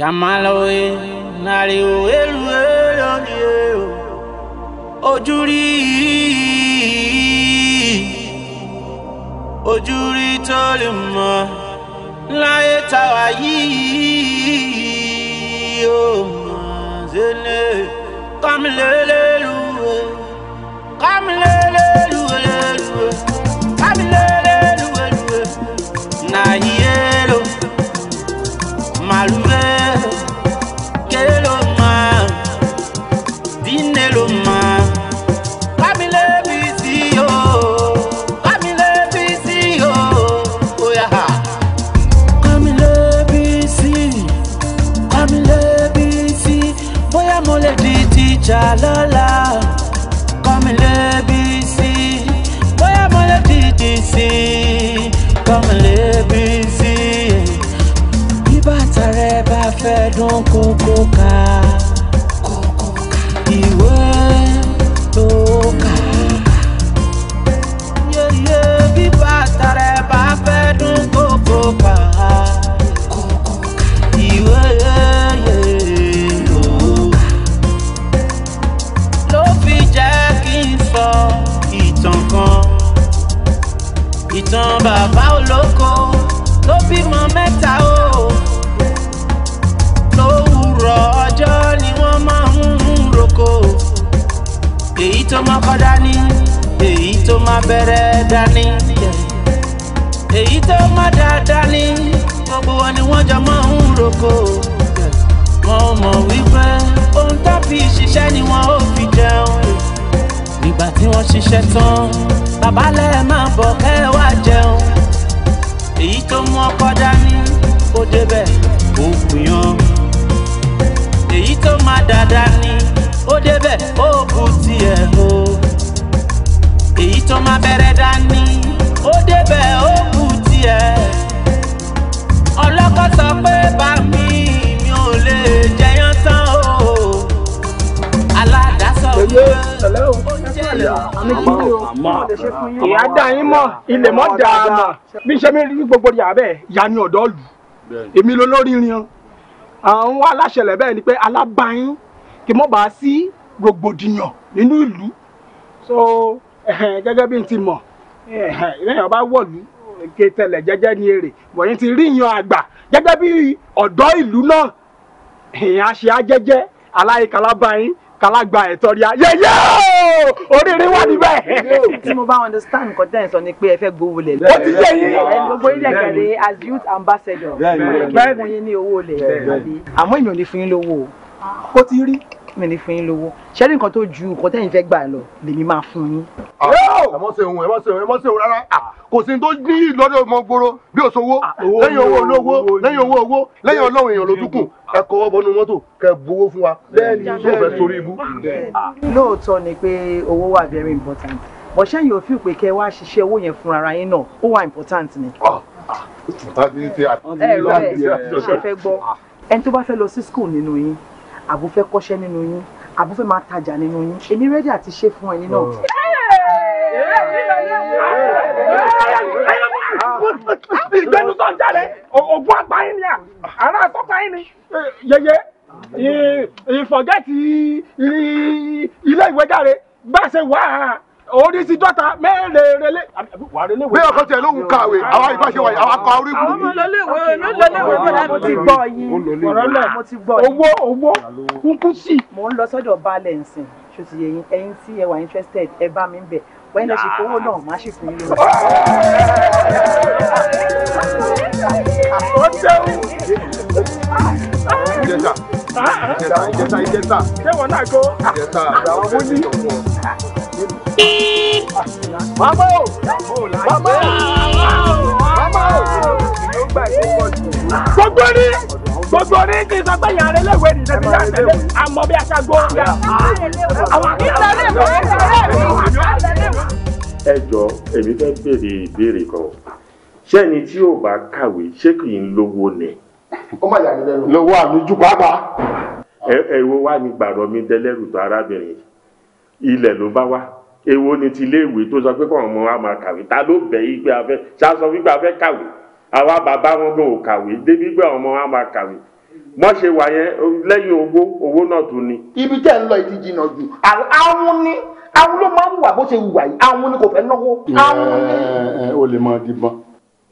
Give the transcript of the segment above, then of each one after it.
kamaloe nareo elu eloni ojúrí ojúrí tó lè mọ láyé táwa yìí ó mọ zele kamilelelu kamilelelu lelu. Jalola come le bisi bóyá mo lè dìde sí i come le bisi bí bàtà rẹ bá fẹ́ dún kókó. bàbá olóko tó bímọ mẹ́ta o lówùrọ̀ ọjọ́ ni wọ́n máa ń roko èyí tó máa kọ́ dání èyí tó máa bẹ̀rẹ̀ dání èyí tó máa dá dání gbogbo wọn ni wọ́n jọ máa ń roko wọn mọ̀ wípé ohun tó fi ṣiṣẹ́ ni wọn ò fi jẹun ìgbà tí wọ́n ṣiṣẹ́ tán bàbá máa bọ̀ kẹ́ ẹ jẹun èyí tó mú ọkọ dání ó débẹ̀ ó gbìyàn èyí tó má dáadáa ní ó débẹ̀ ó bu tiẹ̀ o èyí tó má bẹ̀rẹ̀ dání ó débẹ̀ ó bu tiẹ̀ ọlọ́kọ̀ sọ pé bá mi mi ò lè jẹyán tán o aládàá sọ pé ìyá dá yín mọ̀ ilé mọ̀ dáa mọ̀ bí n ṣe mi rí gbogbo yàrá bẹ́ẹ̀ yanu ọ̀dọ́ lù èmi ló lórí rin àwọn aláṣẹlẹ̀ bẹ́ẹ̀ ni pé alábàáyín kì mọ̀ bá sí rògbòdìyàn nínú ìlú so gẹ́gẹ́ bí n ti mọ̀ ìrẹ́yìn ọba wọ̀lú ke tẹlẹ jẹ́jẹ́ ni èrè wọ̀nyí ti rí yan àgbà gẹ́gẹ́ bí ọ̀dọ́ ìlú náà èèyàn àṣẹ àjẹjẹ aláìkàlábàáyín Kalagba ẹ̀tọ́ rí a yẹ́yẹ́ oríire wà níbẹ̀. tí mo bá understand nǹkan tẹ́ ẹ̀ sọ ni pé ẹ fẹ́ gbowó lẹ̀ lọ. ti yé yín. gbogbo ilé kẹ̀lé as youth ambassador kí n fún yín ní owó lẹ̀ àmọ́ èmi ò ní fún yín lówó o ti rí mi ní fún yín lówó ṣé ní nǹkan tó ju nǹkan tẹ́yìn fẹ́ gbà lọ lèmi máa fún yín. ẹ mọ̀ sẹ́wọ̀n ẹ mọ̀ sẹ́wọ̀n ẹ mọ̀ sẹ́wọ̀n rárá kò sí tó ní lọ́dọ̀ ọmọ gbòòrò bí o sowó lẹ́yìn owó olówó lẹ́yìn owó owó lẹ́yìn ọlọ́run èèyàn lójúkùn ẹ kọ́wọ́ bọnú mọ́tò kẹ gbowó fún wa bẹ́ẹ̀ ni yóò fẹ́ sórí ibú. lóòótọ́ ni pé owó wà very important but ṣẹ́yìn ò fi pé kẹ́ wá ṣiṣẹ́ owó yẹn fún ara yín náà ó wà important ni. ẹ rẹ ẹ fẹ́ gbọ́ ẹni tó bá fẹ́ lọ sí school nínú yín àbò fẹ́ kọ́ṣẹ́ nínú yín àbò fẹ́ máa tajà nínú yín èmi rẹ́dí àti ṣe fún ẹni náà. ìgbẹ́nu tó ń jáde ògùn àgbà ni àrà àtọ́ka ni. yeye ìfọ̀gẹ́tì ilé ìwé jáde bá a ṣe wà á orí ti dọ́ta mẹ́rẹ̀ẹ́rẹ́lẹ́. bí ọkọ tiẹ̀ ló ń kàwé àwa ìbáṣe wa àwa kọ orí kúrú. àwọn ọlọ́lẹ́wọ̀ ọlọ́lẹ́wọ̀ bọ́lá mo ti gbọ́ yín ọ̀rọ̀ náà mo ti gbọ́ yín. owó owó kúkú sí. mo ń lọ sọ́dọ̀ balẹ̀ ǹsìn ṣòtì yẹ̀yìn ẹ̀yin tí ẹ wà interested ẹ bá mi bẹ̀ wẹ́n lẹ́ ṣe fowó náà má ṣe fún yín ọ̀ṣẹ́wù. ìjẹta ìjẹta ìjẹta ìjẹta. ṣéwọ̀n náà kó. ìjẹta àwọn mú ní. mama o mama o mama o. gbogbo ní gbogbo ní kí n sọ pé yàrá eléwé ni ìdẹ́bí yàrá eléwé àmọ́ bí aṣá gbó. àwọn akíkà lè mọ ẹ jọ èmi fẹ́ béèrè ìbéèrè kan ṣẹ́ni tí ò bá kàwé ṣé kì í lówó ni. ó má yàgbé lẹ́nu. lówó àlejò pàápàá. ẹ̀wò wa ni gbàrọ̀ mi dẹ́lẹ́rù tó arábìnrin ilẹ̀ ló bá wá èwo ni ti iléèwé tó sọ pé kọ́ọ̀mù wa máa kàwé ta ló bẹ̀ yí pé a fẹ́ ṣáṣọ wípé a fẹ́ kàwé àwa bàbá wọn gan ò kàwé débi pé ọmọ wa máa kàwé wọ́n ṣe wà yẹn lẹ́yìn owó owó náà tún ni. ibi tẹ́ ń lọ ìdí jìnnà jù àwọn ni àwọn ló máa ń wà bó ṣe wù wà yìí àwọn ni kò fẹ́ náwó àwọn ni. ẹ ẹ o lè máa di bọn.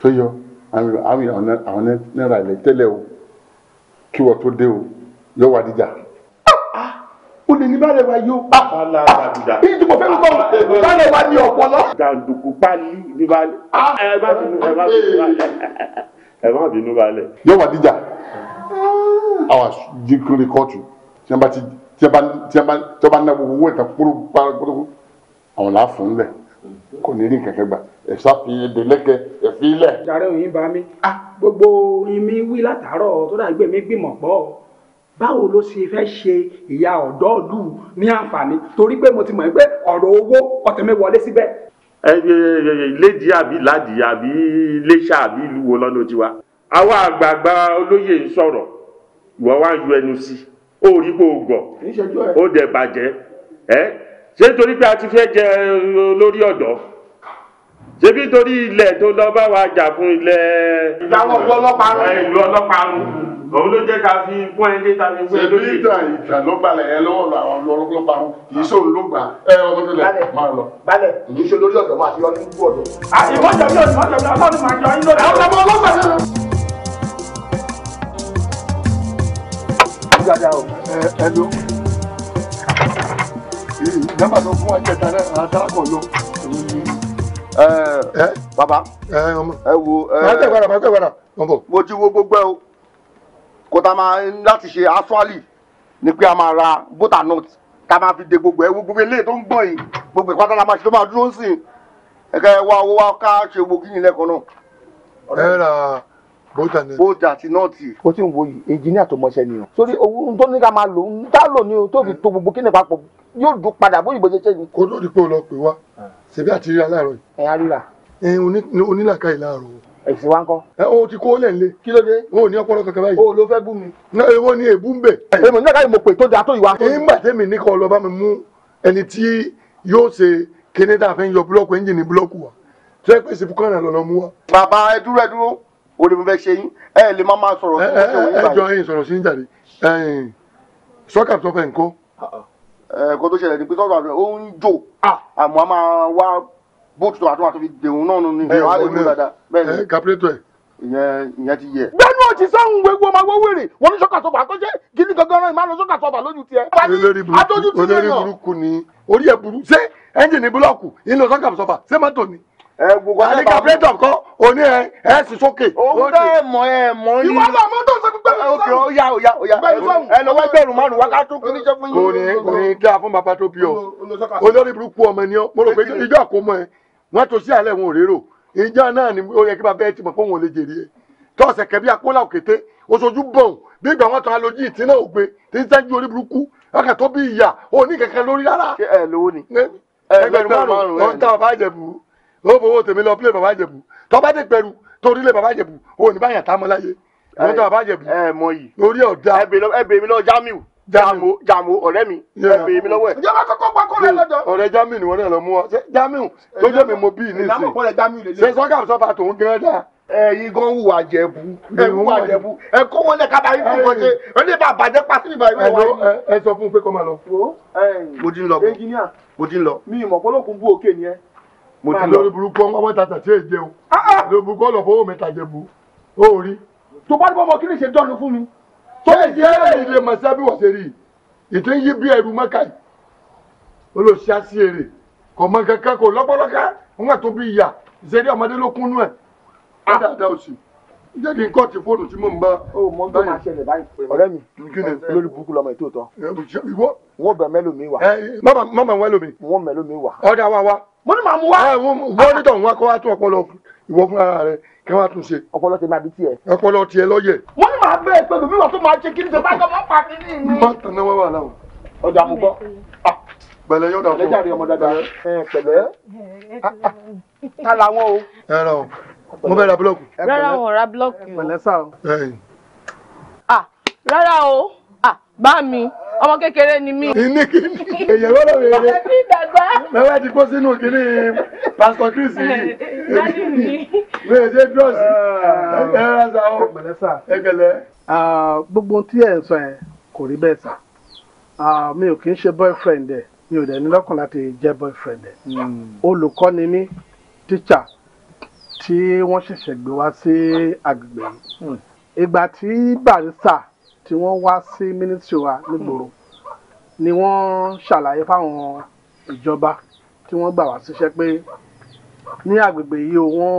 tó yọ àwọn àwọn náírà ilẹ̀ tẹ́lẹ̀ o kí wọ́n tó dé o yọ wá dìjà. o lè ní bàlẹ̀ wa yó. ala àbùdá. bí ìdìbò fẹ́ mi kọ́ bàlẹ̀ wa ni ọpọlọ. jàǹdùkú pálí ní balẹ̀. ẹ má bínú ẹ má bínú balẹ̀ ẹ má bínú balẹ̀. yọ wá dìjà àwọn jíkiri kóòtù tí wọ́n bá ti tí wọ́n bá tí wọ́n bá náwó owó ìtàkùrù pàrọ̀ àwọn làá fún un lẹ̀ kò ní rí kẹ̀kẹ́ gbà ẹ̀sàfìdélẹ́kẹ̀ ẹ̀fílẹ̀. ìdàrẹ́ òyìn bá mi ah. gbogbo oyin mi wí látàárọ̀ tó dà gbé mi gbìmọ̀ pọ̀ báwo ló ṣe fẹ́ ṣe ìyá ọ̀dọ́ ìlú ní àǹfààní torí pé mo ti mọ̀ pé ọ̀rọ̀ owó ọ̀tẹ̀ mi wọlé síbẹ̀. ẹ ẹ ilédìí àbí ìlàdìí àbí iléṣà àbí ìlú wo lọ́nà tiwa. àwa àgbààgbà olóyè ń sọ̀rọ̀ ìwọ wá ju ẹnu sí i ó rí bó o gọ̀ ó dẹ̀ bàjẹ́ ẹ ṣé torí pé a ti fẹ́ jẹ olórí ọ̀dọ́ ṣebí torí ilẹ̀ tó lọ bá wa jà fún ilẹ̀. ìdáwọ́ ìlú ọlọ́pàá rún. ìlú ọlọ́pàá rún. òun ló jẹ́ ká fi kún ẹ dé tàbí kún ẹ lóye. ṣebí ìtàn ìtàn ló balẹ̀ ẹ lọ́wọ́ lọ àwọn ìlú ọlọ́pàá rún kì í sóun ló gbà ẹ ọmọ tó lẹ̀ máa lọ. balẹ̀ kì í ṣe lórí ọ̀dọ̀ máa fi ọdún kú ọ̀dọ̀. àti ìwọ́jọ̀ bí ọ̀dọ̀ ọ̀dọ̀ ọlọ́run máa jọ inú rẹ̀ àwọn ọmọ ọlọ́pàá náà. dáadáa o. ẹ ló nọ́mbà tó fún wa jẹta náà àtàkọ lọ. Eh, eh? bàbá ẹ eh, wo mo ti wo gbogbo ẹ o kò tá a máa láti ṣe actually ni pé a máa ra butternut ká máa fi de gbogbo ẹ wo gbogbo eléyìí tó ń gbọ̀n yìí gbogbo ìpátá la máa ṣe tó máa dúró sí i ẹ̀ka ẹ̀ wá owó wá ká ṣe gbogbo yìí lẹ́kọ̀ọ́ náà bóòdì àti nọ́ọ̀tì. o ti ń wo yìí engineer tó mọṣẹ́ ni o. sórí owó tó ní ká máa lò ń tá lò ní o tó fi to gbogbo kíni papọ̀ yóò dún padà bóyìí bó ṣe ṣe ni. kó ló di pé o lọ pè wá ṣèbí àti ríra láàárọ̀ yìí. ẹ̀yin àríra. ẹ̀yin onílàkà yìí láàárọ̀ o. èsì wa ń kọ́. ẹ o ti kó lẹ̀ lé. kí ló dé. o ní ọpọlọ kankan báyìí. o ló fẹ́ bú mi. ná èwo ni èbú ń bẹ̀. èmi nígbà yìí mo pè tó da tó ìwà. èyí ń bà tẹ́mi ní kọ́ lọ bá mi mú ẹni tí yóò ṣe kéde tá a fẹ́ yọ búlọ́ọ̀kù ẹ́ńjìnì orí mo fẹ́ ṣe yín ẹ lè má máa sọ̀rọ̀ sí ọjọ́ yín báyìí. ẹ jọ ẹyin sọ̀rọ̀ sí ń jàre sọ́kà tó fẹ́ nǹkó. ẹ̀kọ́ tó ṣẹlẹ̀ ni pé sọ́kà ó ń jò ah! àmọ́ a máa wá bóòtù àti wọn àti fi dèun náà nínú ìwé wa lè mú dáadáa bẹ́ẹ̀ ni. kàpẹ́tù ẹ̀. ìyẹn ti yẹ. gbẹ́nu ọ̀tí sáhùn wéwu ọmọ agbó wèrè wọn ní sọ́kà sọ́bà àkọ́ṣe gidi gangan náà ìmáàlú sọ́kà sọ́bà lójú tiẹ̀. olórí burúkú ni orí ẹ̀ burú ṣé ẹ́ńjìnì búlọ́ọ̀kù ìlú sọ́kà sọ́bà ṣé mọ́tò ni gbogbo àti carburetor kọ òní ẹ ẹ sì sókè. òun tẹ ẹ mọ ẹ mọ ní. ìwọ náà mọ́tò sẹ́kù gbẹ́rù sọ́hùn. òkè ó yá ó yá ó yá ẹ lọ́wọ́ ẹgbẹ̀rún márùn-ún wákàtí ó kiri jẹ́ fún yín. kò ní kò ní kí a fún bàbá tó bí ọ olórí burúkú ọmọ ni ọ mo rò pé ìjọ àkómọ ẹ wọn tó sí àlẹ wọn ò rérò ìjọ náà ni ó yẹ kí bàbá ẹ ti mọ fún òun lè jèrè ẹ tọ́sẹ̀ kẹ́bí akólà òkété oṣooṣù bọ̀n bí ìgbà wọn tán alójú ìtì náà ògbé tí ń sẹ́jú orí burúkú ọkàn tó bí ìyà òní kẹ̀kẹ́ lórí rárá. ẹ lówó ni ẹgbẹ̀rún márùn-ún ọ̀n tá a bá jẹ̀ bù ó fowó tèmi lọ pílẹ̀ bàbá àjẹbù tọ́ba dé pẹ̀rù torí lé bàbá àjẹbù òun ní báyà tá a mọ láyé òun tó bàbá àjẹbù. ẹ mọ yìí orí ọ̀dà ẹ bèèmí lọ Jamiu Jamiu Jamiu ọ̀rẹ́ mi ẹ bèèmí lọ́wọ́ ẹ̀. ìjọba kọ́kọ́ pa kọ́lẹ̀ lọ́jọ́. ọ̀rẹ́ Jamiu ni wọ́n náà lọ mú ọ Jamiu tó jẹ́ mi mo bí ní ìsìn ṣe sọ́kà sọ́fà tòun gẹ́rẹ́ dáa ẹyin gan wù àjẹbù ẹ wù àjẹbù ẹ kó wọn lẹ kábàá yín fún kọjá ẹ ní bá bàjẹ́ pàṣẹ ìbá ìwé wa yìí. ẹ sọ fún un pé kó máa lọ. mo ti ń lọ. mi ìmọ̀ pọ́lọ́kùn bú òkè ni ẹ mo ti lórí burúkú ọmọ mẹ́ta tàtí èjẹ o ah, ah. lórí burúkú ọlọ fọwọ́ mẹ́ta jẹ bu ó rí. tó bá dúpọ̀ mọ kí ni ṣe dọ́nu fún mi. tó lè jẹ́ ẹ̀rọ ilé màsá bí wọ́n ṣe rí ìtẹ́ yí bí ẹ̀rù mọ́kà yìí ó lọ ṣe àṣì èrè kò mọ kankan kò lọ́pọ̀lọ́ká wọn àti tóbi ìyà ìṣeré ọmọdé ló kún nú ẹ̀ ó ah. dáadáa òsì jẹ́ kí n kọ́ ti fóònù tí mò ń bá. ó mọ n tó máa ṣẹlẹ̀ báyìí. ọ̀rẹ́ mi lórí burúkú lọmọ ètò ìtọ́. wọ́n bẹ̀ mẹ́lòmí wà. mọ̀mọ̀ mẹ́lòmí. wọ́n mẹ́lòmí wà. ọ̀dà wa wa mo ní màá mú wá. wọ́n ní tọ̀hún wá kó wá tún ọpọlọ ìwọ fún ara rẹ kí wọ́n á tún ṣe. ọpọlọ ti máa bí tiẹ̀. ọpọlọ tiẹ̀ lọ́yẹ̀. mo ní màá bẹ́ẹ̀ pẹ̀lú mi wọ́n tó máa ṣe kí ni tẹ̀bá kan máa pa kí ni. má tẹ̀lé wọn wà láwọn. ọjà mú bọ́. Ah. pẹ̀lẹ́ yọ̀dà fún ọ. ẹlẹ́jà rí ọmọ dáadáa. pẹ̀lẹ́. ta làwọn o. ẹ rà o mo fẹ́ ra búlọ̀kù. rárá wọn ra búlọ̀kù. pẹ̀lẹ́ sà o. Ah, rárá o bá mi ọmọ kékeré ni mí. ìní kìíní èyàn lọ́dọ̀ rere lọ́wọ́ ti kó sínú kìíní pásítọ̀ Chris yìí lóye ṣe dúrọ̀sì ah, ẹ ẹ ṣá o ẹ gẹlẹ. Ah, gbogbo ohun tí ẹ ń sọ yẹn kò rí bẹ́ẹ̀ sà ah, mi ò kì í ṣe boyfriend ẹ mi ò dẹ̀ ní lọ́kàn láti jẹ́ boyfriend ẹ hmm. olùkọ́ ni mí tíṣà tí wọ́n ṣẹ̀ṣẹ̀ gbé wá sí àgbègbè yìí hmm. ìgbà tí barista tí wọ́n wá sí ministry wa nígboro hmm. ni wọ́n ṣàlàyé fáwọn ìjọba tí wọ́n gbà wá síṣẹ́ pé ní àgbègbè yìí wọ́n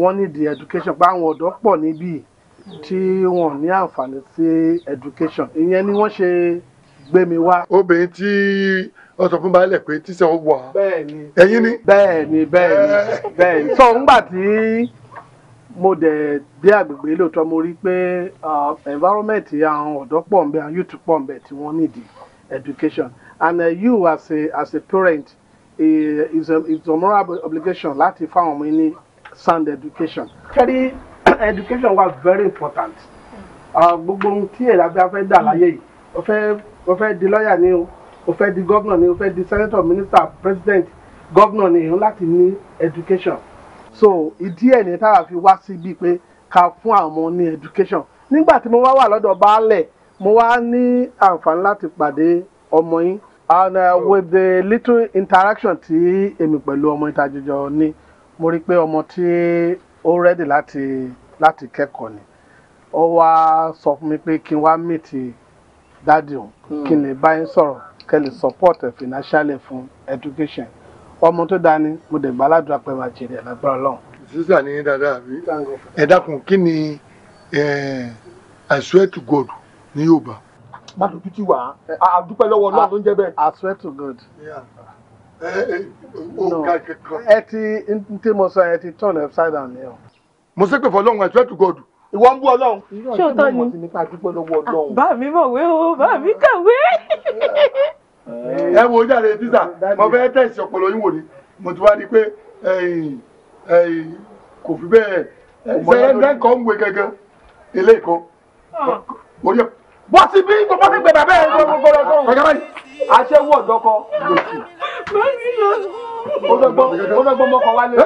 wọ́n need education pé àwọn ọ̀dọ́ pọ̀ níbí tí wọ́n ní àǹfààní sí education ìyẹn ni wọ́n ṣe gbé mi wá. obìnrin tí wọ́n sọ fún baálẹ̀ pé tíṣẹ́ wọn wà ẹ̀yìn ni. bẹ́ẹ̀ni bẹ́ẹ̀ni eh. bẹ́ẹ̀ni bẹ́ẹ̀ni sọ ńgbà tí mo dẹ̀ dé àgbègbè lóòótọ́ mo rí pé environment àwọn ọ̀dọ́ pọ̀ ń bẹ àwọn youth pọ̀ ń bẹ tí wọ́n nídìí education and uh, you as a as a parent uh, is a is a moral obligation láti fáwọn ọmọ yín ní sound education. kẹ́rí education was very important gbogbo ohun tí èdè abẹ́ afẹ́ dà láyé yìí o fẹ́ o fẹ́ di lọ́ọ̀yà ni o o fẹ́ di gọ́vnà ni o fẹ́ di senator minister president gọ́vnà ni o láti ní education so ìdí ẹ̀ ní táwa fi wá síbi pé ká fún àwọn ní education nígbà tí mo wá wà lọ́dọ̀ baálẹ̀ mo wá ní àǹfààní láti pàdé ọmọ yín and uh, oh. with the little interaction tí èmi pẹ̀lú ọmọ ìtajọjọ ní mo rí i pé ọmọ tí ó rẹ́dì láti láti kẹ́kọ̀ọ́ ni ó wá sọ fún mi pé kí n wá meet dáàdì òun kí n hmm. lè bá yín sọ̀rọ̀ kẹ́ lè support financially fún education ọmọ tó dáa ni mo dẹ̀ gbà ládùúrà pé máa jèrè lágbára ọlọ́run. sísà ní dáadáa bí ẹ kí ni I swear to God ní Yorùbá. má dojú tì wá a dúpẹ́ lọ́wọ́ náà ló ń jẹ́ bẹ́ẹ̀. I swear to God. ẹ ti n tí mo sọ ẹ ti turn upside down ni o. mo ṣépè fọ́lọ́run I swear to God ìwọ ń bú ọlọ́run. ṣé o tọ́ ni bá mi mọ̀ wé o bá mi kàwé ẹ wo jáde tísà mo fẹ́ tẹ̀sí ọpọlọ yín wò ni mo ti wá di pé kò fi bẹ́ẹ̀ ṣe dẹ́kọ̀ ń wé gẹ́gẹ́ ilé ìkọ́ ah. orí ẹ̀. bọ́sì bí gbogbo ti gbẹ bàbá ẹ̀ gbogbo gbọdọ̀ sọ̀rọ̀. ọ̀gá báyìí aṣẹ́ wọ̀ dọ́kọ lòsì. ó fẹ́ gbọ́ mọ́kọ wálé.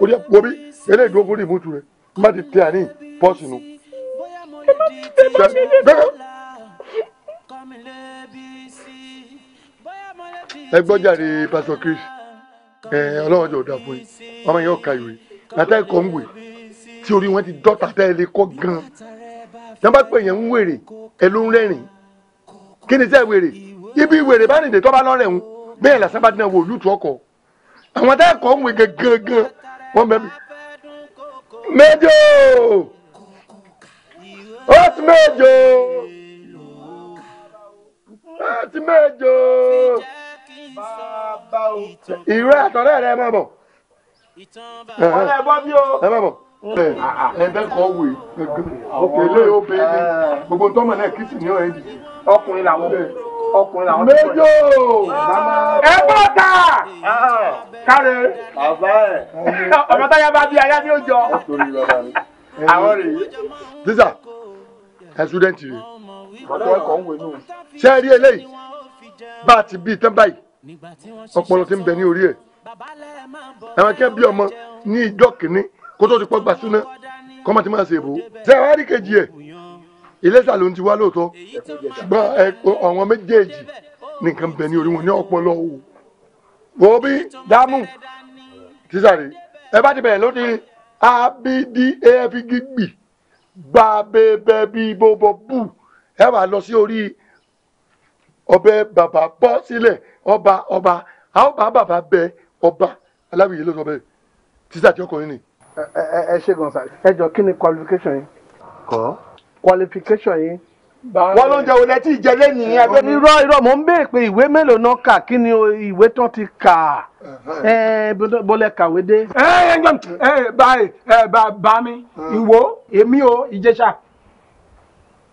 orí ẹ̀ wo bí eléyìí dúró fún ìmútu rẹ̀ má ti tẹ àní pọ́ọ̀sì nu. ẹ má ti ẹ gbọ́ jàre pásọ Chris ẹ ọlọ́run jọ dà fún yín ọmọ yẹn ọ̀ka ìwé látà ẹ̀kọ́ ń wè tí orí wọn ti dọ́ta tẹ́ ẹ lè kọ́ gan-an tí wọ́n bá pè yẹn ń wèrè ẹ ló ń rẹ́rìn kí ni sẹ́ wèrè ibi wèrè bá nìde tó bá lọ́rẹ̀ ń bẹ́ẹ̀ làṣà bá dínà wò lùtù ọkọ̀ àwọn tá ẹ̀kọ́ ń wè gangan wọ́n bẹ́ẹ̀ mẹ́jọ ó ti mẹ́jọ ó ti mẹ́jọ ìró àtọ̀rẹ́ rẹ mọ̀ bọ̀. wọ́n lẹ bọ́ bí o. ẹ mọ̀ bọ̀ ẹbẹ kọ wèé òkè ilé obìnrin ni gbogbo tọmọ náà kìsì ní ọ̀rẹ́ yìí. ọkùnrin làwọn ọkùnrin làwọn. méjò ẹ bọ́ ta kárẹ̀ ọmọ táyà bá bí ayá ní òjò àwọn rèé. dísà ẹ ṣúdẹ́ǹtì rèé ṣé ẹ rí eléyìí bá a ti bí i tán báyìí ọpọlọ tí ń bẹ ní orí ẹ̀ ẹ̀wọ̀n kẹ́ bí ọmọ ní ìjọ kìíní kó tó ti pọ́ gba súná kọ́ máa ti máa ṣe èbò ṣe àwọn àríkèjì ẹ̀ Iléṣà ló ń ti wá lóòótọ́ ṣùgbọ́n àwọn méjèèjì nìkan bẹ ní orí wọn ní ọpọlọ o wò bí dáàmú tísàrí ẹ bá ti bẹ̀rẹ̀ ló ti abdaf e, gbì gba bẹbẹ bí bọbọ bù ẹ wà lọ sí orí ọbẹ bàbá bọ́ sílẹ̀. Si ọba ọba àwọn bàbá bàbá bẹ ọba aláwìyé ló sọ bẹ́ẹ̀ tíṣà tí ọkùnrin ni. ẹ ṣe gan sa ẹ jọ kí ni qualification yín. kọ́. qualification yín wọ́n ló ń jẹun lẹ́tí ìjẹlé nìyẹn abẹ́. irọ́ irọ́ mò ń béèrè pé ìwé mélòó náà kà kí ni ìwé tán ti kà bọ́lẹ̀ kàwé dé. ẹ ẹ báyìí bá mi ìwò èmi o ìjẹsà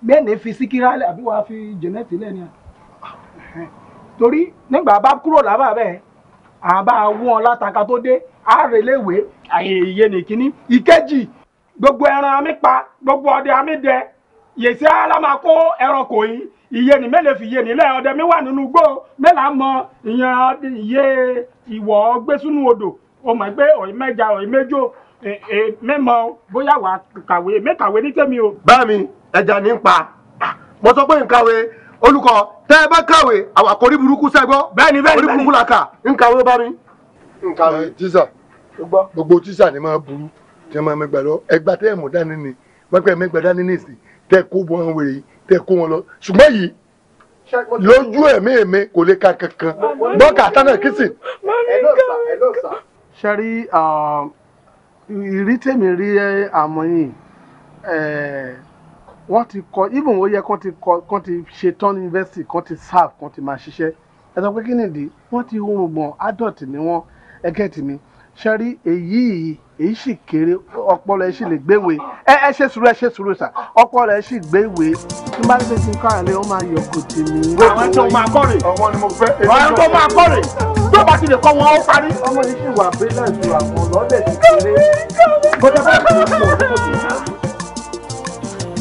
bẹ́ẹ̀ ni fi síkírà àbí wàá fi jẹ̀nẹ́tì lẹ́nu torí nígbà bá kúrò lábà bẹ́ẹ̀ àbá wọ́n látàkà tó dé àrèléwé àyèyè nìkíní ìkejì gbogbo ẹran amípa gbogbo ọdẹ amídẹ yèsí alámakó ẹranko yìí iye ni mélòó fi iye nílẹ̀ ọdẹ mi wà nínú igbó mélòó mọ ìyẹn iye ìwọ̀ gbésùnú odò o mọ̀ pé òyìn mẹ́ja òyìn méjò mẹ́mọ bóyá wà kàwé mẹ́kàwé ní tèmi o. bá mi ẹja ní pa mo sọ pé nkàwé olùkọ́ tẹ́ ẹ bá kàwé àwọn àkórí burúkú sẹ́gbọ́ bẹ́ẹ̀ni bẹ́ẹ̀ni orí burúkú la kà. nǹkan wo bá mi. nǹkan wo eh, tíṣà gbogbo tíṣà ni máa burú tí wọ́n máa mẹ́gbà lọ ẹgbà tẹ́ ẹ̀ mọ̀ dání ni wọ́n mẹ́gbà dání ní ìsìn tẹ́ kó wọn wèrè tẹ́ kó wọn lọ ṣùgbọ́n yìí lójú ẹ̀mí ẹ̀mí kò lè ka kankan bọ́ọ̀kà tánà kìsì. ṣe ìrítèmí rí ah, eh, àmọ́ eh, wọ́n ti kọ even ó yẹ kán ti kọ kán ti ṣe tán ní yunifásitì kán ti serve kán ti máa ṣiṣẹ́ ẹ sọ pé kí nìdí wọ́n ti hun gbọ̀n adult ni wọ́n ẹgẹ́ tì mí ṣẹ́rí èyí èyí sì kéré ọpọlọ ẹ sì lè gbéwèé ẹ ẹ ṣe sùúrù ẹ ṣe sùúrù sà ọpọlọ ẹ sì gbéwèé tí bá dé ti ń kọ́ àlẹ́ máa yọ kò tì mí. àwọn tó máa kọ́rè àwọn ni mo fẹ́. àwọn tó máa kọ́rè tó bá ti lè kọ́ wọn ó parí. ọmọ yìí sì wà bẹ́lẹ̀ ju àwọn ọlọ́dẹ̀ ti kéré. bọ́dọ̀ bá ti sọ̀rọ̀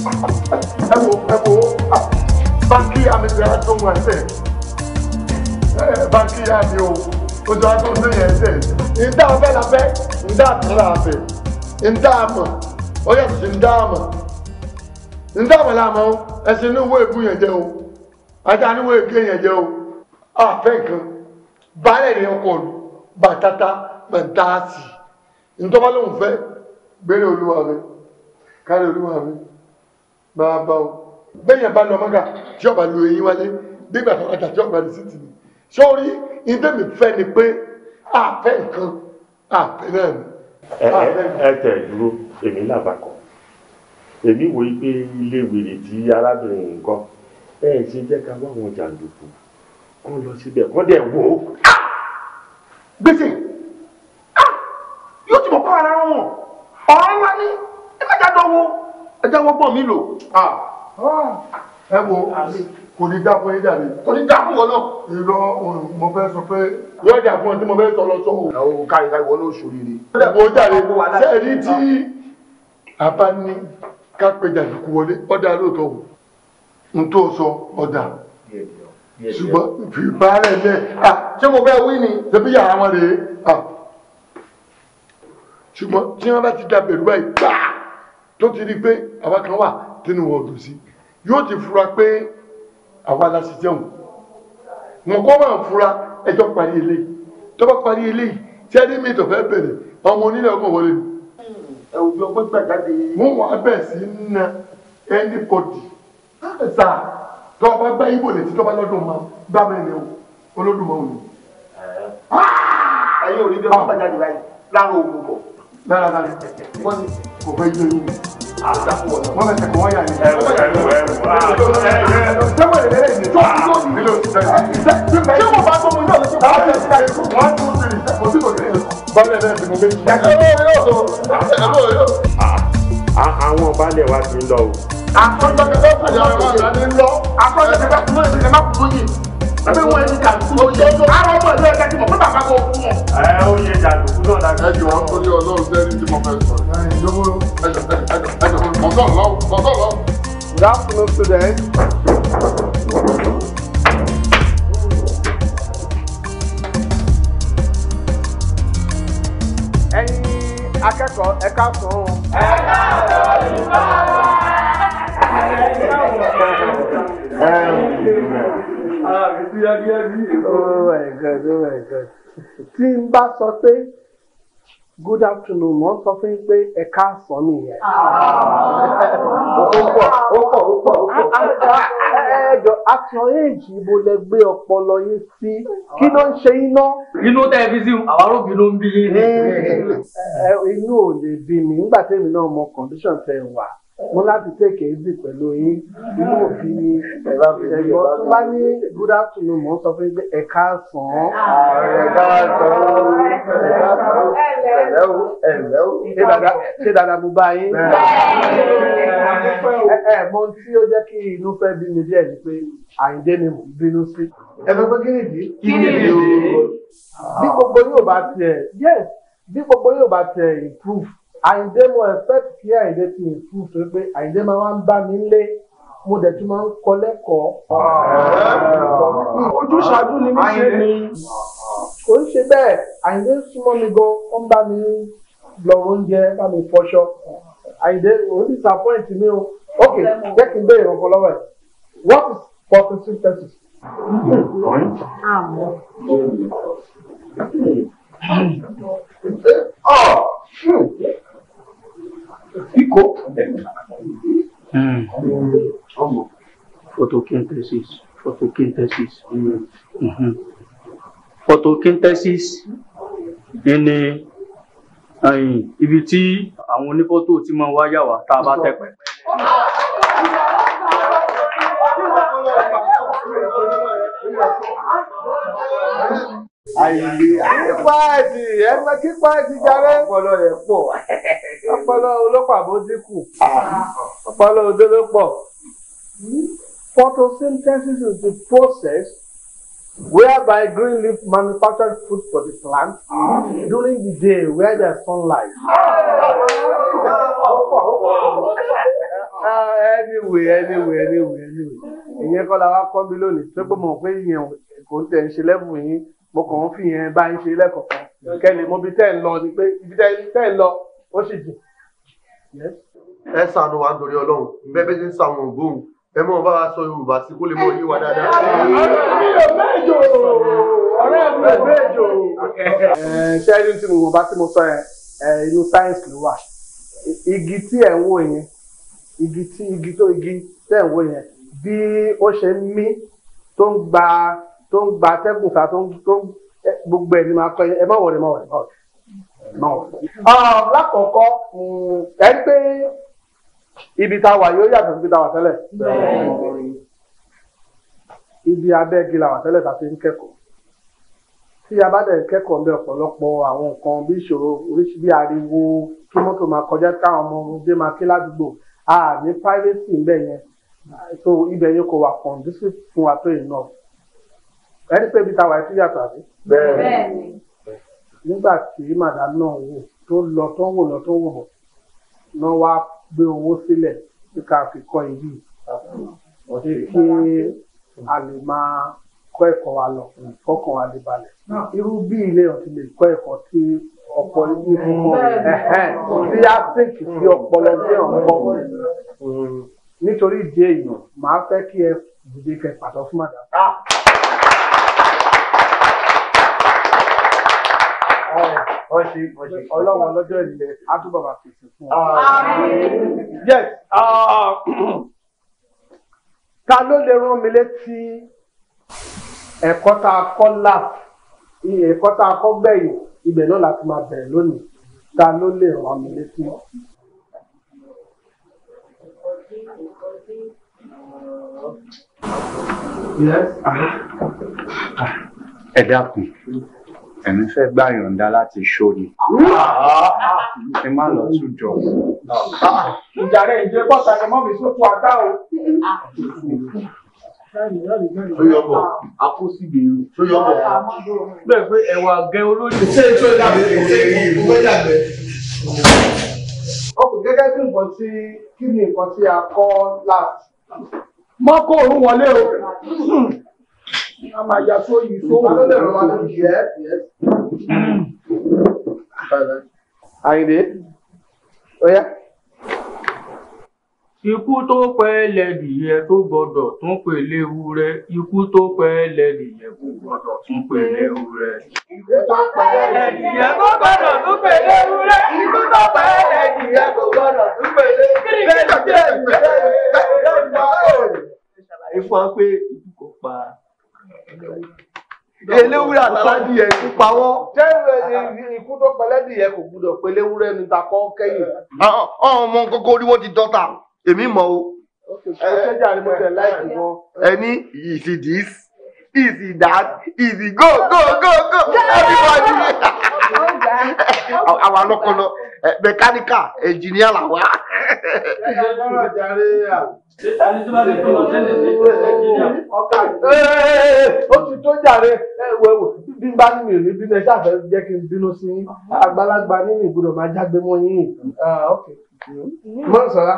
ẹ wo ẹ wo ah, báńkì àmìtìrì àtúnwò ẹsẹ báńkì àmì o ojú àtúnwò yẹn ẹsẹ ìdá ọbẹ làbẹ ìdá àtúnwò àbẹ ìdá àmọ ó yàtọ̀ sí ìdá àmọ ìdá àmọ làmọ ẹsẹ níwó ègún yẹn jẹ o ajá níwó ègé yẹn jẹ o àfẹ nǹkan baálẹ̀ ni ọkọ lu bàtàtà bàtàsì ntọ́balóhùn fẹ́ gbére olúwa mi kárí olúwa mi bàbá o bẹ́yẹn bá lọ mọ́gà tí ọba lu eyín wálé nígbà tó ọjà tí ọba lu sí ti ní sórí ìdẹ́mi fẹ́ ni pé àfẹ́ nǹkan àfẹ́ náà ni. ẹ tẹ̀ dúró èmi làbàkọ́ èmi wò pé ilé wèrè tí arábìnrin nǹkan ẹ ṣe jẹ́ ká wá àwọn jàǹdùkú kán lọ síbẹ̀ kán dẹ̀ wò ó. gbèsè ah! yóò ti mọ̀ kọ́ ara wọn ọ̀rọ̀ wa ni ẹ má jà ẹ jáwọ́ pọ̀ mí lò ẹ wo kò ní dá fún yín dàbí. kò ní dá fún wọn náà. irọ́ mo fẹ́ sọ pé. yóò dà fún ọ tí mo fẹ́ sọ lọ sọ o. àwọn òǹkàrí ká ìwọ ló ṣòrire. mo jáde sẹ́ẹ̀rí tí a bá ní ká pe jàǹdùkú wọlé ọ̀dà lóòótọ́ wò n tó sọ ọ̀dà ṣùgbọ́n fi báárẹ̀ lẹ̀ ṣé mo fẹ́ wí ni ṣebí yàrá wọn rèé ṣùgbọ́n tí wọ́n bá ti dàbẹ̀rù báyìí gbáà tó ti rí pé àwa kan wà tínú wọn dùn sí yóò ti fura pé àwa la sì jẹun wọn kọ́ máa fura ẹjọ́ parí eléyìí tó bá parí eléyìí tí ẹni mi tó fẹ́ bẹ̀rẹ̀ ọmọ onílẹ̀ ọkọ̀ wọlé ni. ẹ ò gbàgbé. mo wà bẹ́ẹ̀ sí na anybody sa tó o bá gbá ibo lè ti tó bá lọ́dún ma gbá mẹ́rin o olódùmọ̀ òní. ẹ̀yin ò ní bí ọgbẹ́ gbàgbé láyé láàárọ̀ òun bọ̀. lára lára wọ́n ní kò fẹ́ yé yín àwọn baálé wa ti ń lọ o. akọ́jọ́ ti bá kúrò ní ìdílé má kúrò yìí ẹgbẹ́ wọn ẹni kàdùkú ló dé tó àwọn ọmọ ìlú ẹ̀ka tí mo fẹ́ bàbá kò kú wọn. ẹ ó yẹ jàdùkú náà dájú. ẹ jọ ọ ní ọlọ́run tí mo fẹ́ sọ. ẹ jọ ẹ jọ ẹ jọ ẹ jọ mọ̀tọ́ lọ mọ̀tọ́ lọ. Good afternoon, students. akẹ́kọ̀ọ́ ẹ káàsán. ẹ káàsán ìbára. Ah, oh my god oh my god tí n bá sọ pé good afternoon mo sọ fún yín pé ẹ káàsán nìyẹn. Ah. ó pọ̀ ó pọ̀ ó pọ̀ ó pọ̀. ẹ̀ẹ́dọ̀ àtúnṣe èjì ibo lẹ gbé ọpọlọ yín sí kí ló ń ṣe iná. inú tẹ́ ẹ fi sí àwárò bí ló ń bí yín. Eh, eh, eh, inú ò lè bí mi nígbà tẹ́mi náà mọ condition tẹ́ wà mo láti tèkè ézì pẹ̀lú yín inú òfin ni ẹ̀gbọ́n tó bá ní good afternoon mo ń sọ fún yín ẹ̀ka sàn án. ẹ̀ka sàn án ẹ̀ka sàn án ẹ̀lẹ́ o ẹ̀lẹ́ o ṣé dada mo bá yín. ẹ mo tí ó jẹ́ kí inú fẹ́ bí mi díẹ̀ ni pé àyíndé ni mo bínú sí. ẹ fẹ́ pé kí nìdí. kí nìdí o. bí gbogbo yóò bá tiẹ̀ yes bí gbogbo yóò bá tiẹ̀ improve àyìndé mo expect kí àyìndé ti improve tó pé àyìndé máa wá ń bá mi lé mo dẹ̀ tún máa ń kọ lẹ́kọ̀ọ́. Ah. ojúṣàájú ni mí ṣe ni kò ń ṣe bẹ́ẹ̀ àyìndé súnmọ́ mi gan ó ń bá mi lọ oúnjẹ bá mi fọṣọ àyìndé ò ń disappoint mi o ok jẹ́ kí n béèrè ọkọ lọ́wọ́ ẹ̀ what is fourteen six Ficou. Hum. Photosynthesis. Photosynthesis. Uhum. Mm-hmm. Uhum. Photosynthesis ni ibi tí àwọn onífọ́tò ti máa wáyà wá tá a bá tẹ̀pẹ̀. àìlè kípáàtì ẹ jáde. ọpọlọ rẹ pọ̀. ọpọlọ olópàbó dínkù. Ah. ọpọlọ òde photosynthesis is the process whereby green leaf manufactured food for the plant ah. during the day where there is sunlight. Ah. anyway anyway anyway anyway ìyẹn kọ́ la wá kọ́ mi lónìí tó pé mo mọ̀ pé ìyẹn kò tẹ̀ ń ṣe lẹ́bùn yín mo kàn ń fi yẹn bá ń ṣe lẹ́kọ̀ọ̀kan kẹ́lẹ̀ mo bi tẹ́ ń lọ ni pé ibi tẹ́ ń lọ ó sì jù. ẹ ṣàánú wa nítorí ọlọ́run bẹ́ẹ̀ bẹ́ẹ̀ ti ń ṣàwọn ògbóhùn ẹ mọ̀ bá wa sọ yorùbá sí kó lè mọ yí wa dáadáa. ọ̀rẹ́ mi ò mẹ́jọ ọ̀rẹ́ mi ò mẹ́jọ. ṣẹ́yìn tí mo bá tí mo sọ yẹn inú sáyẹ́ǹsì ló wà igi tí ẹ̀ ń wò yẹn igi tí igi tó igi tẹ̀ ń wò yẹn bí ó ṣe ń mí tó ń gba tó ń gba atẹ́gùn ta tó ń gbogbo ẹ̀ ni máa kọ́ ẹ má wọlé má wọlé má wọlé má wọlé. Ah, lákọ̀ọ́kọ́ ẹ ń pé ibi tá a wà yóò yàtọ̀ síbi tá a wà tẹ́lẹ̀ ibi abẹ́gi la wà tẹ́lẹ̀ tá a fi ń kẹ́kọ̀ọ́ tí a bá dẹ̀ kẹ́kọ̀ọ́ ń bẹ ọ̀pọ̀lọpọ̀ àwọn nǹkan bí ìṣòro oríṣi bí ariwo kí mọ́tò máa kọjá táwọn ọmọ ọdún máa ké ládùúgbò a pírẹ́sì ń bẹ yẹn so ibẹ̀ yẹn kò wà kàn dísì fún wa tó yìí náà ẹni pé ibi táwa ẹtú yàtọ̀ àbí. bẹ́ẹ̀ni. nígbà tí màdá náà wò tó lọ tó ń wò lọ tó ń wò bọ̀ náà wá gbé owó sílẹ̀ tí ká fi kọ́ ibi kí a lè máa kọ́ ẹ̀kọ́ wa lọ kọ́kàn wa lè balẹ̀. irú bí ilé ọ̀tí lè kọ́ ẹ̀kọ́ tí ọpọlọ irú mọ́ tí a sèkì sí ọpọlọ ní ọ̀pọ̀ mm. nítorí ìdí èèyàn màá fẹ́ kí ẹ dìde kẹ pàtó fún màdá. Ah! ọṣẹ ọṣẹ ilẹ̀ á pèsè fún ọ. yes ah, ta ló lè rán mi létí ẹ̀kọ́ tá a kọ́ là ẹ̀kọ́ tá a kọ́ gbẹ̀yìn ibẹ̀ náà láti máa bẹ̀rẹ̀ lónìí ta ló lè rán mi létí. ẹ dákun ẹ̀mí fẹ́ gbà yọ̀ǹda láti ṣòrí. ẹ má lọ tún jọ. ìjà rẹ̀ ìjẹ bọ́ta ni mọ́mí tó ata o. Sọyọ̀bọ̀ akósìgbèrú. Sọyọ̀bọ̀ bẹ́ẹ̀ pé ẹ̀wà gẹ olóyè. Ṣé ètò ìdàgbẹ́ ṣe ìwé ìdàgbẹ́? Ọkùnrin gẹ́gẹ́ bí nǹkan tí kí ni nǹkan tí a kọ́ láti. Mọ́kò òun wọlé o a máa ya tó yìí tó wà lọ́dọ̀ wa lórí ẹ̀. Àyìndé, ó yá. Ikú tó pẹ́ lẹ́dìyẹ tó gbọ́dọ̀ tún pè léwúrẹ́. Ikú tó pẹ́ lẹ́dìyẹ tó gbọ́dọ̀ tún pè léwúrẹ́. Ikú tó pẹ́ lẹ́dìyẹ tó gbọ́dọ̀ tún pè léwúrẹ́. Ikú tó pẹ́ lẹ́dìyẹ tó gbọ́dọ̀ tún pè léwúrẹ́. Bẹ́ẹ̀ni bẹ́ẹ̀ni bẹ́ẹ̀ni bẹ́ẹ̀ni bá òòrùn. Ṣàlàyé fún wa pé ikú kò pa eléwúrẹ́ àtàládì yẹn ti pa wọ́n. jẹ́ ikú tó pẹlẹ́dì yẹn kò gbúdọ̀ pé eléwúrẹ́ ni ta kọ́ kẹ́yìn. ọmọ kókó orí wọn ti dọ́ta èmi mọ̀ o. ọ̀sẹ̀jà ni mo tẹ̀ láìpẹ́ wọn. ẹni ìsì dis ìsì dat ìsì go go go go everybody. àwa lọkọlọ mẹkáníkà ẹnjìníà làwa. ìjọba àjàre à ó ti tó jàre ẹwẹwò bí n bá ní mi ò ní bínú ẹ ṣáà fẹ́ jẹ́ kí n bínú sí yín àgbàlagbà nínú ìgbọ́dọ̀ máa jágbe mọ́ yín mọ sọlá.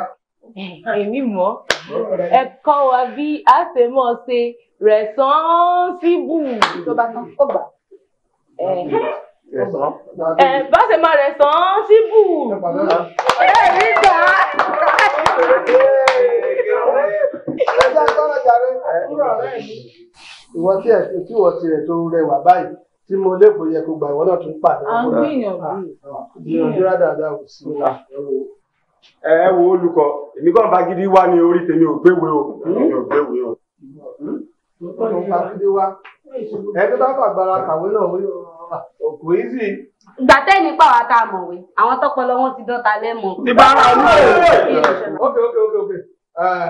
èmi mọ̀ ẹ kọ́ wa bí a ṣe mọ̀ ṣe rẹsánṣíbù. tó bá tán ó gbà ẹ bá ṣe máa rẹ̀ sàn án síbù ẹ rí gbà á ẹja sọ́nà jàre kúrò ọ̀rẹ́ mi. ìwọ tí ẹ tí ìwọ tí ẹ tó rẹwà báyìí tí mo lẹ́kọ̀ọ́ yẹ kó gba ìwọ náà tún pàdé. à ń gbìyànjú. gbìyànjú rádàdà ò sí ah. ẹ wo olùkọ́ èmi kàn bá gidi wá ní orí tèmi ò gbéwèé o èmi ò gbéwèé o. mo bá gidi wá ẹ tó bá fàgbára kàwé náà òkú yìí sì. ìgbà tẹ́ni pa wá tá a mọ̀wé àwọn tọ́pọ̀ lọ́wọ́ ti dọ́ta lẹ́mọ̀ọ́. ìbára ló ń bẹ̀rẹ̀. ok ok ok ok. Eh.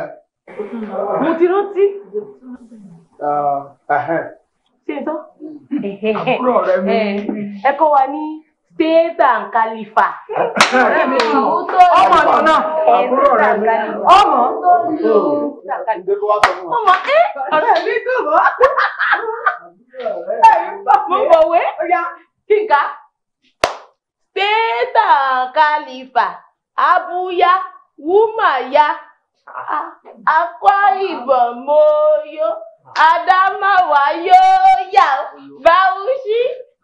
mo ti rántí. Ah, eh, eh. ṣé tán. àbúrò rẹ mi. ẹ kọ́ wa ní stéètà nkàlífà. ọ̀rẹ́ mi ò ọmọ mi náà àbúrò rẹ mi ọmọ. ọmọ ẹ ọ̀rẹ́ mi dùn mọ́. mo mọ̀ wé kí n ká stéètà nkàlífà abuya wúmàyà. Akwa Ibom mo yó, Adamawa yó yà, Bauchi,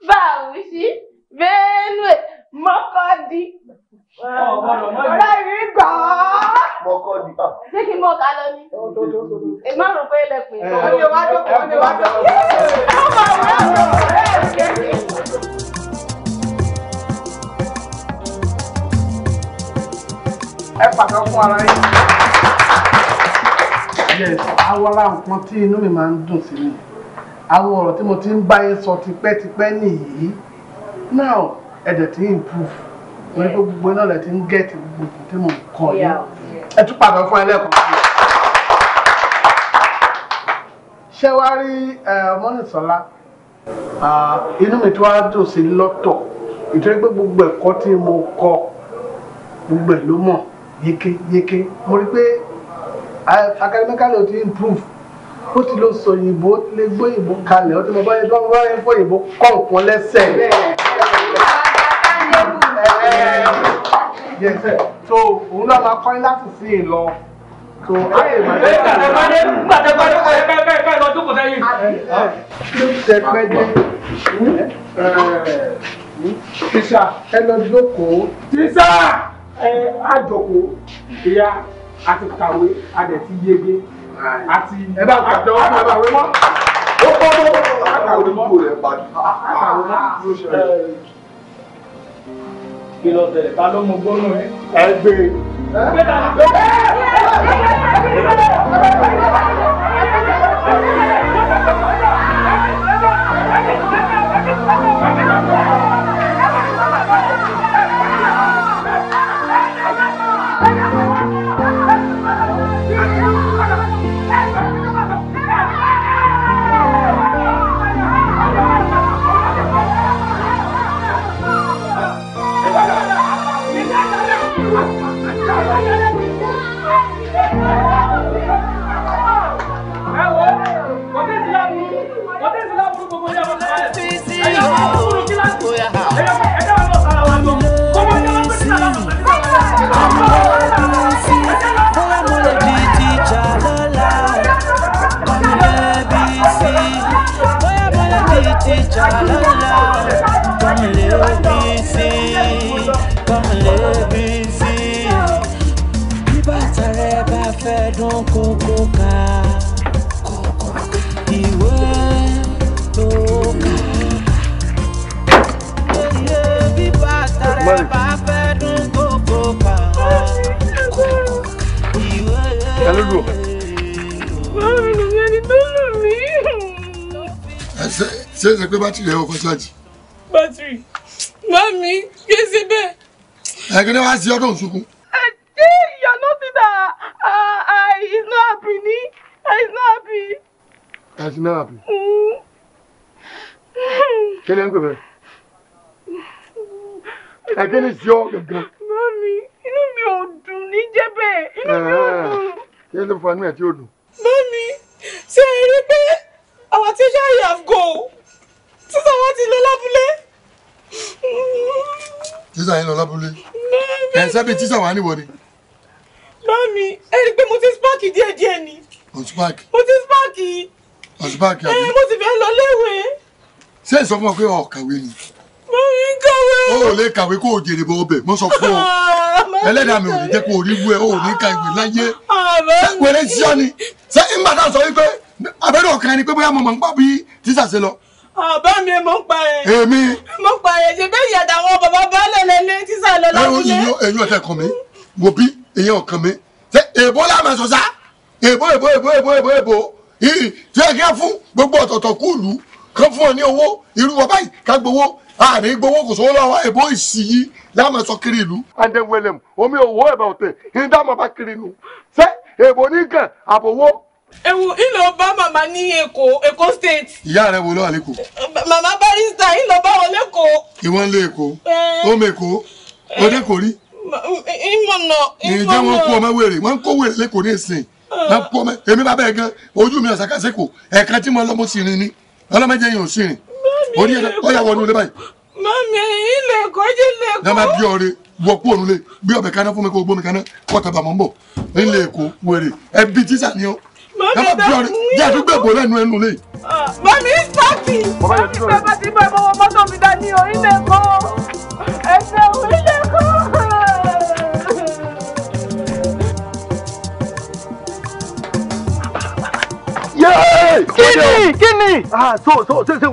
Bauchi, Benue, Mọ́kọ́dí. Ọ̀rẹ́ mi gbọ́. Mọ́kọ́dí. Ah. Ṣé kí n mọ̀ ká lọ ní? Èmi àrùn pé ilẹ̀kùn ìgbà. Ọ̀rẹ́ wa dọ́kọ̀, ọ̀rẹ́ wa dọ́kọ̀. Ọmọ àwọn ọ̀rẹ́ ọ̀rẹ́ yes awara nǹkan tí inú mi máa ń dùn sí mi àwọn ọ̀rọ̀ tí mo ti ń bá yín sọ tipẹ́tipẹ́ nìyí now ẹ̀dẹ̀ ti ń improve torí pé gbogbo iná rẹ̀ ti ń gẹ̀ẹ́tì gbogbo tí mo ń kọ́ yín ẹ tún padà fún ẹlẹ́kọ̀ọ́ sí i ṣé wá rí mọ́nìsọ́lá inú mi tí wàá dùn sí lọ́tọ̀ ìtọ́jú pé gbogbo ẹ̀kọ́ tí mo kọ́ gbogbo ẹ̀ ló mọ̀ yékéyéké mo rí pé academically o ti improve ó ti lọ sọ òyìnbó ó ti lè gbé òyìnbó kalẹ̀ ó ti lọ báyìí lọ́wọ́ báyìí fún òyìnbó kọ́ nǹkan lẹ́sẹ̀. so òun náà máa kọ́ni láti sí i lọ. so ayé ìbàdí. nígbà tẹ bẹ́ẹ̀ bẹ́ẹ̀ bẹ́ẹ̀ lọ dúkùú sẹ́yìn. ṣé pẹ́ dé tíṣà ẹ lọ jókòó. tíṣà ẹ á ìyá a ti kàwé a dẹ̀ ti yege a ti àjọ àkàwé mọ́. ó kọ́ tó àkàwé mọ́ àkàwé mọ́. kí ló tẹ̀lé ta ló mú gbóná ẹ. ẹ gbé e. gbé ta ló gbé e. la la la, I'm a ṣé ẹ sọ pé bátìrì ẹ kọ́kọ́ ṣáàjì. bátìrì má mi ké sí bẹ́ẹ̀. ẹ̀gẹ́dẹ́ wá sí ọdún sunkún. ṣé ìyá uh, uh, uh, náà ti dà àìsàn àbí ní àìsàn àbí. àìsàn àbí. kí ni ẹ ń pè bẹ́ẹ̀. ẹ̀gẹ́ ni sí ọ gàngàn. má mi inú mi ò dùn ní jẹ́ bẹ́ẹ̀ inú mi ò eh, dùn. kí ló fà ní ẹ̀ tí ò dùn. má mi ṣe é rí pé our teacher have go sísọ wa ti lọ lábúlé. sísọ yẹn lọ lábúlé ẹ sẹ́bi sísọ wa níbo ni. mami ẹ rí i pé mo ti spáàkì díẹ̀ díẹ̀ ni. o spáàkì. mo ti spáàkì. o spáàkì àbí. ẹ mo ti fẹ́ lọ léwèé. ṣé ẹ sọ fún ọ pé ọ kàwé ni. mami ń kàwé. o ò lè kàwé kó o jèrè bọ ọbẹ̀ mo sọ fún ọ ah, ẹlẹ́dàá mi ò ní jẹ́ kó o rí wú ẹ o ò ní ka ìwé láyé wẹ́rẹ́ ah, sí ọ ni ṣé ìgbà tá a sọ wípé abẹ́rẹ́ ọ̀kan ẹni pé bóyá mo mọ̀ ń gbà bí tíṣà ṣe lọ ọ̀bá mi mo ń pa ẹ̀. èmi. mo ń pa ẹ̀ ṣe bẹ́ẹ̀ yàtọ̀ àwọn bàbá baálẹ̀ lẹ́lẹ́ tí sà lọ lábúlé. ẹyin ọ̀tẹ̀ kan mi wo bí ẹyin ọ̀kan mi ṣe èbó làmà sọ̀sá èbó èbó èbó èbó èbó èbó yìí tí ẹ kẹ́ fún gbogbo ọ̀tọ̀ọ̀tọ̀ kúùlù kan fún ọ ní owó irú wọn báyìí ká gbowó àárín gbowó kò sówó lọ́wọ́ èbó ìsì yìí láàmú sọ kiri ìlú. andewelem omi òwò ẹ̀bà òtẹ̀ ìdámọ̀ bá kiri nù ṣé èbó ní kàn ẹ wo ìlọ bá màmá eko èkó èkó state. ìyá rẹ wo ló wà lẹkọọ. màmá barista ìlọ bá wọn lẹkọọ. ìwọ ń lé èkó ó mèkó ó dé kò rí. ìmọ̀nà ìmọ̀nà. ǹjẹ́ wọ́n kó ọmọ wèrè wọ́n kó wèrè lẹ́kọ̀ọ́ ní ìsìn wọ́n kó ọmọ èmi bá bẹ́ẹ̀ gan ojú mi ọ̀sán kásẹ̀kọ̀ ẹ̀ka tí mo lọ́mọ sí rin ni ọlọ́mọdé yẹn ò sí rin orí ẹ̀ka ó yà wọnú ilé báyìí. mami ilé ẹ̀kọ́ jẹ́ ilé ẹ̀kọ́. dáná bí ọ̀rẹ́ wọ kú òrùlé bí ọbẹ̀ kaná fún mi kó gbómi kaná kọ́ tàbà mọ́ ń bọ̀ ilé wèrè ẹbí tíṣà ni ó mami dákun jẹ́ àdúgbò ìbò lẹ́nu ẹnu lé. mami sọ́ọ̀kì mami bàbá ti bá ìbọwọ́ mọ́tò mi dání orílẹ̀ èkó ẹ̀sẹ̀ orílẹ̀ èkó. kíni kíni. Ah, so so ṣe ṣe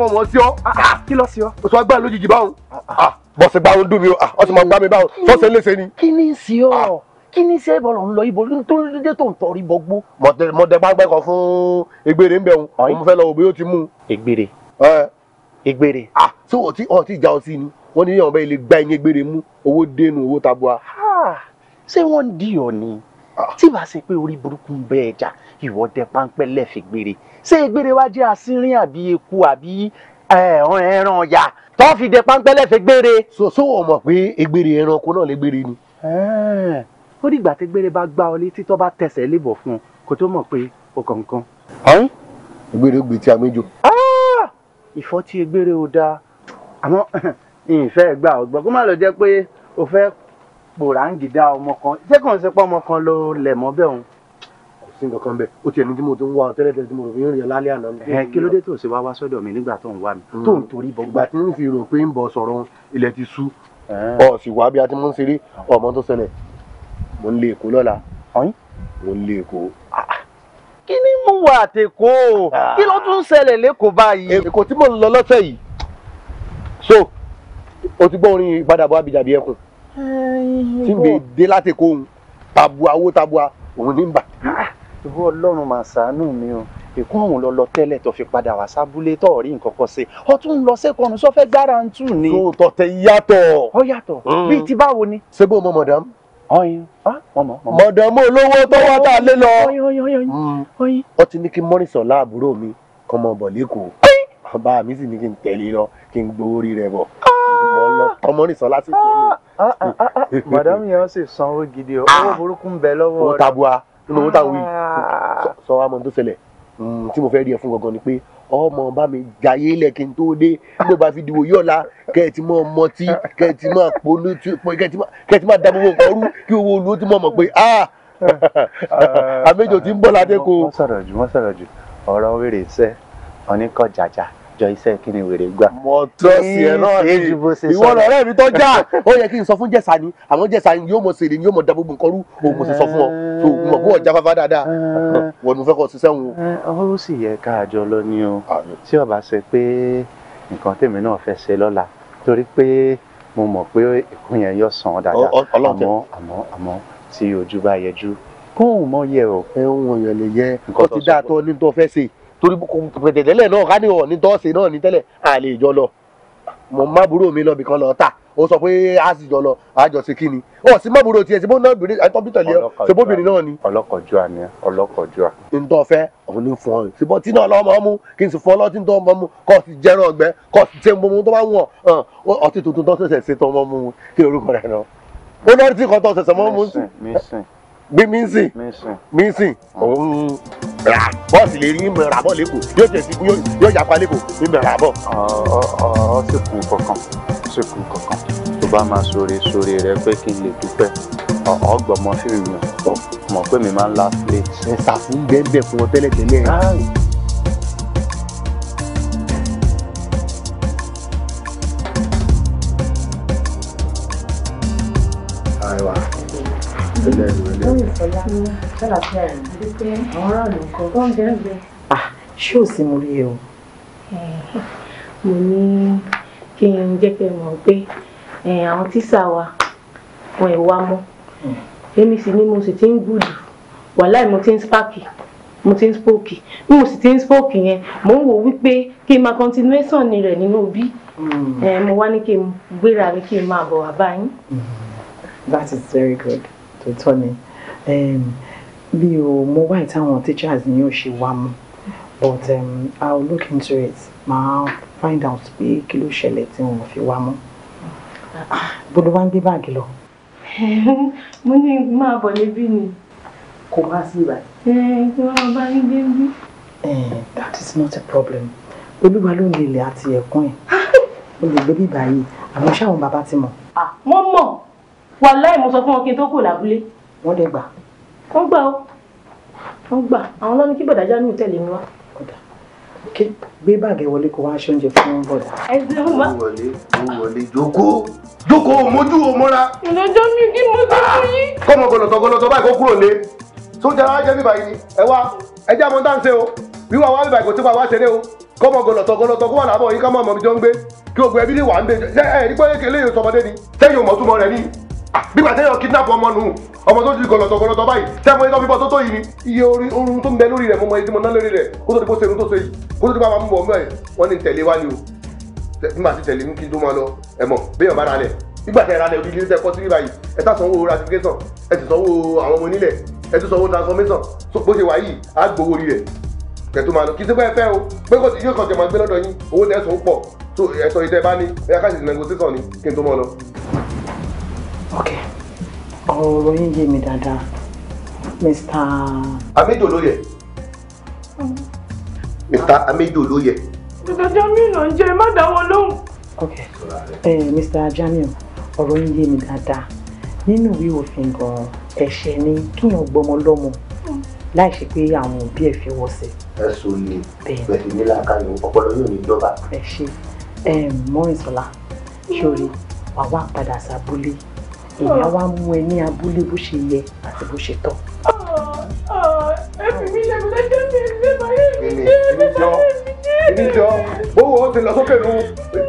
ah, kill us, ọ. so I buy a little agbára ah, ah. báwọn. I buy a mí o ah, ọ̀sẹ̀ máa gbá mi báwọn sọ́ọ̀sẹ̀ ń léṣe ni. kíni sí ọ kí ni ṣe bọ́ọ̀lù ń lọ ibo tó ń dé tó ń tọrí bọ́gbó. mọ̀tẹ́ pápẹ́ kan fún egbèrè ń bẹ̀ wọn òun fẹ́ lọ wò bí ó ti mú un. egbèrè. egbèrè. ah so ọtí ọtí ìjà ọtí ni wọ́n ní yíyan ọ̀bẹ ilé gbá ẹyin egbèrè mú owó dénú owó tabua. ṣé wọ́n ń dì ọ́ ni tí bá ṣe pé orí burúkú ń bẹ ẹja ìwọ dẹ páńpẹ́ lẹ́fẹ̀ẹ́ gbére ṣé egbèrè wá jẹ́ asínrín àbí eku àbí ẹran ẹran ọ̀yà tó fi dẹ páńpẹ́ lẹ́fẹ̀ẹ́ gbére. so so wọ́n mọ̀ pé egbèrè ẹranko náà lè gbére ni ó dìgbà tí gbére bá gbá ọ létí tó bá tẹsẹ̀ lébọ̀ fún un kó tó mọ̀ pé o kàn kan. àwọn ìgbére gbé tí a méjò. Ah! ìfọ́ tí egbére o dáa àmọ́ ìfẹ́ gbà ọ̀gbọ́n kó má lọ jẹ́ pé o fẹ́ pòráǹgìdá ọmọ kan ṣé kò ń ṣe pé ọmọ kan ló lẹ̀ mọ́ bẹ́ẹ̀ òun. kò sí nǹkan kan bẹ́ẹ̀ ó tiẹ̀ ní tí mo ti ń wá ọ tẹ́lẹ̀ tẹ́lẹ̀ tí mo rò fi ń rìn lálẹ́ àná. ẹ kí ló dé tó ṣe wá wá sọ́dọ̀ mi nígbà tó ń wá mi hmm. tó ń torí bọ́. ìgbà tí ń fi rò pé ń bọ̀ sọ̀rọ̀ ilẹ̀ ti sú ọ̀ sì wá bí a ti mú ń ṣeré ọmọ tó ṣẹlẹ̀ mo ń lé èkó lọ́la mo ń lé èkó. Ah, ah. kí ni mo wà àtẹ̀kọ́ ah. kí ló tún ṣẹlẹ̀ lẹ́kọ̀ọ́ báyìí. èkó tí mo ń lọ lọ́sẹ̀ yìí so o ti gbọ́ orin ìpadàbọ̀ abijabi ẹkùn eh, tí mi dé láti kó òun tabua owó tabua òun ní bà. ìwọ ọlọ́run màá ṣàánú mi o èkó ọ̀hún lọ lọ tẹ́lẹ̀ tó fi padà wá sábúlé tó rí nǹkan kan ṣe ọ tún ń lọ sẹ́kọ̀ọ́nù sọ́fẹ́ gbára ń tù ní. tó tọ̀tẹ̀ yàtọ̀. ọ yàtọ̀ mm. bíi ti báwo ni. ṣé bó mọ mọ̀dám ọyìn ah, mọ̀dàmú olówó tó wá tá a lé lọ hmm. ó ti ní kí mọ́rìnsọ̀ láàbúrò mi kọ́ mọ bọ̀ lẹ́kọ̀ọ́ bàbá mi sì ní kí n tẹ̀lé lọ kí n gbowó rí rẹ bọ̀ ọmọ nìsọ lásìkò mi. mọ̀dàmú yẹn sì sanwó gidi o owó ah. burúkú ń bẹ lọ́wọ́ rẹ̀. owó tabua nínú owó táwọn yìí ah. sọ àmọ́ tó ṣẹlẹ̀ hmm, tí mo fẹ́ rí ẹ fún gangan ni pé ọmọ bá mi jàyé lẹ kí n tó dé bó bá fi dìbò yọ̀la kẹ́ẹ̀tì mọ́ mọtí kẹ́ẹ̀tì mọ́ polú kẹ́ẹ̀tì mọ́ da gbogbo nǹkan rú kí owó olú ti mọ̀ mọ̀ pé ah! àmẹ́jọ ti ń bọ̀ ládé wọ́n sọ̀rọ̀ jù wọ́n sọ̀rọ̀ jù ọ̀rọ̀ wèrè iṣẹ́ oníkọ̀ jàjà jọ iṣẹ́ kí ni wèrè gbà. mo trọ́ọ̀sì ẹ náà ni ìwọ ọ̀rẹ́ mi tó já ó yẹ kí n sọ fún jẹ̀sà ni àmọ́ jẹ̀sà ni yóò mọ̀ sèrè ni yóò mọ̀ da gbogbo nǹkan rú òun kò sì sọ fún ọ tó mọ̀ bó ọjà fáfá dáadáa wọ́n nu fẹ́ kọ́ ṣiṣẹ́ wọn. ọ̀rọ̀ sì yẹ ká àjọ lọ ni o tí ó ṣe pé nǹkan tèmi náà fẹ́ ṣe lọ́la torí pé mo mọ̀ pé èkó yẹn yóò sàn ọ́ dáadáa àmọ́ àmọ́ àmọ́ tí torí pẹ̀tẹ̀tẹ̀lẹ̀ náà ká ní ọ̀ní tọ́sí náà ní tẹ́lẹ̀ à lè jọ lọ mọ̀ má burú mi lọ bìkan lọ tà ó sọ pé a sì jọ lọ àjọ sí kíni ọ sí má burú tiẹ̀ síbó náà bìrì àìtọ́ bí tẹ̀lé síbó bìrì náà ni. ọlọ́kọ̀júà ni ọlọ́kọ̀júà. n tọ́ fẹ́ òun ní fún ọ síbó tí náà lọ́mọ mú kí n sì fún ọ lọ́tí tó ọmọ mú kọ́ ọ sì jẹ́rán ọgbẹ́ kọ́ ọ sì tẹ́ gbogbo tó bá wù ọ ọtí tuntun tó ṣẹ̀ṣẹ̀ ṣe tó ọmọ mú kí orúkọ rẹ̀ náà ó náà tí kò tó ṣẹ̀ṣẹ̀ mọ́ mú sí bí mínsìn mínsìn òun rà bọ́ọ̀sì lè rí mọ̀ rà bọ́ lẹ́kọ̀ọ́ yóò jẹ́ sí yóò yàpá lẹ́kọ̀ọ́ ní mọ̀ rà bọ̀. ọ sì kú kankan sì kú kankan tó bá máa sóre sóre rẹ pé kí n lè dúpẹ́ ọgbọ̀n mọ́ fíìmù mọ̀ pé mi máa ń la plate. ẹ sàfún bẹ́ẹ̀ bẹ́ẹ̀ fún ọ tẹ́lẹ̀ Ah, ṣé ò sí mo rí o. mo ní kí n jẹ́ kí ẹ mọ̀ pé àwọn tíṣà wa wọn ì wá mọ́ èmi sì ni mo sì ti ń gbùdù wàhálà mo ti ń spáàkì mo ti ń spóòkì bí mo sì ti ń spóòkì yẹn mo ń wò wípé kí n máa continuation rẹ̀ nínú bí hmm. mo wá ní kí n gbéra ní kí n máa bọ̀ wá báyìí. Hmm. That is very good òtítọ́ ni bí o mo wá ìtàwọn teachers ni yóò ṣe wá mu but um, I look into it máa find out pé kí ló ṣẹlẹ̀ tí wọ́n fi wá mu gbọ́dọ̀ wá ń gbé báàgì lọ. mo ní máa bọ̀ níbí ni. kò wá sí ibà. kí wọ́n bá ní gbé bí. that is not a problem olúwa ló ní ilẹ̀ àti ẹ̀kún ẹ̀ o lè gbé bíbá yìí àmọ́ ṣáà wọn bàbá ti mọ̀. Ah, wọ́n mọ̀ wàláì mo sọ fún wọn kí n tó kù lábúlé. wọ́n lè gbà. wọ́n gbà ó wọ́n gbà àwọn lọ́ni kí bọ̀dá Jamiu tẹ̀lé mi wá. gbé báàgì wọlé kó wá aṣọ oúnjẹ fún bọ̀dà. ẹ ṣe fún wa. ó wọlé ó wọlé jókòó jókòó mójú o mọ́ra. ìlọjọ mi kí mo tó fún yín. Ah! kọ́mọ gọlọtọ̀ gọlọtọ̀ báyìí kó kúrò lé sóúnjẹ wa jẹ́ bíbá yìí ẹ wá ẹ jẹ́ àmọ́ dáńsẹ́ o wíwá wa bíbá ìkòtípa wa ṣẹlẹ̀ o kọ́mọ gọlọtọ̀ gọlọtọ̀ kó wà lábọ̀ yìí ká mọ̀ ọmọ mi jọ ń gbé kí ogun ẹbí lè wà ń gbé ẹ ẹ rí pé kékeré yóò sọmọdé ni tẹ́yìn ò rẹ̀ ni bígbà tẹ́yọ̀ kidnap ọmọ nù ọmọ tó di gọlọtọ gọlọtọ báyìí tẹ́mọ yìí tó fi bọ́ tó tó yìí ni iye oorun tó ń bẹ lórí rẹ̀ mọ́mọ́ ìdí mọ́ ná lórí rẹ̀ kó tó di bó serun tó so yìí kó tó di bá máa mú bọ̀ mọ́ ẹ̀ wọ́n ní tẹ̀lé wá ni o nígbà tí tẹ̀lé mú kí n tó máa lọ ẹ̀ mọ̀ béèyàn bá ra lẹ̀ nígbà tẹ̀ ra lẹ̀ odidi tẹ̀ kọ́ sí báyìí ẹ tá sanwó ratification ẹ ti sanwó àwọn ọmọ onílẹ̀ ẹ ti sanwó transformation bó ṣe wà yìí á gbowó orí rẹ̀ kẹtù máa lọ kì í sí pé ẹ fẹ́ o pé kò sí yóò kàn jẹ́ máa gbé lọ́dọ̀ yín owó tẹ̀ sùn pọ̀ ẹ̀sọ́ ìtẹ̀ bá ní ẹ̀yà káṣí negotiation ni kí n tó máa lọ ok ọ̀rọ̀ yín yé mi dáadáa mr. amido lóye mr mm-hmm. amido lóye. mr jamiu ló ń jẹ má dáwọ́ lóhùn. ok Eh mr jamiu ọ̀rọ̀ yín yé mi dáadáa nínú ìwé òfin gan-an ẹ̀ṣẹ̀ ni kíyàn gbọ́mọ lọ́mọ mm. láì ṣe pé àwọn òbí ẹ̀ fi wọ́ sí. ẹ̀sùn ni bẹ̀rẹ̀ ní làákàyè ọpọlọ yóò ní ìjọba. ẹ ṣe eh, mọ́rìnsọ́lá mm. ṣòrí wàá wá padà sábúlé ìyá wa mú ẹ ní abúlé bó ṣe yẹ àti bó ṣe tọ́. ẹbí mi ṣe mi lẹ́jọ́ mi ẹgbẹ́ báyé mi ní ẹgbẹ́ báyé mi ní ẹgbẹ́. ìníjọ owó ó ti lọ sókè nu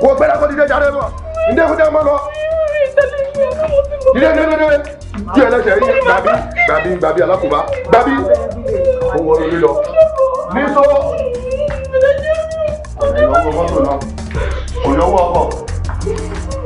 kò gbẹ́dá kó dídé jáde mọ́ ìdí èkó dẹ́ mọ́ lọ. dídé dídé dídé díẹ̀ lẹ́sẹ̀ rí gbàbí gbàbí gbàbí alákòóbá gbàbí owó orí lílọ níṣó ọ̀nà ìlọ́wọ́ mọ́tò náà ọ̀nà owó ọkọ̀.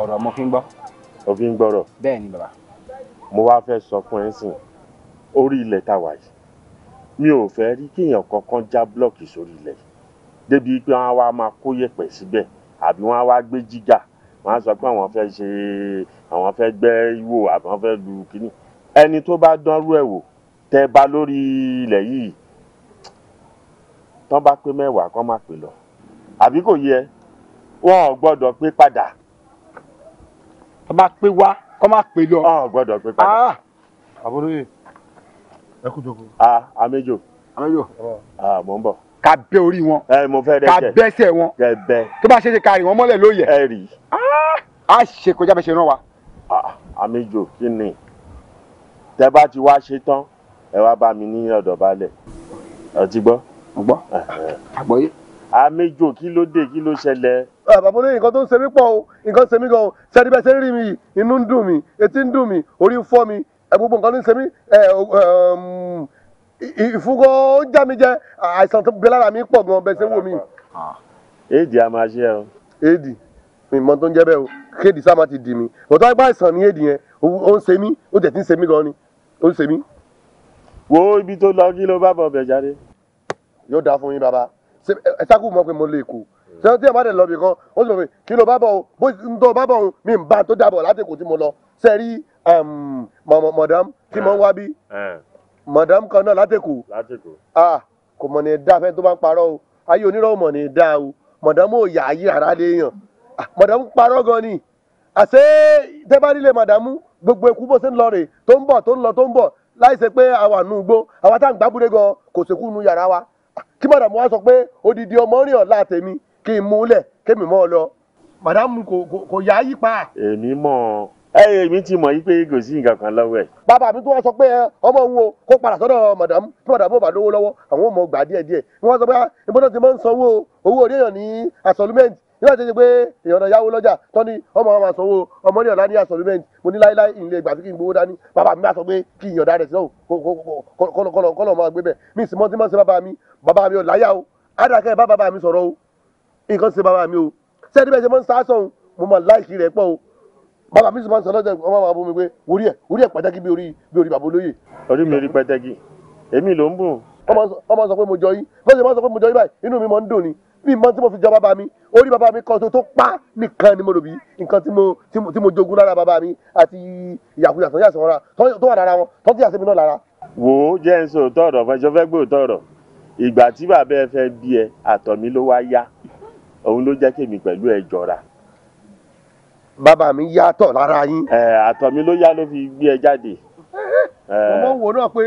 ọ̀rọ̀ mo fi ń gbọ́. mo fi ń gbọ́rọ̀. bẹ́ẹ̀ ni bàbá. mo wá fẹ́ sọ fún ẹ sìn orí ilẹ̀ tá a wà yìí mi ò fẹ́ rí kéèyàn kankan já blọ́ọ̀kì sórí ilẹ̀ yìí débi pé wọ́n á wá máa kó yẹ̀pẹ̀ síbẹ̀ àbí wọ́n á wá gbé jígà wọ́n á sọ pé àwọn fẹ́ ṣe àwọn fẹ́ gbẹ́ ìwò àbí wọ́n fẹ́ lu kínní ẹni tó bá dánrú ẹ̀ wò tẹ́ bá lórí ilẹ̀ yìí tán bá pé mẹ́wàá kán má pè lọ àbí kò yẹ wọn ò gbọ́dọ̀ pé padà tó bá pé wá kó má pé lọ. ọ ah, gbọ́dọ̀ pé padà. Ah. àbúrò yìí ẹ kú jókòó. a ah, àmẹjọ. àmẹjọ. a mò ń bọ̀. ká bẹ́ orí wọn. ẹ eh, mo fẹ́ dẹ́kẹ̀. ká bẹ́sẹ̀ wọn. ẹ bẹ́. tó bá ṣe ṣe ká rìn wọn mọ́lẹ̀ lóye. ẹ rí. a ṣe kọjá bẹ́sẹ̀ náà wa. àmẹjọ kí ni tẹ bá ti wá ṣe tán ẹ wá bá mi ní ọ̀dọ̀ balẹ̀ ọtí gbọ́. ọgbọ́ eh, eh. àgbọ́yé àmẹjọ kí ló dé kí ló ṣẹlẹ̀. Ah, bàbá olóyè nǹkan tó ń ṣe mí pọ̀ o nǹkan ṣe mí gan o ṣẹ́ni ṣe ń rí mi inú ń dùn mí etí ń dùn mí orí ń fọ́ mi gbogbo nǹkan ló ń ṣe mí um, ìfúngọ́ ó já mi jẹ àìsàn tó gbé lára mi pọ̀ gan bẹ́ẹ̀ ṣe ń wò mí. Ah, éèdì a máa ṣe o. éèdì mi mọ tó ń jẹ́ bẹ́ẹ̀ o kéèdì sá máa ti dì mí bọ̀tọ́ àgbà àìsàn ní éèdì yẹn ó ń ṣe mí ó tẹ̀ tí ń ṣe mí gan ni ó ń ṣe mí. wo ibi tó lọ kí ló bá bọ̀ bẹ̀ jáde. yóò dáa fún yín bàbá ẹ sákùú mọ̀ pé mo lè kó hmm. ṣé tí ẹ bá dẹ̀ lọ bìkan ó o, mọ̀ pé kí ló bá bọ̀ o bó ń tó bá bọ̀ o mi ń bá tó dàbọ̀ látẹ̀kọ̀ tí mo lọ ṣe rí um, mọ̀dám tí mo ń hmm. wá bí mọ̀dám kan náà látẹ̀kọ̀ kò mọ̀ ní dá fẹ́ tó bá ń parọ́ o ayé onírọ̀ mọ̀ ní dá o mọ̀dám ò yà ayé ara lè yàn mọ̀dám parọ́ gan ni àṣé tẹ́bárílẹ̀ mọ̀dám gbogbo ikú bó ṣe ń lọ rè tó ń bọ̀ tó ń lọ tó ń bọ̀ láì ṣe pé àwa nù gbó àwa tá à ń gbábúrẹ́ gan kò ṣèkú nu yàrá wa kí madam wa sọ pé odidi ọmọ rìn ọ̀la tèmi kí n múlẹ̀ kémi mọ́ ọ lọ madam kò kò yá yí pa. èmi mọ̀ ọ́ ẹyẹ èmi ti mọ̀ yí pé kò sí nǹkan kan lọ́wọ́ ẹ̀. bàbá mi tó wọ́n sọ pé ọmọ òun o kó padà sọ́dọ̀ màdàm tí màdàm ò bá lówó lọ́wọ́ àwọn ò mọ̀ gbà díẹ̀ díẹ̀ wọ́n sọ pé ìbọn ah, náà ti máa ń sanwó owó orí èèyàn ní asọ́lúmẹ́ǹtì nígbà tó ṣe pé èèyàn náà yáwó lọ́jà tó ní ọmọ wa máa sanwó ọmọ ní ọ̀la ní asọ̀lúmẹ́ǹtì mo ní láíláí ìlú ẹgbàá tí kì í gbowó dání bàbá mi bá sọ pé kí ìyọ̀dá rẹ̀ sọ̀rọ̀ kọ́lọ̀ máa gbé bẹ̀ mí sì mọ́tí mọ́tí bàbá mi bàbá mi ọ̀láyà o ádàkẹ́ bá bàbá mi sọ̀rọ̀ o nǹkan ṣe bàbá mi o sẹ́ni bẹ́ẹ̀ ṣe mọ́ ń sá sọ̀hún mo máa láìsí rẹ̀ pọ̀ o bàbá mi sì máa ń sọ lọ́jọ́ ọmọ àwọn abomi pé orí ẹ̀ orí ẹ̀ pàtàkì bí orí bí orí bàbá olóyè. orí mi rí pàtàkì èmi ló ń bùn. ọmọ sọ pé mo jọ yín bẹ́ẹ̀ ṣe máa sọ pé mo jọ yín báyìí inú mi máa ń dùn ni bí mọ tí mo fi jọ bàbá mi orí bàbá mi kan tó tó pa nìkan ni mo lò bí nǹkan tí mo jogún lára bàbá mi àti ìyàkúyà tó yà sọ̀rọ̀ tó wà lára wọn tó ti yà sí mi náà lára. wò ó jẹ́ ń sọ òótọ́ ọ̀rọ̀ fẹjọ́ fẹ́ gbé òótọ́ ọ̀rọ̀ ìgbà tí bàbá ẹ fẹ́ bí ẹ àtọ̀ mi ló wá yá òun ló jẹ́ kémi pẹ̀lú ẹ jọra. bàbá mi yàtọ̀ lára yín. ẹ àtọ̀ mi ló yá ló fi gbé ẹ jáde wọ́n mọ̀ ń wò náà pé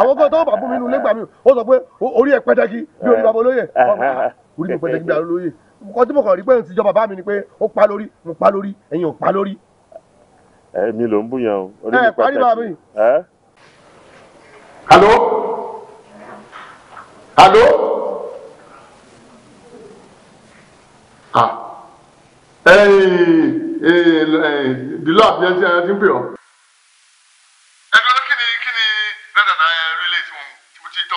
àwọn kan tó bàbá mi nù lẹ́gbàá mi ó sọ pé orí ẹ̀ pẹ́tẹ́kì bí orí bàbá olóyè ah, orí mi pẹ́tẹ́kì bí olóyè nǹkan tí mo kàn rí pé n ti jọ bàbá mi ni pé ó pa lórí mo pa lórí ẹ̀yin ò pa lórí. èmi ló ń búyan o orí mi pàtàkì. alo alo ah ẹ̀ẹ́n ẹ̀ẹ́n dìlọ́ àbíyẹ́ntì ẹ̀yẹ́ ti ń pè ọ́.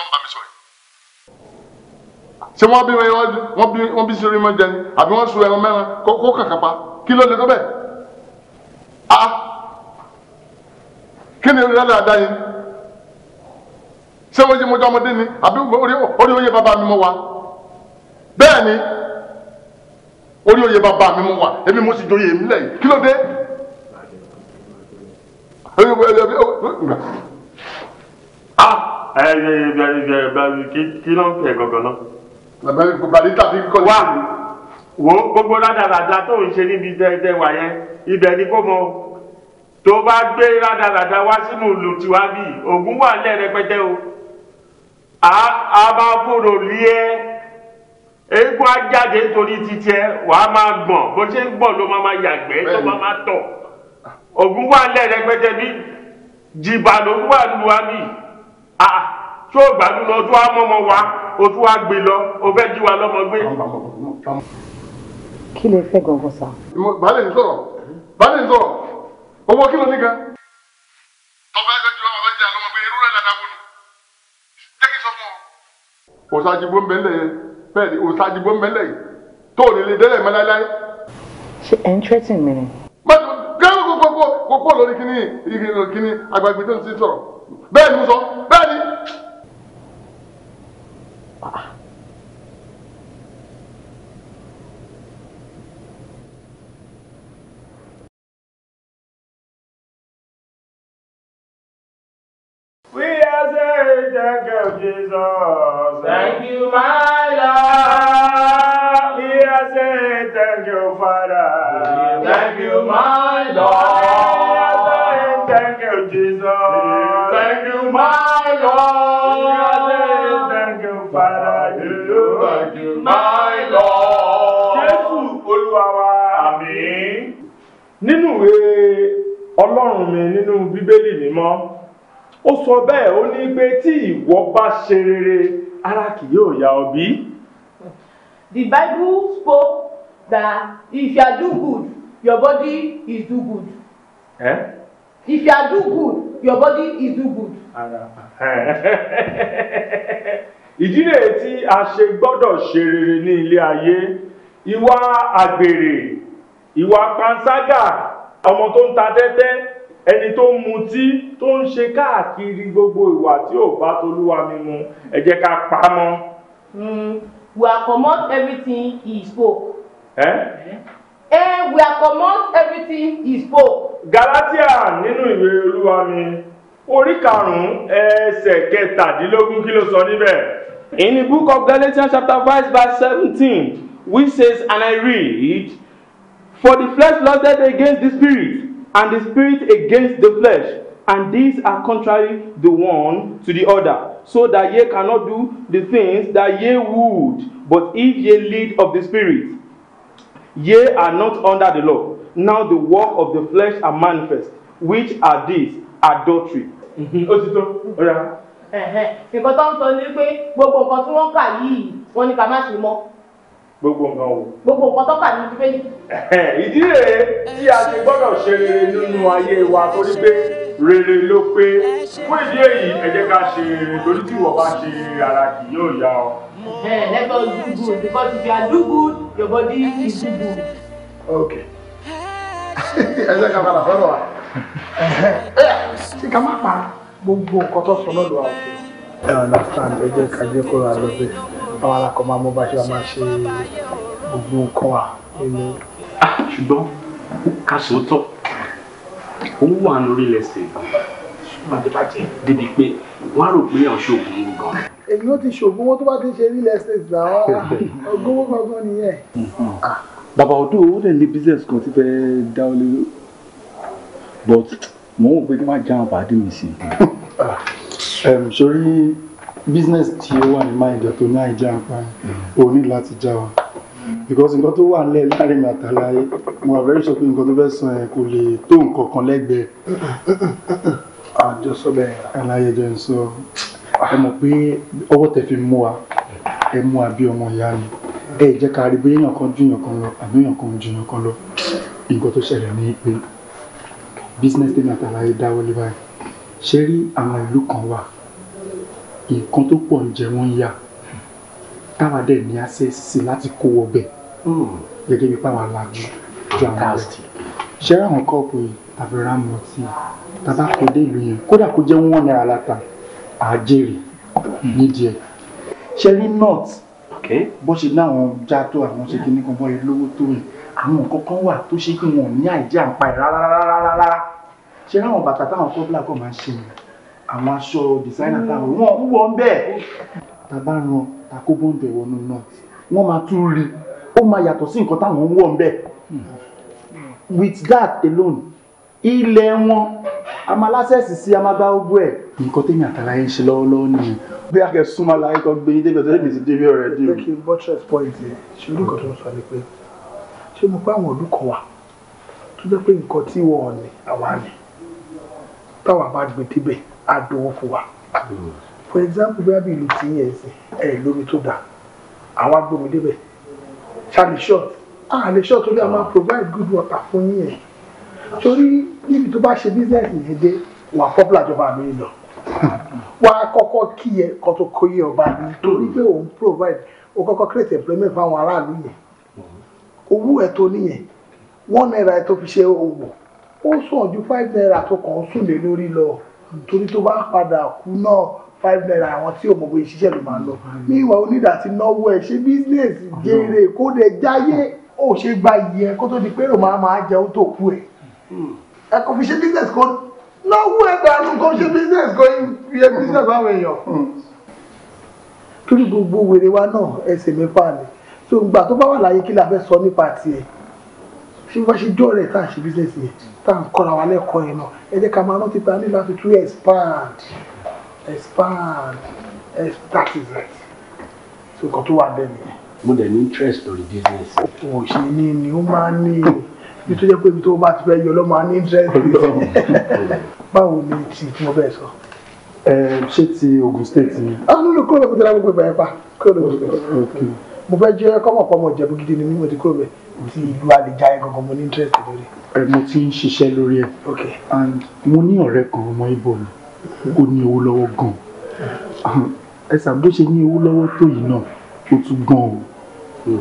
ọlọ́run bá mi sọ yìí. ṣé wọ́n bí wọ́n bí sírí mọ́ jẹ ni àbí wọ́n sun ẹran mẹ́ran kó kàkà pa kí ló lè tó bẹ́ẹ̀. a kí ni ìrẹ́lẹ̀ àdá yìí ṣé wọ́n yé mọ́jọ́ ọmọdé ni àbí orí oyè bàbá mi mọ́ wa bẹ́ẹ̀ ni orí oyè bàbá mi mọ́ wa èmi mo sì joyè èmi lẹ́yìn kí ló dé ẹ ẹ ẹ ẹ kí kí ló ń pè gangan náà. bàbá mi bàbá tàbí kọ́ wa wo gbogbo rádaràda tó ń ṣe níbi dẹdẹ wà yẹn ibẹ̀ ni kò mọ tó bá gbé rádaràda wá sínú ìlú tiwa bíi ògùn wà lẹ rẹpẹtẹ o a máa fòrò lé ẹ eégún ajáde nítorí títí ẹ wàá máa gbọ̀n bó ṣe ń gbọ̀n ló máa máa yàgbẹ́ tó máa máa tọ̀ ògùn wà lẹ rẹpẹtẹ bíi jìbà ló wà lù wá ah ṣó o gbádùn lọ ojú amọ́mọ wa ojú wa gbé lọ o fẹ́ jí wa lọ́mọ gbé. kí lè fẹ́ gangan sá. baálé ń sọ̀rọ̀ baálé ń sọ̀rọ̀ owó kí ló ní gan. ọba ẹgbẹ́ jùlọ ọba jẹ́ àlọ́mọ gbé irú rẹ̀ dáadáa wò lù jẹ́ kí n sọ fún ọ. òṣàjì bó ń bẹ́lẹ̀ bẹ́ẹ̀ ni òṣàjì bó ń bẹ́lẹ̀ yìí tó ò ní lè délẹ̀ mọ́ láéláé. ṣe ẹ̀ ń tẹ́tì mi ni. báyọ̀ gẹ́gẹ́ kókó lórí kíní agbègbè Ah. We are the thank of Jesus. Thank you, my Lord. We are the thank you, Father. Thank you, my ọlọ́run mi nínú bíbélì mímọ́ ó sọ bẹ́ẹ̀ ó ní pé tí ìwọ bá ṣe rere ara kì yóò yà ọ́ The Bible spoke that if you do good, your body is do good. Eh? If you do good, your body is do good. Ìdí rèé tí a ṣe gbọ́dọ̀ ṣe rere ní ilé ayé, ìwà àgbèrè, ìwà panṣágà ọmọ tó ń ta tẹ́tẹ́ ẹni tó ń mutí tó ń ṣe káàkiri gbogbo ìwà tí ò bá tolúwa mi ẹ jẹ́ ká pa á mọ́. Hmm, we are comot everything he spoke. Eh? Eh, we are comot everything he spoke. Galatia nínú ìwé olúwa mi orí karùn-ún ẹsẹ̀ kẹtàdínlógún kí ló sọ níbẹ̀. In the book of Galatians chapter 5 verse 17 which says and I read For the flesh lusteth against the spirit, and the spirit against the flesh, and these are contrary the one to the other, so that ye cannot do the things that ye would. But if ye lead of the spirit, ye are not under the law. Now the work of the flesh are manifest, which are these adultery. Mhm. Ó ti tó, ó tó ń sọ ni pé gbogbo nǹkan tí wọ́n kà yìí, wọ́n ní ká má ṣe mọ́ gbogbo nǹkan o. gbogbo nǹkan tó kà ní bíbélì. ìdí rèé tí a ti gbọ́dọ̀ ṣe rere nínú ayé wa torí pé rere ló pé fún ìdí èyí ẹ jẹ́ ká ṣe rere torí tí ìwọ bá ṣe ara kì yóò yá ọ. lẹ́gbẹ̀ẹ́ ojúgbù because if you are do good your body is good. ok ẹ jẹ́ ká padà fọ́nà wa ṣé ká má pa gbogbo nǹkan tó sọ lọ́dọ̀ àwọn. ẹ understand ẹ jẹ́ ká jẹ́ kó ra lọ bẹ́ẹ̀ táwọn alákọ̀ọ́ máa mú bá ṣe máa ṣe gbogbo nǹkan wa nínú. Ah, ṣùgbọ́n ká sòótọ́ òun wà ní orílẹ̀ èsè gan-an débi pé wọ́n á rò pé àwọn ṣoògùn ń gan. èmi ló ti ṣoògùn owó tó bá ti ṣe real estate làwọn ọgọ́wọ́ gangan nìyẹn. Ah, bàbá ọdún owó dẹ̀ ní business kan ti fẹ́ dá ọ lérò but mò ń wò pé kí n má já àwọn pàdé mi sí sori. Ah, business tí ó wà ní Naija tó ní àìjá ń pa ò ní láti já wa because nǹkan tó wà nílẹ̀ láàrin àtàláyé mo wà very sure pé nǹkan tó fẹ́ san ẹ̀ kò lè tó nǹkan kan lẹ́gbẹ̀ẹ́ àjọsọ bẹ́ẹ̀ aláyẹjọ ń sọ ẹ mọ̀ pé ọwọ́ tẹ fi mú wa ẹ mú wa bí ọmọ ìyá ni ẹ jẹ́ ká rí bóyá èèyàn kan ju èèyàn kan lọ àbí èèyàn kan ju èèyàn kan lọ nǹkan tó ṣẹlẹ̀ ní pé business tèmi àtàláyé dáwọ́ lé báyìí ṣé rí àwọn ìlú kan wà nǹkan tó pọ̀ ń jẹ wọ́n ń yà táwa dẹ̀ ní access sí láti kó ọbẹ̀ hmm. gẹ́gẹ́ bí pàwọn alájú ju àwọn ọ̀rẹ́ ṣé àwọn kọ́ọ̀pù àfẹ́rẹ́ àmọ́ tí tàbá kó dé ìlú yẹn kódà kó jẹ́ wọ́n náírà láta àjèrè hmm. nídìí ẹ̀ ṣe rí north bó ṣe láwọn jàtó àwọn ṣe kí ní kan bọ́ọ̀lù lówó tó yẹn àwọn nǹkan kan wà tó ṣe pé wọn ò ní àìjẹ́ àǹpa ẹ̀ rárá rárá rárá ṣe bàtà táwọn kọ́bílà kan máa ń ṣe yẹn àwọn aṣọ designer táwọn wọn wúwọ ń bẹ́ẹ̀ tá a bá ran takóbó ń bẹ̀ wọnú náà wọ́n máa tún rí ó máa yàtọ̀ sí nǹkan táwọn ń wọ̀ ń bẹ́ẹ̀ with that alone ilẹ̀ wọn a máa lásẹ̀sì sí a máa bá gbogbo ẹ̀ nǹkan tẹ̀yìn àtàlàyé ń ṣe lọ́wọ́lọ́wọ́ nìyẹn bí akẹ́ súnmọ́ láyé kan gbé yín débi ọ̀tọ́ lèmi ti débi ọ̀rẹ́ dì o. jẹ́ kí buttress point yẹn ṣe olùkọ́ tó ń sọ ni pé ṣé mo pé àwọn olùkọ́ wa tó jẹ́ pé nǹkan tí wọ́n ní àwa ni táwa bá gbé débẹ̀ àdòwò wa for example bí abiy ti yẹn ẹsẹ ẹ lómi tó dáa àwọn agbómi débẹ̀ ṣáàlì short àlè short torí a máa provide good water fún yín yẹn torí níbi tó bá ṣe business yẹn dé wà popular jọba mi lọ wà á kọ́kọ́ kí yẹ kó tó kó yẹ ọba mi torí pé òun provide ó kọ́kọ́ create employment fún àwọn aráàlú yẹn owó ẹ̀ tó níyẹn one naira tó fi ṣe owó ó sàn ju five naira tó kàn ń sùn lé lórí lọ torí tó bá padà kú náà five naira àwọn tí òmùgbé ìṣiṣẹ́ ló máa lọ ní ìwà onídàá ti náwó ẹ̀ ṣe bísíǹsì jèrè kó dẹ̀ jáyé ó ṣe gba iye kó tó di pé ó máa máa jẹun tó kú ẹ̀ ẹ kò fi ṣe bísíǹsì kó náwó ẹ̀ dànù kó ṣe bísíǹsì kó iye bísíǹsì àwọn èèyàn. torí gbogbo wèrè wa náà ẹsẹ̀ mẹ́fà ni tó ń gbà tó bá wà láyé kí la fẹ́ sọ nípa tiẹ̀ ṣé wọ́n ṣe jọ́ rẹ̀ káà ṣe bísíǹsì yẹn tá à ń kọ́ra wa lẹ́kọ̀ọ́ yẹn náà ẹ jẹ́ ká máa rántí pé a ní láti tún expand expand that is it so nǹkan tó wà bẹ́ẹ̀ nìyẹn. mo dẹ̀ ní interest lórí business. o ṣe ní ni ó máa ń ní o bí tó jẹ́ pé ibi tó bá ti fẹ́ yọ lọ́ máa ní interest. báwo ni tí tí mo bẹ́ẹ̀ sọ. ṣé ti Ogun State ni. a ló lè kúrò lọ́kùnrin lágbègbè bàyẹ̀pá kúrò lọ́kùnrin mo fẹ́ jẹ́ kọ́mọ̀kọ́mọ̀ Ìjẹ̀bú gidi ni mímọ̀ ti kúrò bẹ̀ ti ìlú Àlejayé gangan mo ní interest lórí. ẹ mo ti ń ṣiṣẹ́ lórí ẹ and mo ní ọ̀rẹ́ kan ọmọ ibo ni ó ní owó lọ́wọ́ gan-an ẹ sàbó ṣe ní owó lọ́wọ́ tó yìí náà ó tún gan o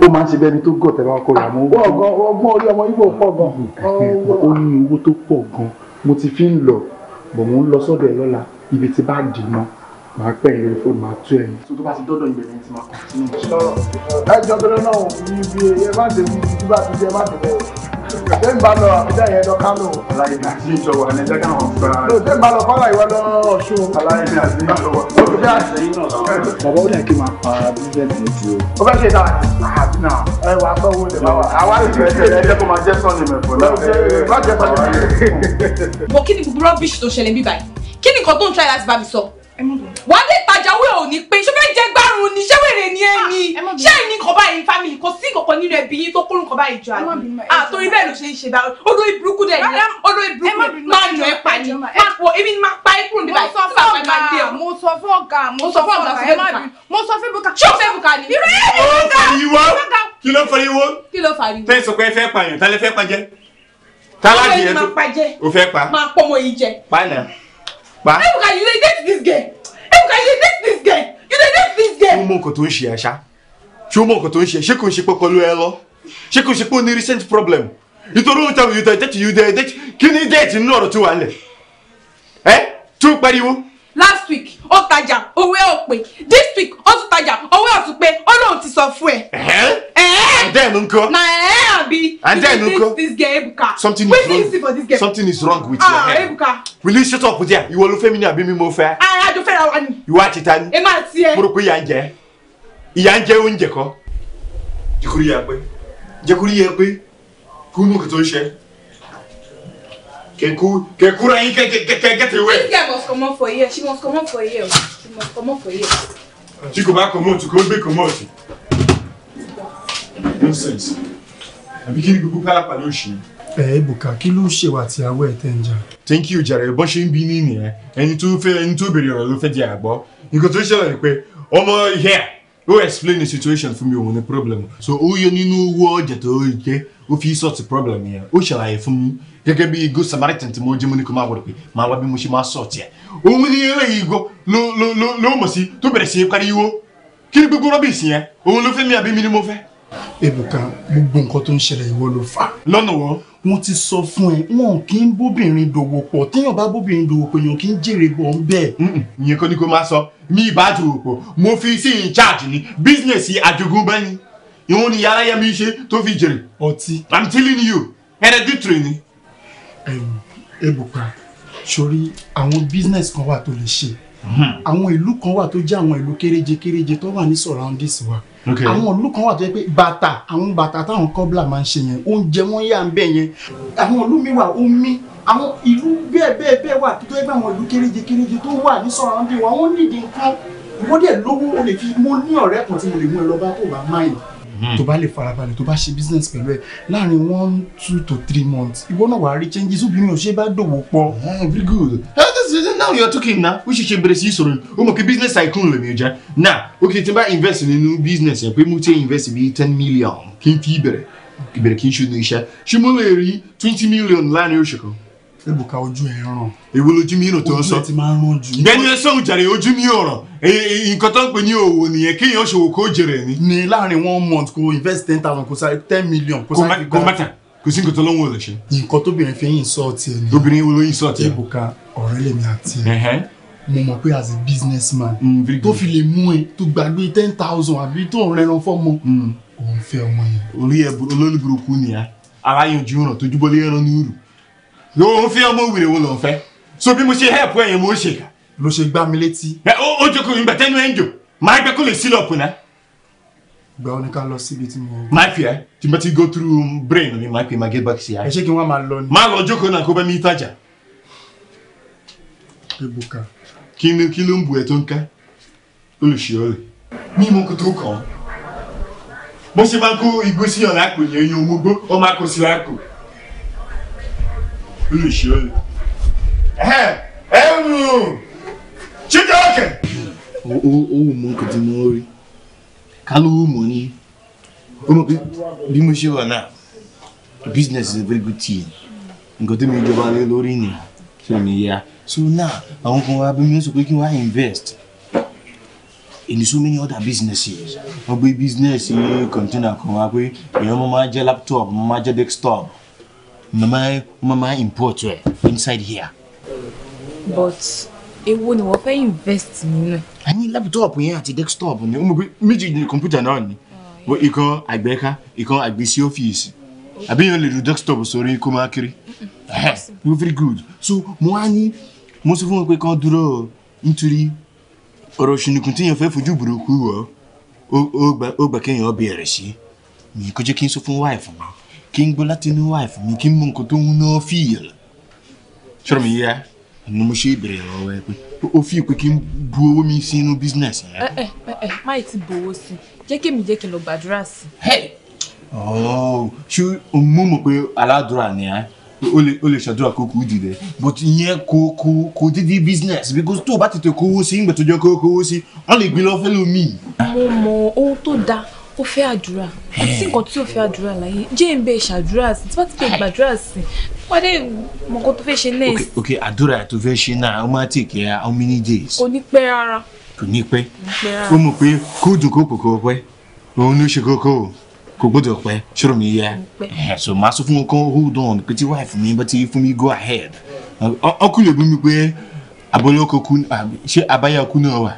ó máa ń ṣe bẹ́ni tó gọ̀ tẹ́lá ọkọ rẹ̀ àmọ́ ah, ọgbọ́n orí ọmọ ibo pọ̀ gan. ó ní owó tó pọ̀ gan mo ti fi ń lọ bọ̀ mo ń lọ sọ́dọ̀ ẹ̀ lọ́la ibi tí bá dì náà máa pẹ́ yín lórí fóònù máa tú ẹ̀yìn. tó bá ti dọ́dọ̀ ìbẹ̀rẹ̀ yẹn ti máa kàn sínú ìṣòro. ẹjọ́ tó lọ́nà òun ibi ẹ má ṣe bí ibi bá ti jẹ má tẹ̀lé o. ṣé ń bá lọ àbújá yẹn lọ kánò. aláyé mi àti ìjọ wà ní ẹjẹ́ káwọn fúnra. ṣé ń bá lọ kọ́lá ìwọ lọ ọ̀ṣun. aláyé mi àti ìjọ wà. bàbá ó lè kí máa pa bísẹ̀ǹtì ti o. ó fẹ́ ṣe dáa ẹ wà gbọ́ owó lè bá wa. àwa ti fi ṣe ẹjẹ́ kó máa jẹ́ sọ́ọ̀nì mẹ́fọ́ náà wàá lè tajà wé ò ní pé ṣé fẹ́ jẹ gbárùn ni ṣé wèrè ni ẹ ni ah, ṣé ẹni kan báyìí family kò sí kankan nínú ẹbí yín tó kórun kan báyìí jọ àbí àtòrí ah, bẹ́ẹ̀ ló ṣe ń ṣe bá olórí burúkú dẹ̀ ni olórí burúkú máa nù ẹ pa ni máa pọ̀ èmi ni máa pa ẹ kúrò níbàyìí tí bàbá ẹ máa dé mo sọ fún ọ̀gá mo sọ fún ọ̀gá mo sọ fún buka ṣé o fẹ́ buka ni. irú ẹ̀ ló ń ta kí ló fariwo kí ló fariwo tẹ́ sọ pé ẹ fẹ́ pààyàn tálẹ́ fẹ́ pàjẹ́ tálá di ẹ tó o fẹ́ pa máa pọ̀ mọ́ yìí jẹ. pa náà pa. ẹ buka you dey date this girl look at you this this game you dey this this game. ṣé o mọ nǹkan tó ń ṣe ẹ ṣá ṣé o mọ nǹkan tó ń ṣe ẹ ṣé kò ń ṣe pọpọ ló ẹ lọ ṣé kò ń ṣe pé ní recent problem nítorí òun tàbí yóò tẹ ẹ dẹ́tì yóò dẹ ẹ dẹ́tì kí ni dẹ́tì nínú ọ̀rọ̀ tó wà ń lẹ̀ ẹ́ tó pariwo last week ó tajà owó ẹ̀ ò pé this week ó tún tajà owó ẹ̀ ò tún pé ó lóun ti sọ fún ẹ. Then nko. Na eh abi. And then nko. This guy Ebuka. Something is wrong. Something is wrong with your head. Ah Ebuka. Will you shut up with her? Ìwọ ló fẹ́ mi ni àbí mi mo fẹ́? Ah, ajo fẹ́ ra wa ni. Ìwà tita ni. E ma ti e. Mo rò pé ìyà ń jẹ. Ìyà ń jẹ oúnjẹ kọ́. Jẹ́kúrí yẹ pé. Jẹ́kúrí yẹ pé. Kúrú tó ń ṣe. Can cool, can cool, and can get get get away. This girl must come up for here. She must come up for here. She must come up for here. She go back, come out. She go back, come out. Nonsense. Àbí kí ni gbogbo pálapà ló ṣe? Ẹ Bùkà kí ló ṣèwà tí awọ́ Thank you Jare. jàre bọ́n ṣe ń bí nìyẹn. Ẹni tó fẹ́ ẹni tó béèrè ọ̀rọ̀ ló fẹ́ di àgbọ̀. Nǹkan tó ṣẹlẹ̀ ni pé ọmọ here ó explain the situation fún mi òun ni problem so ó yẹ nínú owó ọjà tó jẹ ó fi sort problem yẹn ó ṣàlàyé fún mi gẹ́gẹ́ bí good samaritan tí mo jẹ́ mo ní kó máa wọlé pé máa wá bí mo ṣe máa sort yẹn òun ni eléyìí gbọ́ ló ló ló ló mọ̀ sí tó bẹ̀rẹ̀ sí í pariwo kí ni gbogbo rọ́bìsì yẹn òun ló fẹ́ mi àbí mi ni mo fẹ́. Ebuka gbogbo nǹkan tó ń ṣẹlẹ̀ ìwọ ló fà. lọ́nà wọ́n mo ti sọ fún ẹ wọn kì í bóbìnrin dòwò pọ̀ téèyàn bá bóbìnrin dòwò pọ̀ èèyàn kì í jèrè bọ̀ ń bẹ̀. ìyẹn kọ́ ni kò máa sọ mi ìbá dòwò pọ̀ mo fi sí in charge ní bísíǹnẹ̀sì àjogúnbá ni ìwọ̀n ni yàrá yẹn mi ṣe tó fi jèrè. ọtí i'm telling you hereditary ni. ebùkà sórí àwọn business kan wà tó lè ṣe mm-hmm. àwọn ìlú kan wà tó jẹ́ àwọn ìlú kéréje kéréje tó wà ní surroundings wa àwọn ìlú kan wà tó yẹ pé bàtà àwọn bàtà táwọn kọ́bílà máa ń ṣe yẹn oúnjẹ wọn yà ń bẹ̀ yẹn àwọn ìlú mi wà omi àwọn ìlú bẹ́ẹ̀ bẹ́ẹ̀ bẹ́ẹ̀ wà tó yẹ pé àwọn ìlú kéréje kéréje tó wà ní sọ̀rọ̀ àwọn bí wọn nídìí nǹkan ìwọ́dẹ̀ lówó o lè fi mú ní ọ̀rẹ́ kan tí mo lè mú ẹ lọ bá tó bá máyì Mm-hmm. tó bá lè farabalẹ̀ tó bá ṣe business pẹ̀lú ẹ̀ láàrin one two to three months ìwọ náà wàá rí changes obìnrin ò ṣe bá dòwò pọ̀. Mm-hmm, very good now you are talking now ó ṣe ṣe bẹ̀rẹ̀ sí í sọ̀rọ̀ o mọ̀ pé business cycle lèmi ọjà now okay, tí n bá invest nínú business yẹn eh, pé mo ti invest bíi ten million kí n fi bẹ̀rẹ̀ bẹ̀rẹ̀ kí n ṣe ní iṣẹ́ ṣé mo lè rí twenty million láàrin oṣù kan. Ebuka ojú ẹ ràn. Èwo lójú mi ràn tó ń sọ? Ojú ẹ ti máa ń ràn jù. Ìgbẹ́ni ẹ sọ̀rọ̀ jàre ojú mi ọ̀rọ̀. Nǹkan tó ń pè ní òwò nìyẹn kéèyàn ṣòwò kó jèrè ni. Ní láàárín one month kò invest ten thousand kò sáré ten million kò sáré gbà. Kò má tà kò sí nǹkan tó lọ́wọ́ rẹ̀ ṣe. Nǹkan tóbìnrin fi ń insult ẹ ni. Obìnrin wo ló insult ẹ? Ebuka ọ̀rẹ́ lèmi àti ẹ̀ mo mọ̀ pé as a businessman mm, tó fi lè mú ẹ tó gbàgbé ten thousand àbí tó ń rẹran fọ́mọ mm. òun fẹ́ ọmọ yẹn. orí ẹ olólùbùrùkù nìyà aráyànjú ràn tójúbọlé ẹran ní òrù ló ń fi ọmọ wèrè wo ló ń so bí mo ṣe help ẹ yẹn mo ń ṣe kà. ló ṣe gbá mi létí. ẹ ó jókòó ìgbà tẹnu ẹ ń jò máa gbẹ kó lè sílọ ọkùnrin náà. ìgbà wo ni ká lọ síbi tí mo. máa fi ẹ tí mo ti go through brain mi máa fi máa get back to ẹ. ẹ ṣé kí wọn máa lọ ni. máa lọ jókòó náà kó bá mi tajà. ebuka. kí ni kí ló ń bu ẹ tó ń ká olùṣe ọ̀lẹ ní mo kò tó kàn án bó ṣe máa kó igbó sí ọ̀nà àpò yẹn yẹn omugbó ó máa kó sí àpò. lìṣẹ́ ẹ̀ ẹ̀ ń Chijioke. o ò o o o o rí ká ló mọ̀ ní o mọ̀ o bí mo ṣe wà náà business is a very good thing nǹkan tó mi jọba lé lórí ni ṣe mi ya so now awon kan wá bí mi sọ pé kí invest in so many other businesses wọ́n gbé business container kan wá pé èèyàn mo máa jẹ́ laptop mo máa jẹ́ desktop. mama mama import eh inside here. but èwo ni wọ́n fẹ́ invest nínú. a ní laptop yẹn àti desktop ni ọmọ méjì ni kọ̀mpútà náà ni ìkan àgbẹ̀ka ìkan àgbẹ̀ sí ọ́fíìsì àbí yẹn lè do desktop sórí kó máa kiri very good so mo á ní mo sọ fún wọn pé kán dúró nítorí ọ̀rọ̀ ṣùnùkùn tí yẹn fẹ́ fojú burúkú wọ̀ ó gbà kéèyàn ọbẹ̀ rẹ̀ sí mi kó jẹ́ kí n sọ wife wáìfù mi kí n gbọ́ láti inú wife mi kí n mú nǹkan tó ń ná fìyà ṣọ́rọ̀ mi yá ni mo ṣe ìbẹ̀rẹ̀ ọ̀rọ̀ ẹ pé ó fi ìpè kí n bu owó mi sínú bísínẹ̀sì yẹn. ẹ ẹ ẹ máì ti bòwó sí jẹ́ kí èmi jẹ́ kí n lọ gbàdúrà sí. Oh, ṣé mo mọ̀ pé aládùúrà ni ẹ́ eh? o lè ṣàdúrà kó kú dìde but ìyẹn kò kò kò dídí business because tó o bá tètè kówó sí ìgbà tó jẹ́ kówó sí wọ́n lè gbé lọ fẹ́lẹ́ mi. mo mọ ohun tó dáa o fẹ́ àdúrà kò sí nǹkan tí o fẹ́ àdúrà láyé jẹ́ ń bẹ ṣàdúrà sí tí wọ́n ti fẹ́ gbàdúrà sí wọ́dẹ̀ mọ̀kàn tó fẹ́ ṣe next. ok ok àdúrà tó fẹ́ ṣe náà ó máa take how many days. kò ní pẹ́ rárá. kò ní pẹ́ ó mọ̀ pé kó dùn kó kòkó pẹ́ òun ló ṣe kókó kò gbọ́dọ̀ pẹ́ ṣòro mi yá so màá sọ fún wọn kan hold on pé tí wife mi bá ti fún mi go ahead ọkùnrin lè bí mi pé abọ́lọ́kọ̀ kú ṣé abáyá kú náà wà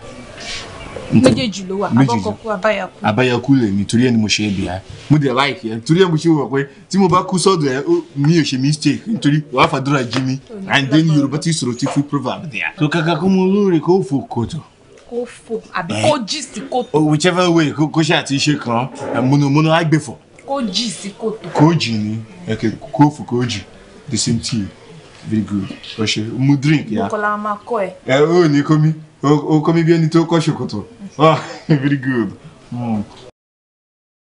méjèèjì ló wà abọ́kọ̀kú abáyakú. abáyakú lè mi torí ẹ ni mo ṣe é bìá mo dẹ̀ láìkí ẹ torí ẹ mo ṣe wọ̀ pé tí mo bá kú sọ́dọ̀ ẹ mi ò ṣe mistake nítorí wàá fàdúrà jí mi and then yorùbá ti sọ̀rọ̀ ti fún proverb there. tó kàkà kó mo lóore kó fò kòtò kó fò àbí eh. kó jì sí kòtò. whichever way kó ṣe àti ṣe kan eh, múnumúnu á gbé fọ. kó jì sí kòtò. kó jì ni ẹkẹ kó fò kó jì the same thing very good ọṣẹ mu drink ya. bukola máa kọ ẹ. ẹ eh, ó ní kọ́mi ó kọ́mi bí ẹni tó kọ́ ṣòkòtò. Ah, very good. Mm.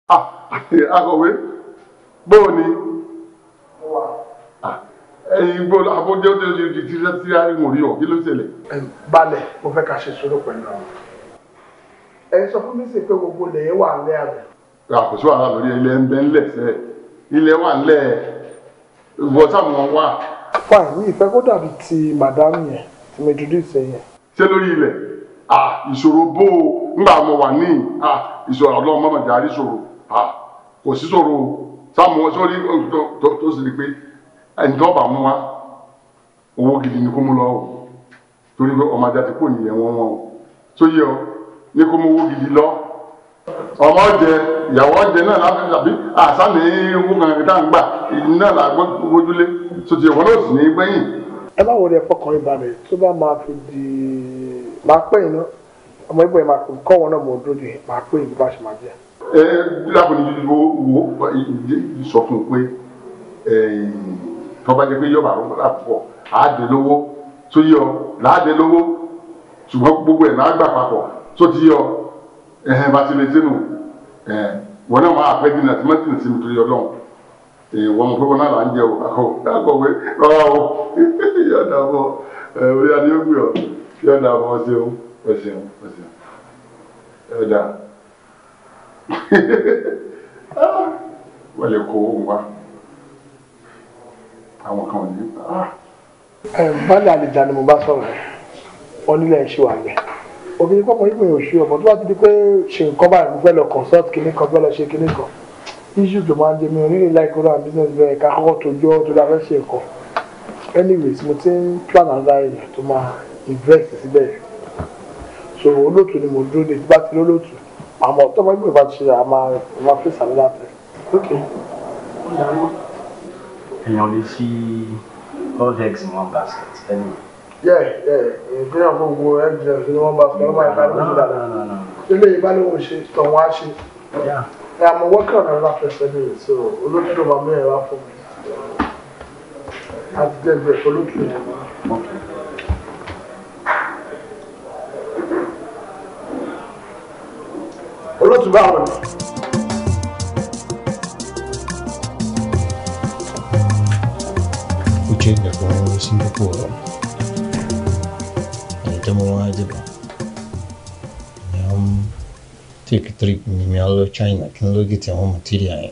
Ah, akọ̀wé, bóò ni? Ah, Ẹyin gbọ́ àbójẹ́ ó tẹ̀lé ojú tí tí àárín rí ọ̀, kí ló ṣẹlẹ̀? Balẹ̀, mo fẹ́ ká ṣe sọ́dọ̀ pẹ̀lú àwọn. Ẹ sọ fún mi sí pé gbogbo ilẹ̀ yẹn wà ńlẹ̀ àbẹ̀. Àkóso àrà lórí ilẹ̀ ń bẹ ńlẹ̀ sẹ́, ilẹ̀ wà ńlẹ̀ wọ́tà wọn wà. Fáìní ìfẹ́ kó dàbí ti màdámù yẹn, ti mẹ́tòdì ìṣẹ̀yẹn. Ṣé lórí ilẹ̀? ìṣòro bó o ńgbà mo wà ní ìṣòro ọlọ́run mọ́mọ́ jàrí ìṣòro kò sí ìṣòro sáàmù wọn sórí tó sì rí pé ẹni tó bá mú wa owó gidi ni kó mú lọ o torí pé ọmọ ajá ti kò nìyẹn wọn wọn o tó yẹ ọ ní kó mú owó gidi lọ ọmọ jẹ ìyàwó jẹ náà láti tàbí àṣà ní owó kankan tá à ń gbà ìdí náà làgbọ́n ojúlé tó ti ẹ̀wọ́n náà sì ní gbẹ̀yìn ẹ má wọlé ẹ̀fọ́ kan ìbàdàn tó bá máa fi di máa pẹ́ yìí ná ọmọ ìbọn yìí máa pè kọ́ wọn náà mọ̀ dúró dùn máa pè yìí bá ṣe máa jẹ. ẹ lábòlí wo wo sọ fún un pé tó bá jẹ pé yọba àrùn lápò àádé lówó tó yọ láàdé lówó ṣùgbọ́n gbogbo ẹ̀ náà gbà papọ̀ tó ti yọ ẹ̀hẹ́n bá ti retí nù wọn náà máa fẹ́ dínà wọn pé wọn náà là ń jẹ òun àwọn akọwé rárá o yọ̀dà bọ̀ orí adéyógbè ọ̀ yọ̀dà bọ̀ ọ̀sẹ̀hún ọ̀sẹ̀hún ọ̀sẹ̀hún yọ̀dà wọ́n lè kó owó wá àwọn kan ò ní. bàdà àlejò ni mo bá sọ̀rọ̀ ẹ̀ wọ́n nílẹ̀ ń ṣe wà lẹ̀ obìnrin kọ́kọ́ yìí pé òṣù ọmọ tó bá ti di pé ṣe nǹkan báyìí mo fẹ́ lọ consult kinní kan fẹ́ lọ ṣe kinní kan issue tó máa ń jẹ mi really like all that business bẹ́ẹ̀ ká kọ́kọ́ tójú ọ́ tó dáfẹ́ ṣe nǹkan anyways mo ti ń plan another area tó máa invest síbẹ̀ so olóòtú ni mo dúró de tí bá ti lólóòtú àmọ́ tó máa ń gbé bá ti ṣe àmà àmà fẹ́ sàlẹ̀ láti ok èèyàn lè fi all eggs in one basket anyway. yeah yeah ìpínlẹ̀ gbogbo eggs in one basket ọlọ́mọ ìbálòpọ̀ dáadáa ilé ìbálòpọ̀ ṣe tọ̀wọ́n á ṣe. Yeah, I'm working on another person, so looking over me and for me. I've been there for looking. Olótùbá àwọn ni. Uche ga kọrọ Singapore ita mawa jaba ya take a trip ni mi á lọ China kí n lọ get àwọn material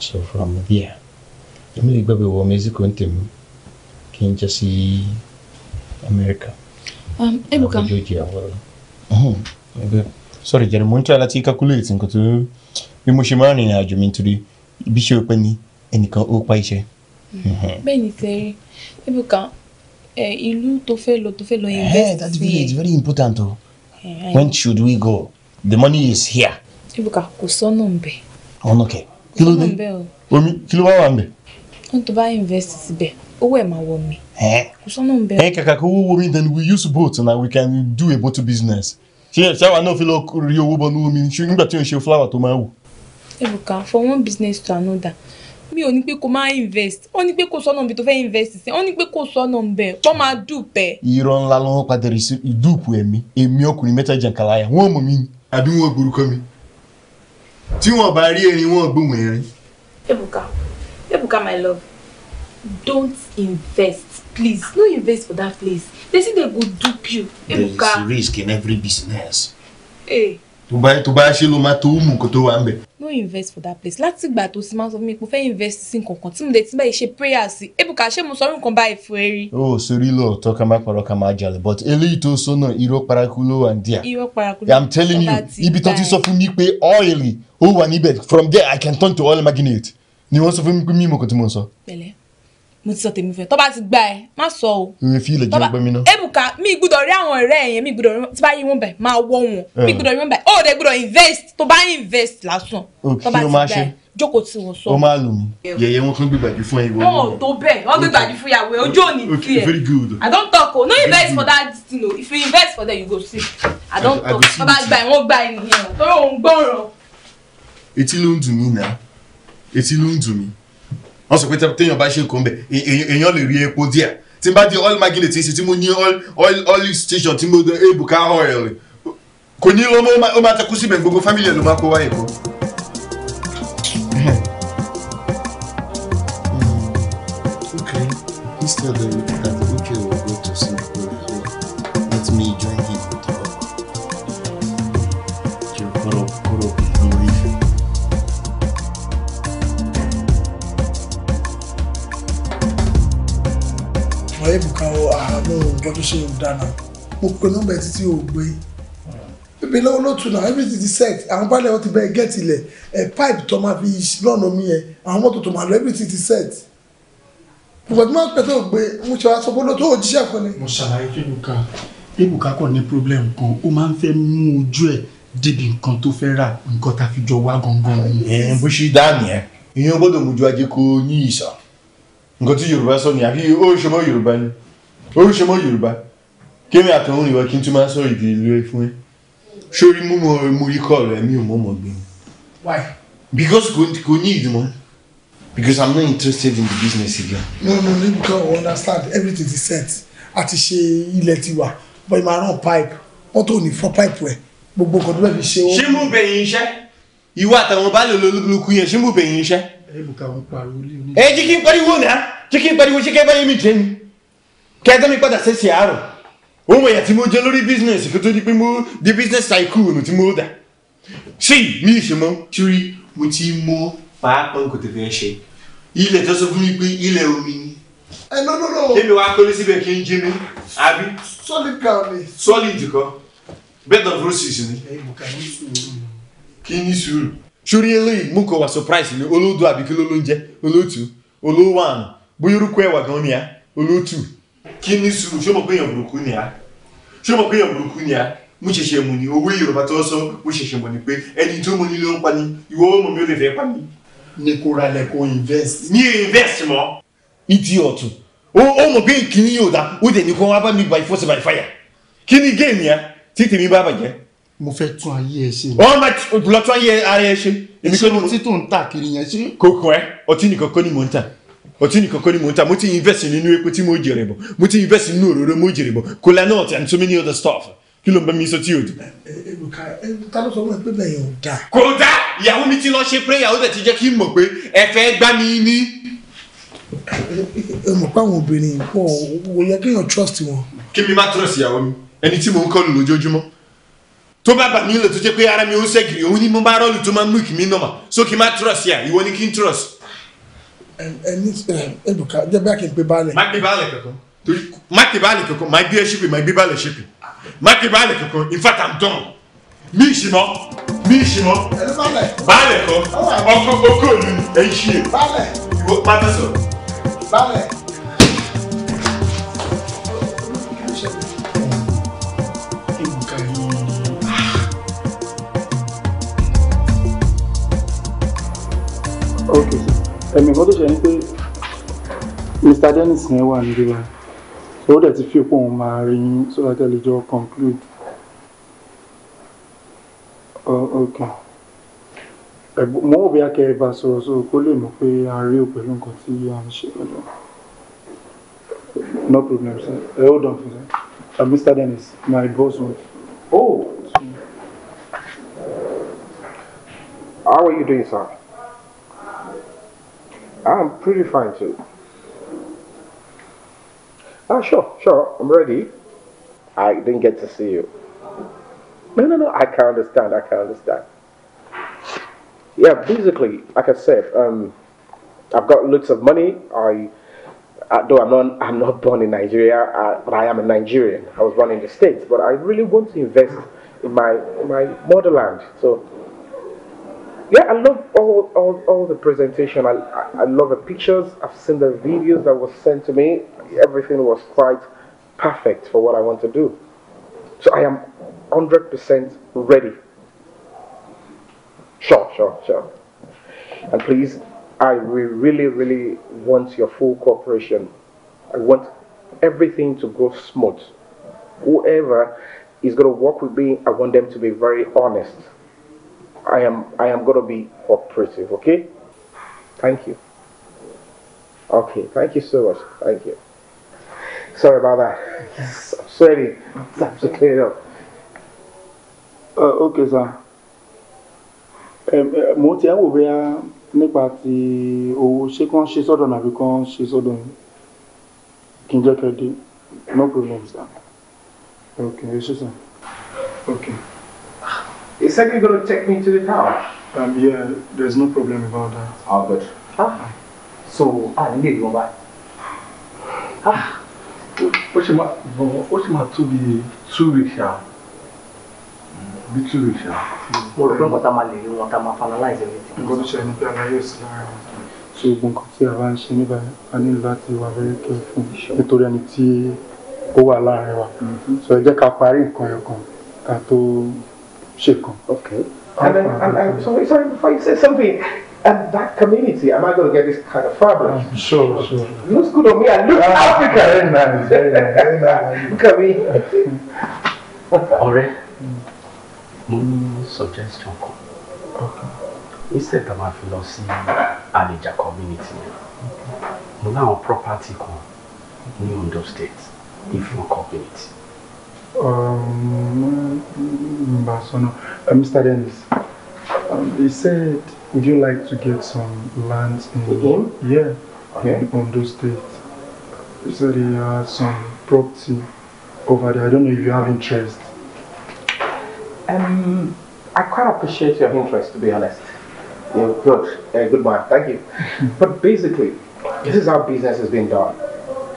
so from there èmi lè gbàgbé wọ Mexico ń tèmi kí n jẹ́ sí America. Um, Ebuka mm-hmm. sorry jẹ́rìí mo ń tọ́ láti calculate nǹkan tó bí mo ṣe máa rìnrìn àjò mi be sure ṣe o pé ni ẹnìkan ó pa iṣẹ́. Hmm. Mm-hmm. bẹ́ẹ̀ ni sẹ́yìn Ebuka eh, ìlú tó fẹ́ lọ tó fẹ́ lọ invest eh, sí. that's very important Oh Right. When should we go? The money is here. Ebuka kò sọ́nà ń bẹ̀. Ọ̀nà oh, kẹ̀. Kí ló dé? Omi kí ló wá wà ń bẹ̀? Wọ́n tó bá invest síbẹ̀, owó ẹ̀ máa wọ mi. Eh? Kò sọ́nà ń bẹ̀. Ẹ eh, kàkà kí owó wọ then we use boat and we can do a boat business. Ṣé ṣáwa náà fi lọ rí owó bọ́ọ̀lù omi nígbà tí o ṣe flower tó máa wù? Ebuka for one business to another mi ò ní pé kó máa invest ó ní pé kó sọ nọ́mbẹ tó fẹ́ invest sí ó ní pé kó sọ nọ́mbẹ pọ́ máa dùpẹ́. irọ́ ńlá lọ́wọ́ padà rí sí ìdúpù ẹ̀mí èmi ọkùnrin mẹ́ta jàǹkàláyà wọ́n mọ̀ mí ni àbí wọ́n burúkọ mi tí wọ́n bá rí erin wọ́n gbóhùn erin. ebuka ebuka my love don't invest please no invest for that place they say they go dupe you ebuka. there is risk in every business. Hey. Eh. tó bá ṣe ló máa tó mú kó tó wà ń bẹ̀ no invest for that place láti ìgbà tó sì máa ń sọ fún mi pé fẹ́ invest sí nǹkankan tí mo lè ti bẹ́ẹ̀ ṣe prayer sí ebuka ṣé mo sọrú nǹkan báyìí fún eré. o oh, sori lóòótọ́ ká má parọ́ ká má jalè but eléyìí tó sọ náà irọ́ paraku ló wà nídìí à. irọ́ paraku ló wà nídìí à. i'm telling you ibi tó ti sọ fún mi pé ọ́ìlì ó wà níbẹ̀ from there i can turn to oil magnate ni wọ́n sọ fún mi pé mímọ̀ kò tí mo sọ. pẹ̀lẹ́ mo ti sọ tèmi fún ẹ tó bá ti gbà ẹ má sọ o. mi fi ilẹ̀ jẹun pẹ́ mi náà. ebuka mi gbúdọ̀ rí àwọn ọ̀rẹ́ ẹ̀yẹn mi gbúdọ̀ rí tí bá yí wọn bẹ̀ máa wọ wọn mi gbúdọ̀ rí wọn bẹ̀ ó dẹ̀ gbúdọ̀ invest tó bá invest lásán tó bá ti gbà ẹ jókòó tí wọn sọ. ó máa lù mí yẹyẹ wọn kan gbégbàjú fún ìwọ. wọn ò tó bẹ́ẹ̀ wọn gbégbàjú fún ìyàwó ẹ ojú òní tiẹ̀ very good. i don talk o no invest for that thing o if you invest for that you go see i don talk bàbá gba ẹ wọn gba ẹ nìyẹn o torí òun gbọràn. etí ló ń dùn mí náà etí ló ń dùn mí wọ́n sọ pé téèyàn bá ṣe nǹkan bẹ̀ èèyàn lè rí epo díẹ̀ tí n bá di oil magnet ṣe tí mo ní oil station tí mo ebuka oil kò ní lọ́mọ ó máa takú síbẹ̀ gbogbo family ló máa kó wáyé kó. Hmm. Okay, he's still there. táìpù kan àánú nǹkan tó ṣe dáná mo pe nọ́mbà ẹ títí ò gbé bíbí lọ́wọ́ ló tún náà everything is set àwọn pálẹ̀ wọn ti bẹ́ẹ̀ gẹ́ẹ̀tì ilẹ̀ ẹ̀ pipe tó máa fi lọ́nà omi yẹn àwọn mọ́tò tó máa lọ everything is set bùbọ̀dún máa pẹ́ tó gbé mo ṣe wá sọ bọ́dọ̀ tó òjíṣẹ́ kan ni. mo ṣàlàyé fún Ebuka Ebuka kò ní problem kan ó máa ń fẹ́ mú ojú ẹ̀ débi nǹkan tó fẹ́ rà nǹkan tá a fi jọ wá gangan. ẹ̀ bó ṣe dá nìyẹn ìyẹn gbọ́dọ̀ mojú ajé kó yí ìsàn nǹkan tí yorùbá sọ ni àbí oríṣiríṣi yorùbá ni oríṣiríṣi yorùbá kémi àtọ̀hún ìwọ kí n tún máa sọ èdè ìlú ẹ fún ẹ sórí mímọ mórí kọ rẹ mi ò mọ ọmọ gbé why because kò ní ìdùnmọ́ because i'm not interested in the business again. no no no because i understand everything is set àti ṣe ilẹ̀ tiwa but ìmọ̀ràn pipe wọ́n tó ní fọ́ pipe rẹ̀ gbogbo nǹkan tó bẹ̀ fi ṣe. ṣé mo bẹ̀yìn iṣẹ́ ìwọ àtàwọn bá lè lo olúkúlùkù yẹn ṣé mo bẹ̀yìn iṣẹ́ ee jikin pariwo na jikin pariwo ṣe kẹfà yẹmi jẹ ni kẹtọ mi padà ṣẹṣẹ àárọ òun mọ̀ ẹ̀yà tí mo jẹ lórí business kó tó di pé mo di business cycle nù tí mo dà sí mi ì ṣe mọ́. torí mo ti mọ pàápàá nǹkan tó fẹ́ ṣe ilẹ̀ tó sọ fún mi pé ilẹ̀ omi ni. ẹ no no no. èmi wàá pẹ́lú síbẹ̀ kí n jí mi àbí. solid ground ni. solid kọ bed of roses ni. ẹ bùkà ní sùúrù. kí ní sùúrù ṣorí eléyìí mú kó wà surprise mi olóòdù àbíkí ló ló ń jẹ olóòtú olówó àná bóyá orúkọ ẹwà gan ni a olóòtú kí ní sùúrù ṣé mo pé èèyàn burúkú ni a ṣé mo pé èèyàn burúkú ni a mo ṣẹ̀ṣẹ̀ mọ̀ ní owó Yorùbá tó sọ mo ṣẹ̀ṣẹ̀ mọ̀ ní pé ẹni tó mo ní ló ń pa ni ìwọ ọmọ mi ò lè fẹ́ pa ni. ní kó ra lẹ kó invest. ní invest mọ́. ìdí ọ̀tún ó ó mọ̀ pé kìnìún yóò dá ó dẹ̀ ní kó wá bá mi by force by fire kí ni géèmì a tí tèmi bá mo fẹ́ tún ayé ẹ ṣe. wọ́n máa lọ tún ayé ara ẹ ṣe. iṣẹ́ ọtí tó ń tà kiri yẹn ṣe. kókó ẹ ọtí nìkan kọ́ ni mò ń tà ọtí nìkan kọ́ ni mò ń tà mo ti invest nínú epo tí mo jèrè bọ̀ mo ti invest nínú òróró mo jèrè bọ̀ kola nut and so many other stuff kí ló ń bẹ mi sọ tí o dùn. ta ló sọ wọn pé bẹ́ẹ̀ yẹn ò dáa. kò dáa ìyàwó mi ti lọ ṣe prayer ó dẹ̀ ti jẹ́ kí n mọ̀ pé ẹ fẹ́ gbá mi ní. ẹ mọ̀ pé àwọn obìnrin pọ̀ wọ́n yẹ kéèyàn trust wọn. kí mi má trust ìyàwó mi ẹni tí mò ń kọ́ lù lójoojúmọ́ tó bá bà mí lè tó jẹ́ pé ara mi ò ń ṣègìrì òun ni mo bá rọ́ọ̀lù tó máa ń lùkì mí nọ̀mà so kí n má trust yà ìwọ ni kí n trust. ẹni ẹbùkà jẹ bá kí n pe baálẹ̀. má pe baálẹ̀ kankan má pe baálẹ̀ kankan má gbé ẹ ṣípè má gbé baálẹ̀ ṣípè má pe baálẹ̀ kankan in fact i'm done mí ìṣìmọ́ mí ìṣìmọ́ baálẹ̀ kan ọkọ̀ okòòlù ẹ̀ ń ṣe é ìwọ má tẹ̀sán. baálẹ̀ ẹ̀mí kan tó ṣe ni pé Mr. Dennis yẹn wà níbí wa ó dẹ̀ ti fi òpó òun máa rí yín so that ẹ lè jọ conclude ọkàn mo ò bí akẹ́ bá sọ̀rọ̀ sọ̀rọ̀ kó lè mọ̀ pé a rí pẹ̀lú nǹkan tí a ń ṣe lọ́dọ̀ no problem sir ẹ hold on for that uh, Mr. Dennis my boss wife. oh how are you doing sir. I'm pretty fine too. Ah, sure, sure, I'm ready. I didn't get to see you. No, no, no, I can understand, I can understand. Yeah, basically, like I said, um, I've got lots of money. I, I uh, though I'm not, I'm not born in Nigeria, I, uh, but I am a Nigerian. I was born in the States, but I really want to invest in my, in my motherland. So yeah, I love all all, all the presentation. I, I, I love the pictures. I've seen the videos that was sent to me. Everything was quite perfect for what I want to do. So I am 100% ready. Sure, sure, sure. And please, I really, really want your full cooperation. I want everything to go smooth. Whoever is going to work with me, I want them to be very honest. I am I am gonna be operative. okay? Thank you. Okay, thank you so much. Thank you. Sorry about that. Yes. I'm sweating. I have to clean it up. Uh, okay, sir. Um, uh, mo ti ẹ wò bóyá nípa ti owó ṣé kán ṣe sọ́dọ̀ nàbí kán ṣe sọ́dọ̀ kí n jẹ́ kẹ́ no problem sir. Okay, ẹ ṣe sir. Okay. Is Second going to take me to the town? Um, yeah, there's no problem about that. Ah, good. Ah, so, ah, I need go back. Ah, ó ṣe máa ó ṣe máa tó bí two weeks ṣá bí two weeks ṣá. mo rò pé nǹkan tá a máa lè rí wọn tá a máa finalize everything. nǹkan tó ṣe ní bí aláyé òsì lára wọn. so ogun kan tí a bá ń ṣe níbà a ní láti wà very careful nítorí ẹni tí ó wà láàrin wa mm-hmm. so ẹ jẹ́ ká parí nǹkan ẹ̀kan ká tó. Shikun, okay. And then, and, and, sorry, sorry, before you say something, and that community, am I going to get this kind of fabric? Um, sure, sure. Looks good on me, I look ah, African. Very nice, very nice, very nice. Look at me. Ọ̀rẹ́, mo ní suggestion kan. Instead tá a máa fi lọ sí Alija community yẹn, mo property kan New Ondo State, Ifon community. Um, Mr. Mm, uh, Dennis, um, he said, would you like to get some lands in Ogun? Yeah, okay. those Ondo State. He said he has some property over there. I don't know if you have interest. Um, I quite appreciate your interest, to be honest. You're good, uh, good man, thank you. but basically, this is how business is being done.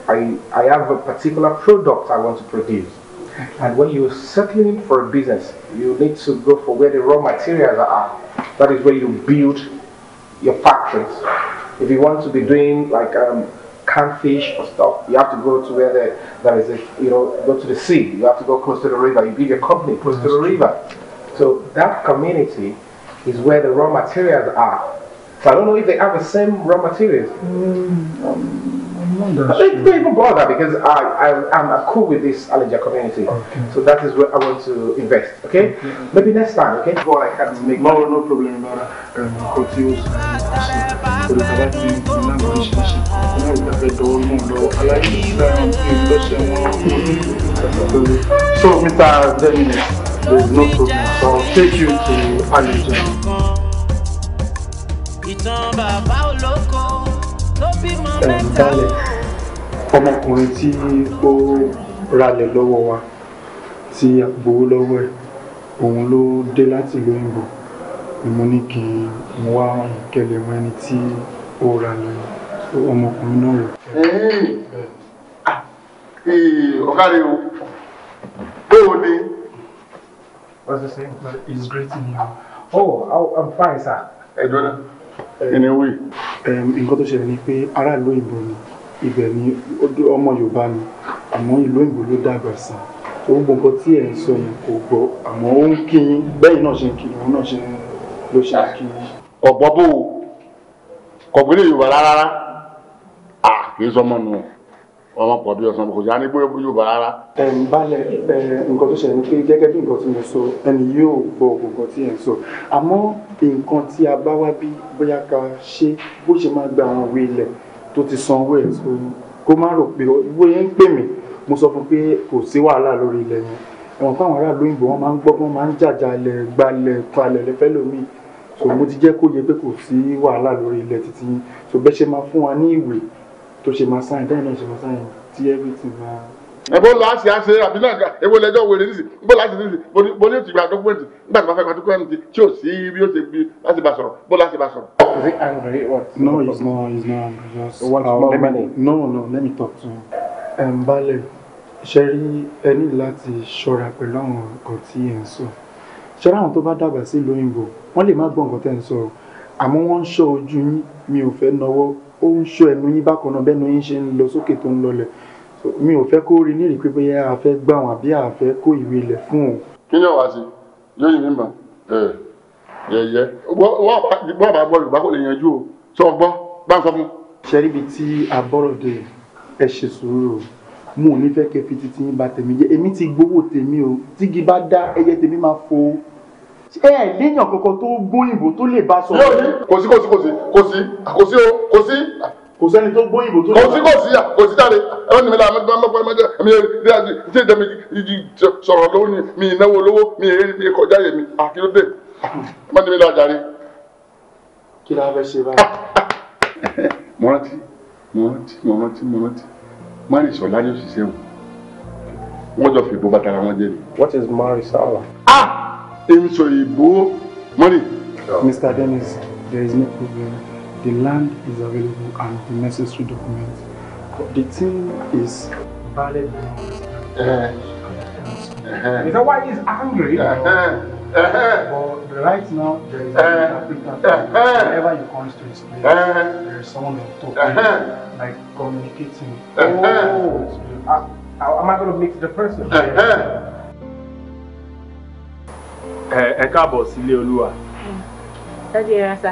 I, I have a particular product I want to produce and when you're settling for a business, you need to go for where the raw materials are. That is where you build your factories. If you want to be doing like um, canned fish or stuff, you have to go to where the, there is a, you know, go to the sea. You have to go close to the river. You build your company close That's to the true. river. So that community is where the raw materials are. So I don't know if they have the same raw materials. Mm. Um, Wonderful. Don't, even bother because I, I, am cool with this Alinja community. Okay. So that is where I want to invest. Okay? okay. Maybe next time, okay? Before I can make No, no problem, um, Laura. Uh, uh, uh, so no, So, Mr. Denis, there's no problem. So I'll take you to Alinja. ìtàn bàbá olóko. ẹ̀rù balẹ̀ ọmọkùnrin tí ó ralẹ̀ lọ́wọ́ wa tí a gbowó lọ́wọ́ ẹ̀ òun ló dé láti ìlú òyìnbó ni mo ní kí n wá ìkẹlẹ̀ mọ́ ẹni tí ó ralẹ̀ ọmọkùnrin náà rẹ̀. ọ̀gá bóò ni. what's the same? He's great to you. Oh, oh I'm fine sir. ẹ jọ́nà in eh, a way. nǹkan tó ṣẹlẹ̀ ni pé aráàlú òyìnbó ni ibẹ̀ ni ọmọ yorùbá ni àmọ́ ìlú òyìnbó ló dàgbà sí i gbogbo nǹkan tí ẹ̀ ń sọ yẹn kò gbọ́ àmọ́ ó ń kí yín bẹ́ẹ̀ náà ṣe ń kí òun náà ṣe ló ṣe ń kí yín. ọ̀gbọ́n bò kọ̀gbélé yorùbá rárá kì í sọmọ nù ọmọ pọ̀ bí ọ̀sán kò sí àní gbóyè bóyè bá rárá. ẹ ń balẹ̀ ẹ nǹkan tó ṣẹlẹ̀ ní pé gẹ́gẹ́ bí nǹkan tí mo sọ ẹni yóò gbọ́ ògùnkàn tí ẹ̀ ń sọ àmọ́ nǹkan tí a bá wá bí bóyá ká ṣe bó ṣe máa gba àwọn òwe ilẹ̀ tó ti sanwó ẹ̀ kó má rò pé ìwé yẹn ń pè mí mo sọ fún pé kò sí wàhálà lórí ilẹ̀ yẹn ẹ̀wọ̀n fáwọn aráàlú òyìnbó wọn máa ń gbọ́ wọn máa ń jàjà ilẹ̀ gbalẹ̀ palẹ̀ lẹ́fẹ́ lómi so mo ti jẹ́ kó yẹ pé kò sí wàhálà lórí ilẹ̀ títí so bẹ́ẹ̀ ṣe máa fún wa ní ìwé tó ṣe máa sáyìn bẹ́ẹ̀ náà ṣe máa sáyìn tí everything máa. ẹ̀bọ lọ àṣì àṣe àbí náà ewo lẹjọ wèrè nísì bó láti nísì bó ní òtún ìgbà dọ́kúmẹ́ntì nígbà tí wọ́n fẹ́ pàtó kúrẹ́ǹtì tí ò sí bí ó ṣe bí láti bá sọ̀rọ̀ bó láti bá sọ̀rọ̀. Is he angry or what? No, he's not. He's not angry. Just what about me? No, no. Let me talk to him. Um, Baálẹ̀, ṣe rí ẹ ní láti ṣọ́ra pẹ̀lú àwọn nǹkan tí ẹ̀ ń sọ. Ṣé àwọn tó bá dàgbà sí ìlú òyìnbó, wọ́n lè má gbọ́ nǹkan tẹ̀ ń sọ. Àmọ́ wọ́n ń ṣọ́ ojú yín, mi ò fẹ́ náwó ó ń ṣọ ẹnu yín bákan náà bẹ́ẹ̀ ni ṣe ń lọ sókè tó ń lọlẹ̀ mi ò fẹ́ kó rí ní ìrìpé bóyá a fẹ́ gbà wọ́n àbí a fẹ́ kó ìwé ilẹ̀ fún òun. kí ni ọ̀wá sí yóò yìí mímọ yẹyẹ wọ́n bá bọ́ yorùbá kò lè yanjú o sọ gbọ́ bá ń sọ fún. ṣẹ́ríbi tí abọ́rọ̀ dé ẹ ṣe sùúrù mo ò ní fẹ́ kẹ́ fi titi yín ba tèmi jẹ́ èmi ti gbowó tèmi o tígi bá dá ẹyẹ tèmi máa fo ṣé ẹ léèyàn kankan tó gbóyìnbó tó lè bá sọ. kò sí kò sí kò sí kò sí kò sí kò sí kò sẹ́ni tó gbóyìnbó tó lè bá. kò sí kò sí kò sí jáde ẹ bá nìmẹ́lá mẹ́tọ́ mẹ́tọ́ mẹ́tọ́ mi rí àjẹ tí èdè mi sọ̀rọ̀ lówó ni mi ìnáwó lówó mi èrè mi kọjá yẹ mi àkílódé ẹ àjàre. kí la fẹ́ ṣe báyìí. mo rántí mo rántí mo Imso Ibo money. Mr. Dennis, there is no problem. The land is available and the necessary documents. But the thing is valid now. Uh-huh. Is that why he's angry? Uh -huh. Uh uh-huh. But right now, there is an interpreter. Uh Whenever you come to his place, uh there is someone talking, uh -huh. like communicating. Uh -huh. Oh, ah, ah, am I going to meet the person? Uh -huh ẹ káàbọ̀ sílé olúwa. dájú ẹran sá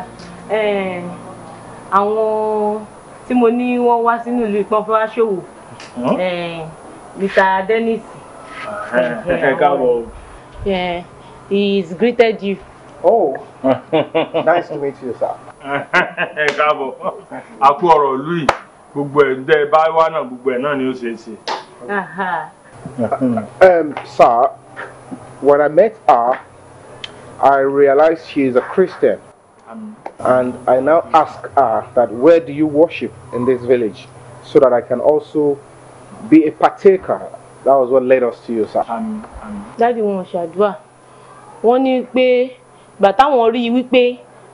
àwọn tí mo ní wọ́n wá sínú ìlú ìpọ́n fún aṣòwò Mr. Dennis. ẹ káàbọ̀. he is greeted you. oh nice to meet you sir. ẹ káàbọ̀ a ọ̀rọ̀ ìlú yìí gbogbo ẹ̀ ń dẹ́ wá náà gbogbo ẹ̀ náà ni ó ṣe é ṣe. Um, sir, when I met her, I realized she is a Christian. Um, and I now ask her that where do you worship in this village so that I can also be a partaker. That was what led us to you, sir. Dáàdi wọn ṣàdúrà. Wọ́n ní pé bàtà wọn rí i wípé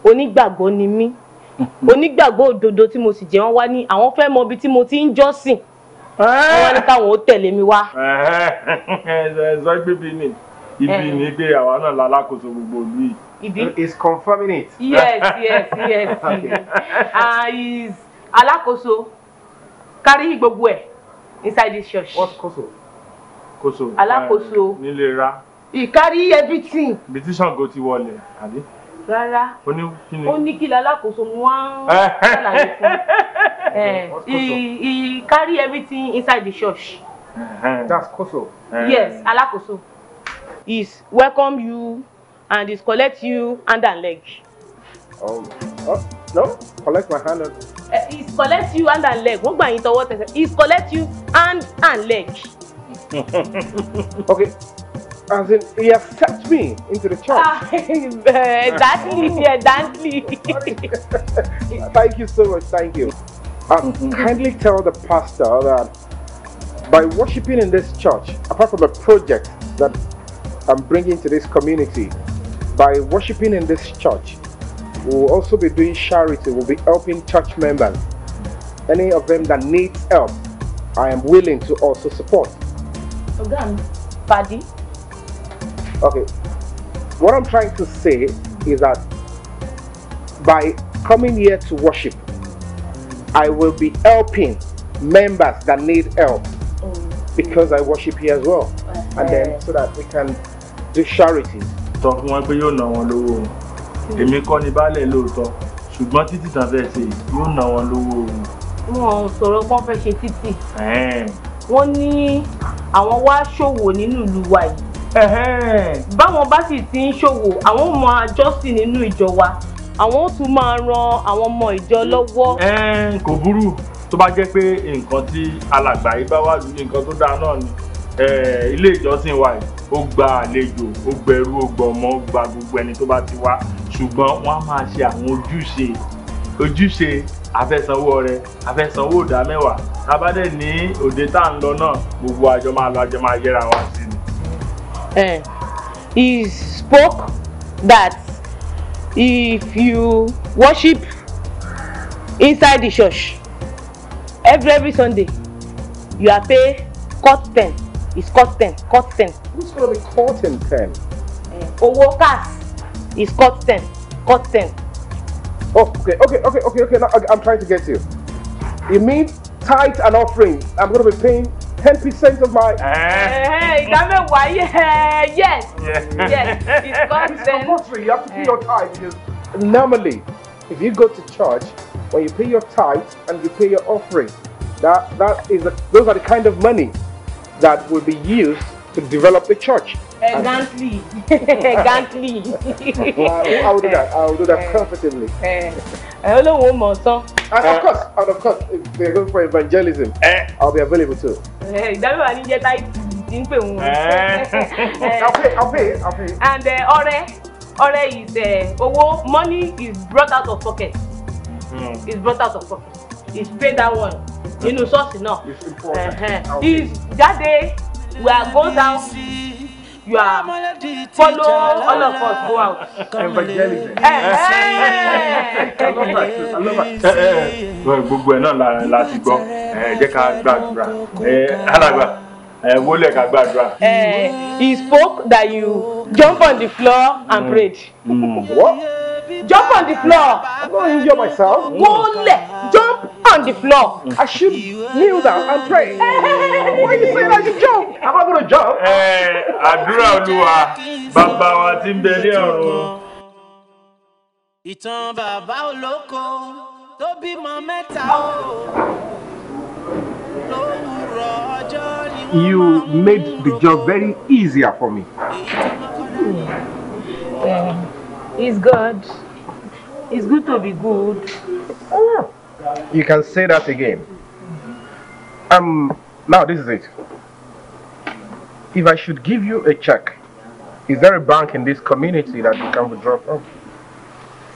onígbàgbọ́ ni mí. Onígbàgbọ́ òdodo tí mo sì jẹ́ wọ́n wá ní àwọn fẹ́ mọ ibi tí mo ti ń jọ́sìn. Eh? Wọ́n wá ní káwọn ó tẹ̀lé mi wá. Eh, Ẹ̀sọ́ gbígbí ni ibi eh. ni pé àwa náà lalákòóso gbogbo ìlú ibi is confirming it. yes yes yes okay. uh, is ah, alakoso carry gbogbo ẹ inside this church. what koso. koso eh, alákòóso nílé ra. he carry everything. bìtí Ṣàngó ti wọlé àbí. rárá ó ní kí ni ó ní kí lalákòóso wọn eh. ṣàlàyé fún he he carry everything inside the church. Uh -huh. that's koso. yes alákòóso. Uh -huh. is welcome you and is collect you hand and leg. Um, oh, no, collect my hand and. Uh, collect you hand and leg. What gbà yín collect you hand and leg. okay. As in, he accepts me into the church. Ah, yeah, exactly. thank you so much, thank you. Uh, kindly tell the pastor that by worshiping in this church, apart from a project that I'm bringing to this community. By worshiping in this church, we'll also be doing charity. We'll be helping church members. Any of them that need help, I am willing to also support. Ogan, Paddy. Okay. What I'm trying to say is that by coming here to worship, I will be helping members that need help oh. because I worship here as well. And then so that we can do charity. sọ fún wọn pé yóò ná wọn lówó wọn èmi kọ́ ni baálẹ̀ lóòótọ́ ṣùgbọ́n títì tán fẹ́ ṣe yóò ná wọn lówó wọn. wọn ò sọ̀rọ̀ pọ́n fẹ́ ṣe títì wọ́n ní àwọn wá ṣòwò nínú ìlú wa yìí báwọn bá sì ti ń ṣòwò àwọn ò máa jọ́sìn nínú ìjọ wa àwọn ò tún máa ran àwọn ọmọ ìjọ lọ́wọ́. kò burú tó bá jẹ́ pé nǹkan tí alàgbà yìí bá wà lù nǹkan tó dáa náà ni ilé ìjọsìn wa ó gba àlejò ó gbẹrú ó gbọmọ ó gba gbogbo ẹni tó bá ti wá ṣùgbọ́n wọ́n á máa ṣe àwọn ojúṣe ojúṣe afẹ́sanwó ọrẹ afẹ́sanwó ìdá mẹ́wàá tábàdẹ̀ ní òde tá à ń lọ náà gbogbo àjọ máa lọ àjọ máa yẹra wa sí ni. he spoke that if you worship inside the church every every Sunday you are pay cut ten is cotton cotton. who's gonna be cotton ten. Eh, owó cash is cotton cotton. okay, okay, okay, okay, okay. Now, I'm trying to get you. You mean tithe and offering? I'm gonna be paying 10% of my. Hey, eh. eh, why? Yes, yes, it's got It's compulsory. You have to pay your tithe because normally, if you go to church, when you pay your tithe and you pay your offering, that that is a, those are the kind of money that will be used to develop the church. Elegantly. Elegantly. I, I will do that. I will do that eh. comfortably. Eh. Eh, Olówó mọ̀ tán. And of course, and of course, if they going for evangelism, I'll be available too. Ìdánwò àníjẹ́ táìtì ti ń pè wọ́n. I'll pay, I'll pay, I'll pay. And ọrẹ ọrẹ is owó money is brought out of pocket. Mm. It's brought out of pocket is pay that one You know nínú ṣọ́ọ̀ṣì náà that day we are going down you are follow all of us go out. evangelism. Eh, eh, eh. gbogbo ẹ̀ náà la ti gbọ́ ẹ jẹ́ ká gbàdúrà alàgbà wọlé ká gbàdúrà. he spoke that you jump on the floor and mm. prayed. Mm. What? Jump on the floor. I'm not injure myself. Go mm. left. Jump on the floor. I should kneel down and pray. Why are you saying I should jump? Am I going to jump? Àdúrà Olúwa, bàbá wa tí ń bẹ ní ọ̀run. Ìtàn bàbá olóko tó bímọ mẹ́ta o. You made the job very easier for me. Yeah. It's good. It's good to be good. Oh. You can say that again. Um, now this is it. If I should give you a check, is there a bank in this community that you can withdraw from?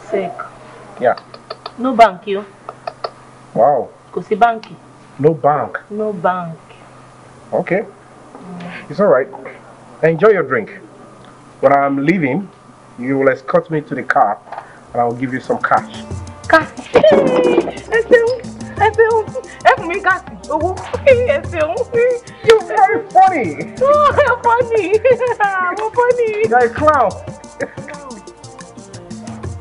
Sick. Yeah. No bank, you. Wow. Kò bank. No bank. No bank. Okay. It's all right. Enjoy your drink. When I'm leaving, you will escort me to the car and I'll give you some cash. You're very funny. oh funny mo funny. you a clown.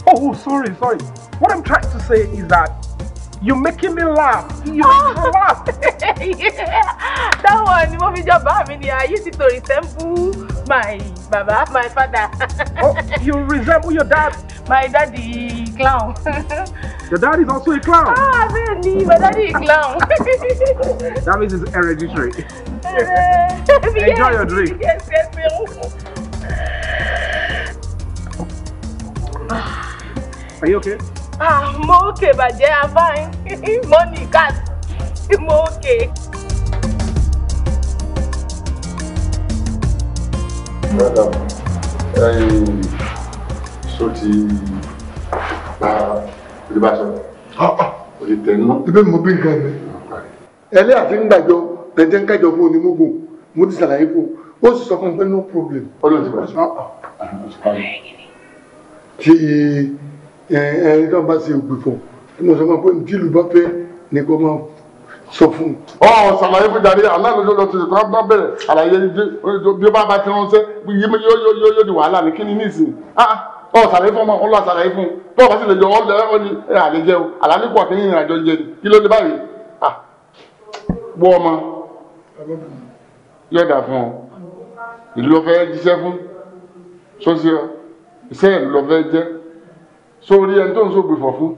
oh sorry sorry what i'm trying to say is that. You're making me laugh. You're oh. make me laugh. yeah, that one, Mommy Jabba, I mean, yeah, you need to resemble my baba, my father. oh, you resemble your dad. My daddy clown. your dad is also a clown. Ah, really? My daddy is clown. that means it's hereditary. Uh, Enjoy your drink. Yes, yes, yes. Are you okay? Ah, I'm okay, but yeah, I'm fine. Money, cat. I'm okay. Madam, ṣó ti pa olùbáṣọ? Ó ah, ah. ti tẹ̀ ná. Ibẹ̀ mo bí nǹkan mi. Ẹlẹ́ àti ń gbàjọ tẹ̀jẹ́ ń kájọ fún onímọ̀gùn, mo ti ṣàlàyé fún o. Ó sì sọ fún mi pé no problem. Ọlọ́run ti bàjẹ́. Ah, tí eh, ẹni tó ń bá ṣe ògbìfọ̀, tí mo sọ fún mi pé ìdílù bá fẹ́ ni kò máa sọ fún ọ ṣàlàyé fún jàre aláàlójó lọ tuntun kan bá bẹ̀rẹ̀ àlàyé bí ó bá bá ti ránṣẹ́ yóò yóò yóò di wàhálà ní kíni nísìnyí ah, ah, ọ ṣàlàyé fún ọmọ ọ lọ ṣàlàyé fún bọ́ ọ bá sì lè jọ ọ lẹ ọ ní ẹ àlejẹ o àlàníkù àti yìnyín àjọ jẹ kí ló dé báyìí ah, wọ ọmọ yọ̀dà fún ọ ìlú lọ fẹ́ jíṣẹ́ fún sọ́sí ọ iṣẹ́ ìlú lọ fẹ́ jẹ́ sórí ẹni tó ń sọ gbèfọ̀ fún.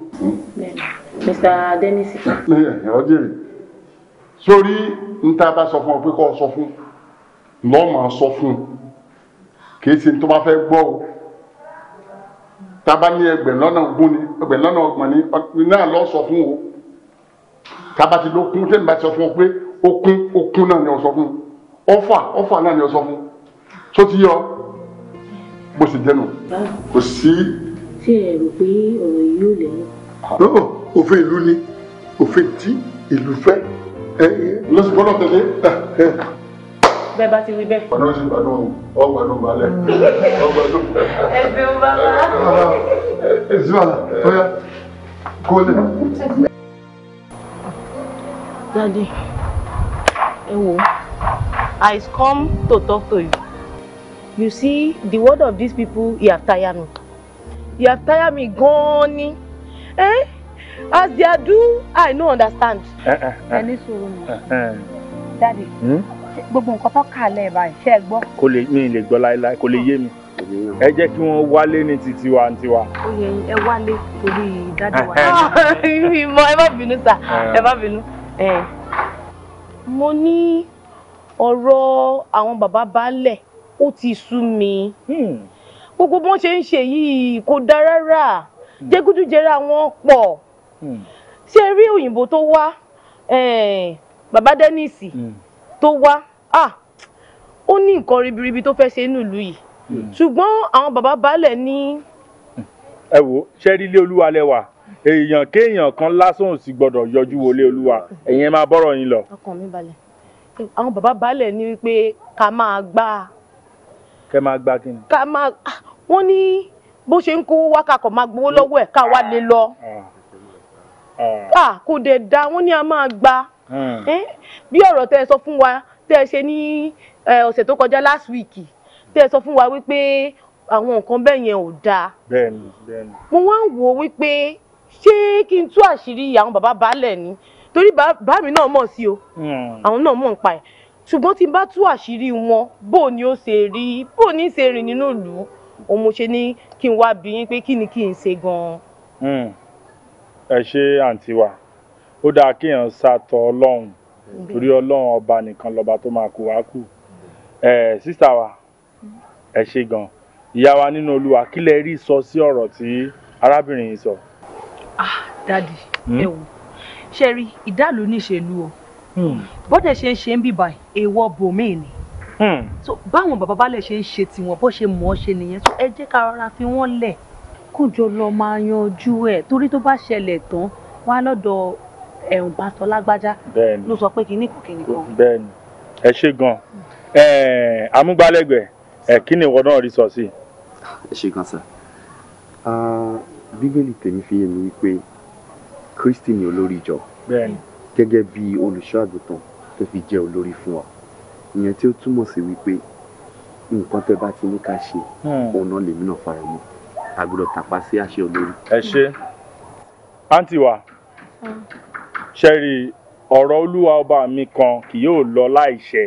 Mr. Dennis. ọjọ́ rẹ̀ sórí níta bá sọ fún ọ pé kọ́ ọ sọ fún lọ́ọ́ máa sọ fún kì í ṣe tó bá fẹ́ gbọ́ o tába ní ẹgbẹ̀rún lọ́nà ogún ni ẹgbẹ̀rún lọ́nà ọgbọ̀n ni náà lọ́ọ́ sọ fún o tába ti ló kún tẹ́lẹ̀ bá ti sọ fún ọ pé okun okun náà ni ọ sọ fún ọfà ọfà náà ni ọ sọ fún tó ti yọ bó sì jẹnu kò sí. ṣé ẹ rò pé ọ̀rọ̀ yìí ò lẹ́yìn. Ah, òfin ìlú ni òfin tí ìlú fẹ́ Eh, lọ́sùn gbọ́dọ̀ tẹ̀lé. Eh. bẹ́ẹ̀ bá ti wí bẹ́ẹ̀. ọ̀nà oṣù gbàdúrà ọgbàdùn balẹ̀ mm. ọgbàdùn. ẹ̀sìn bàbá. ẹ̀sìn bàbá ọ̀yà kó lè. Daddy, ẹ wo, I come to talk to you. You see, the word of these people, you have tired me. You have tired me gan-an ni. Eh? as they do i no understand. ẹni sọ̀rọ̀ nù. dadi gbogbo nǹkan tó kà lẹ́ẹ̀ báyìí ṣe é gbọ́. kò lè mi lè gbọ́ láéláé kò lè yé mi ẹ jẹ́ kí wọ́n wálé ní ti tiwa tiwa. oyè ẹ wálé torí dadi wa. ìmọ̀ eh, eh. ẹ má bínú sà eh. ẹ má bínú. mo ní ọ̀rọ̀ àwọn bàbá baálẹ̀ ó ti sú mi hmm. gbogbo bó ṣe ń ṣe yìí kò dáa rárá hmm. jẹ́gúdújẹrá wọn pọ̀. Hmm. ṣé rí òyìnbó tó wá eh, bàbá Dennis hmm. tó wá ah, ó ní nǹkan ribiribi tó fẹ́ ṣe nílùú yìí hmm. ṣùgbọ́n àwọn bàbá baálẹ̀ ní. ẹ wo ṣé rí ilé olúwa lẹ́wà èèyàn kéèyàn kan lásán ò sì gbọ́dọ̀ yọjú wọlé olúwa ẹ̀yin ẹ máa bọ́rọ̀ yín lọ. ọkàn àwọn bàbá baálẹ̀ ní wípé ká máa gbá. kẹ máa gbá kí ni. ká máa ah, wọ́n ní bó ṣe ń kó wákàkọ̀ máa gbowó lọ́wọ́ ẹ̀ ká wá lè lọ. Ah. Ah. ah, kò dẹ̀ da wọ́n ní a máa gba hmm. eh, bí ọ̀rọ̀ tẹ́ ẹ sọ fún wa tẹ́ ẹ ṣe ní ọ̀sẹ̀ tó kọjá last week tẹ́ ẹ sọ fún wa wípé àwọn nǹkan bẹ́ẹ̀ yẹn ò dáa mo wá ń wò ó wípé ṣé kí n tú àṣírí àwọn bàbá baálẹ̀ ni torí bàbá mi náà mọ̀ sí o hmm. àwọn náà mọ̀ ń pa ẹ̀ ṣùgbọ́n tí n bá tú àṣírí wọn bó ni ó ṣe rí bó ni ṣe rìn nínú ìlú òun mo ṣe ní kí n wá bí yín pé kí ni kí n ṣe gan-an. Hmm ẹ ṣe àǹtí wa ó dáa kéèyàn sàtọ ọlọ́run torí ọlọ́run ọba nìkan lọ́ba tó máa kú wá kù ẹ sísà wa ẹ ṣe gan ìyá wa nínú olúwa kí lẹ rí sọ sí ọ̀rọ̀ tí arábìnrin yìí sọ. ah dadi hmm? ẹ wò ṣe rí ìdálò níṣèlú o hmm. bọ́dẹ̀ ṣe ń ṣe ń bíbà èèwọ̀ bòmíì ni hmm. so báwọn bàbá balẹ̀ ṣe ń ṣe tiwọn bó ṣe mọ̀ ọ́ ṣe nìyẹn so ẹ jẹ́ ká rọra fi wọ́n lẹ̀ kàn jọ lọ máa yanjú ẹ̀ torí tó bá ṣẹlẹ̀ tán wá lọ́dọ̀ ẹ̀rùn bá sọ lágbájá ló sọ pé kinní kan kinní kan. bẹ́ẹ̀ni ẹ ṣe gan amúgbálẹ́gbẹ̀ẹ́ ẹ kí ni ìwọ náà rí sọ sí. ẹ ṣe gan sà bíbélì tèmi fi yé mi wípé kristi ni olórí ìjọ gẹ́gẹ́ bí olùṣọ́ àgùntàn tó fi jẹ́ olórí fún wa ìyẹn tí ó túmọ̀ sí wípé nǹkan tẹ́ bá ti ní ká ṣe hmm. òun náà lèmi náà fara mọ́ a gbọ́dọ̀ tàpá sí àṣẹ olórí. ẹ ṣe àǹtí wa ṣẹ́rí ọ̀rọ̀ olúwa ọba mi kan kì yóò lọ láìṣẹ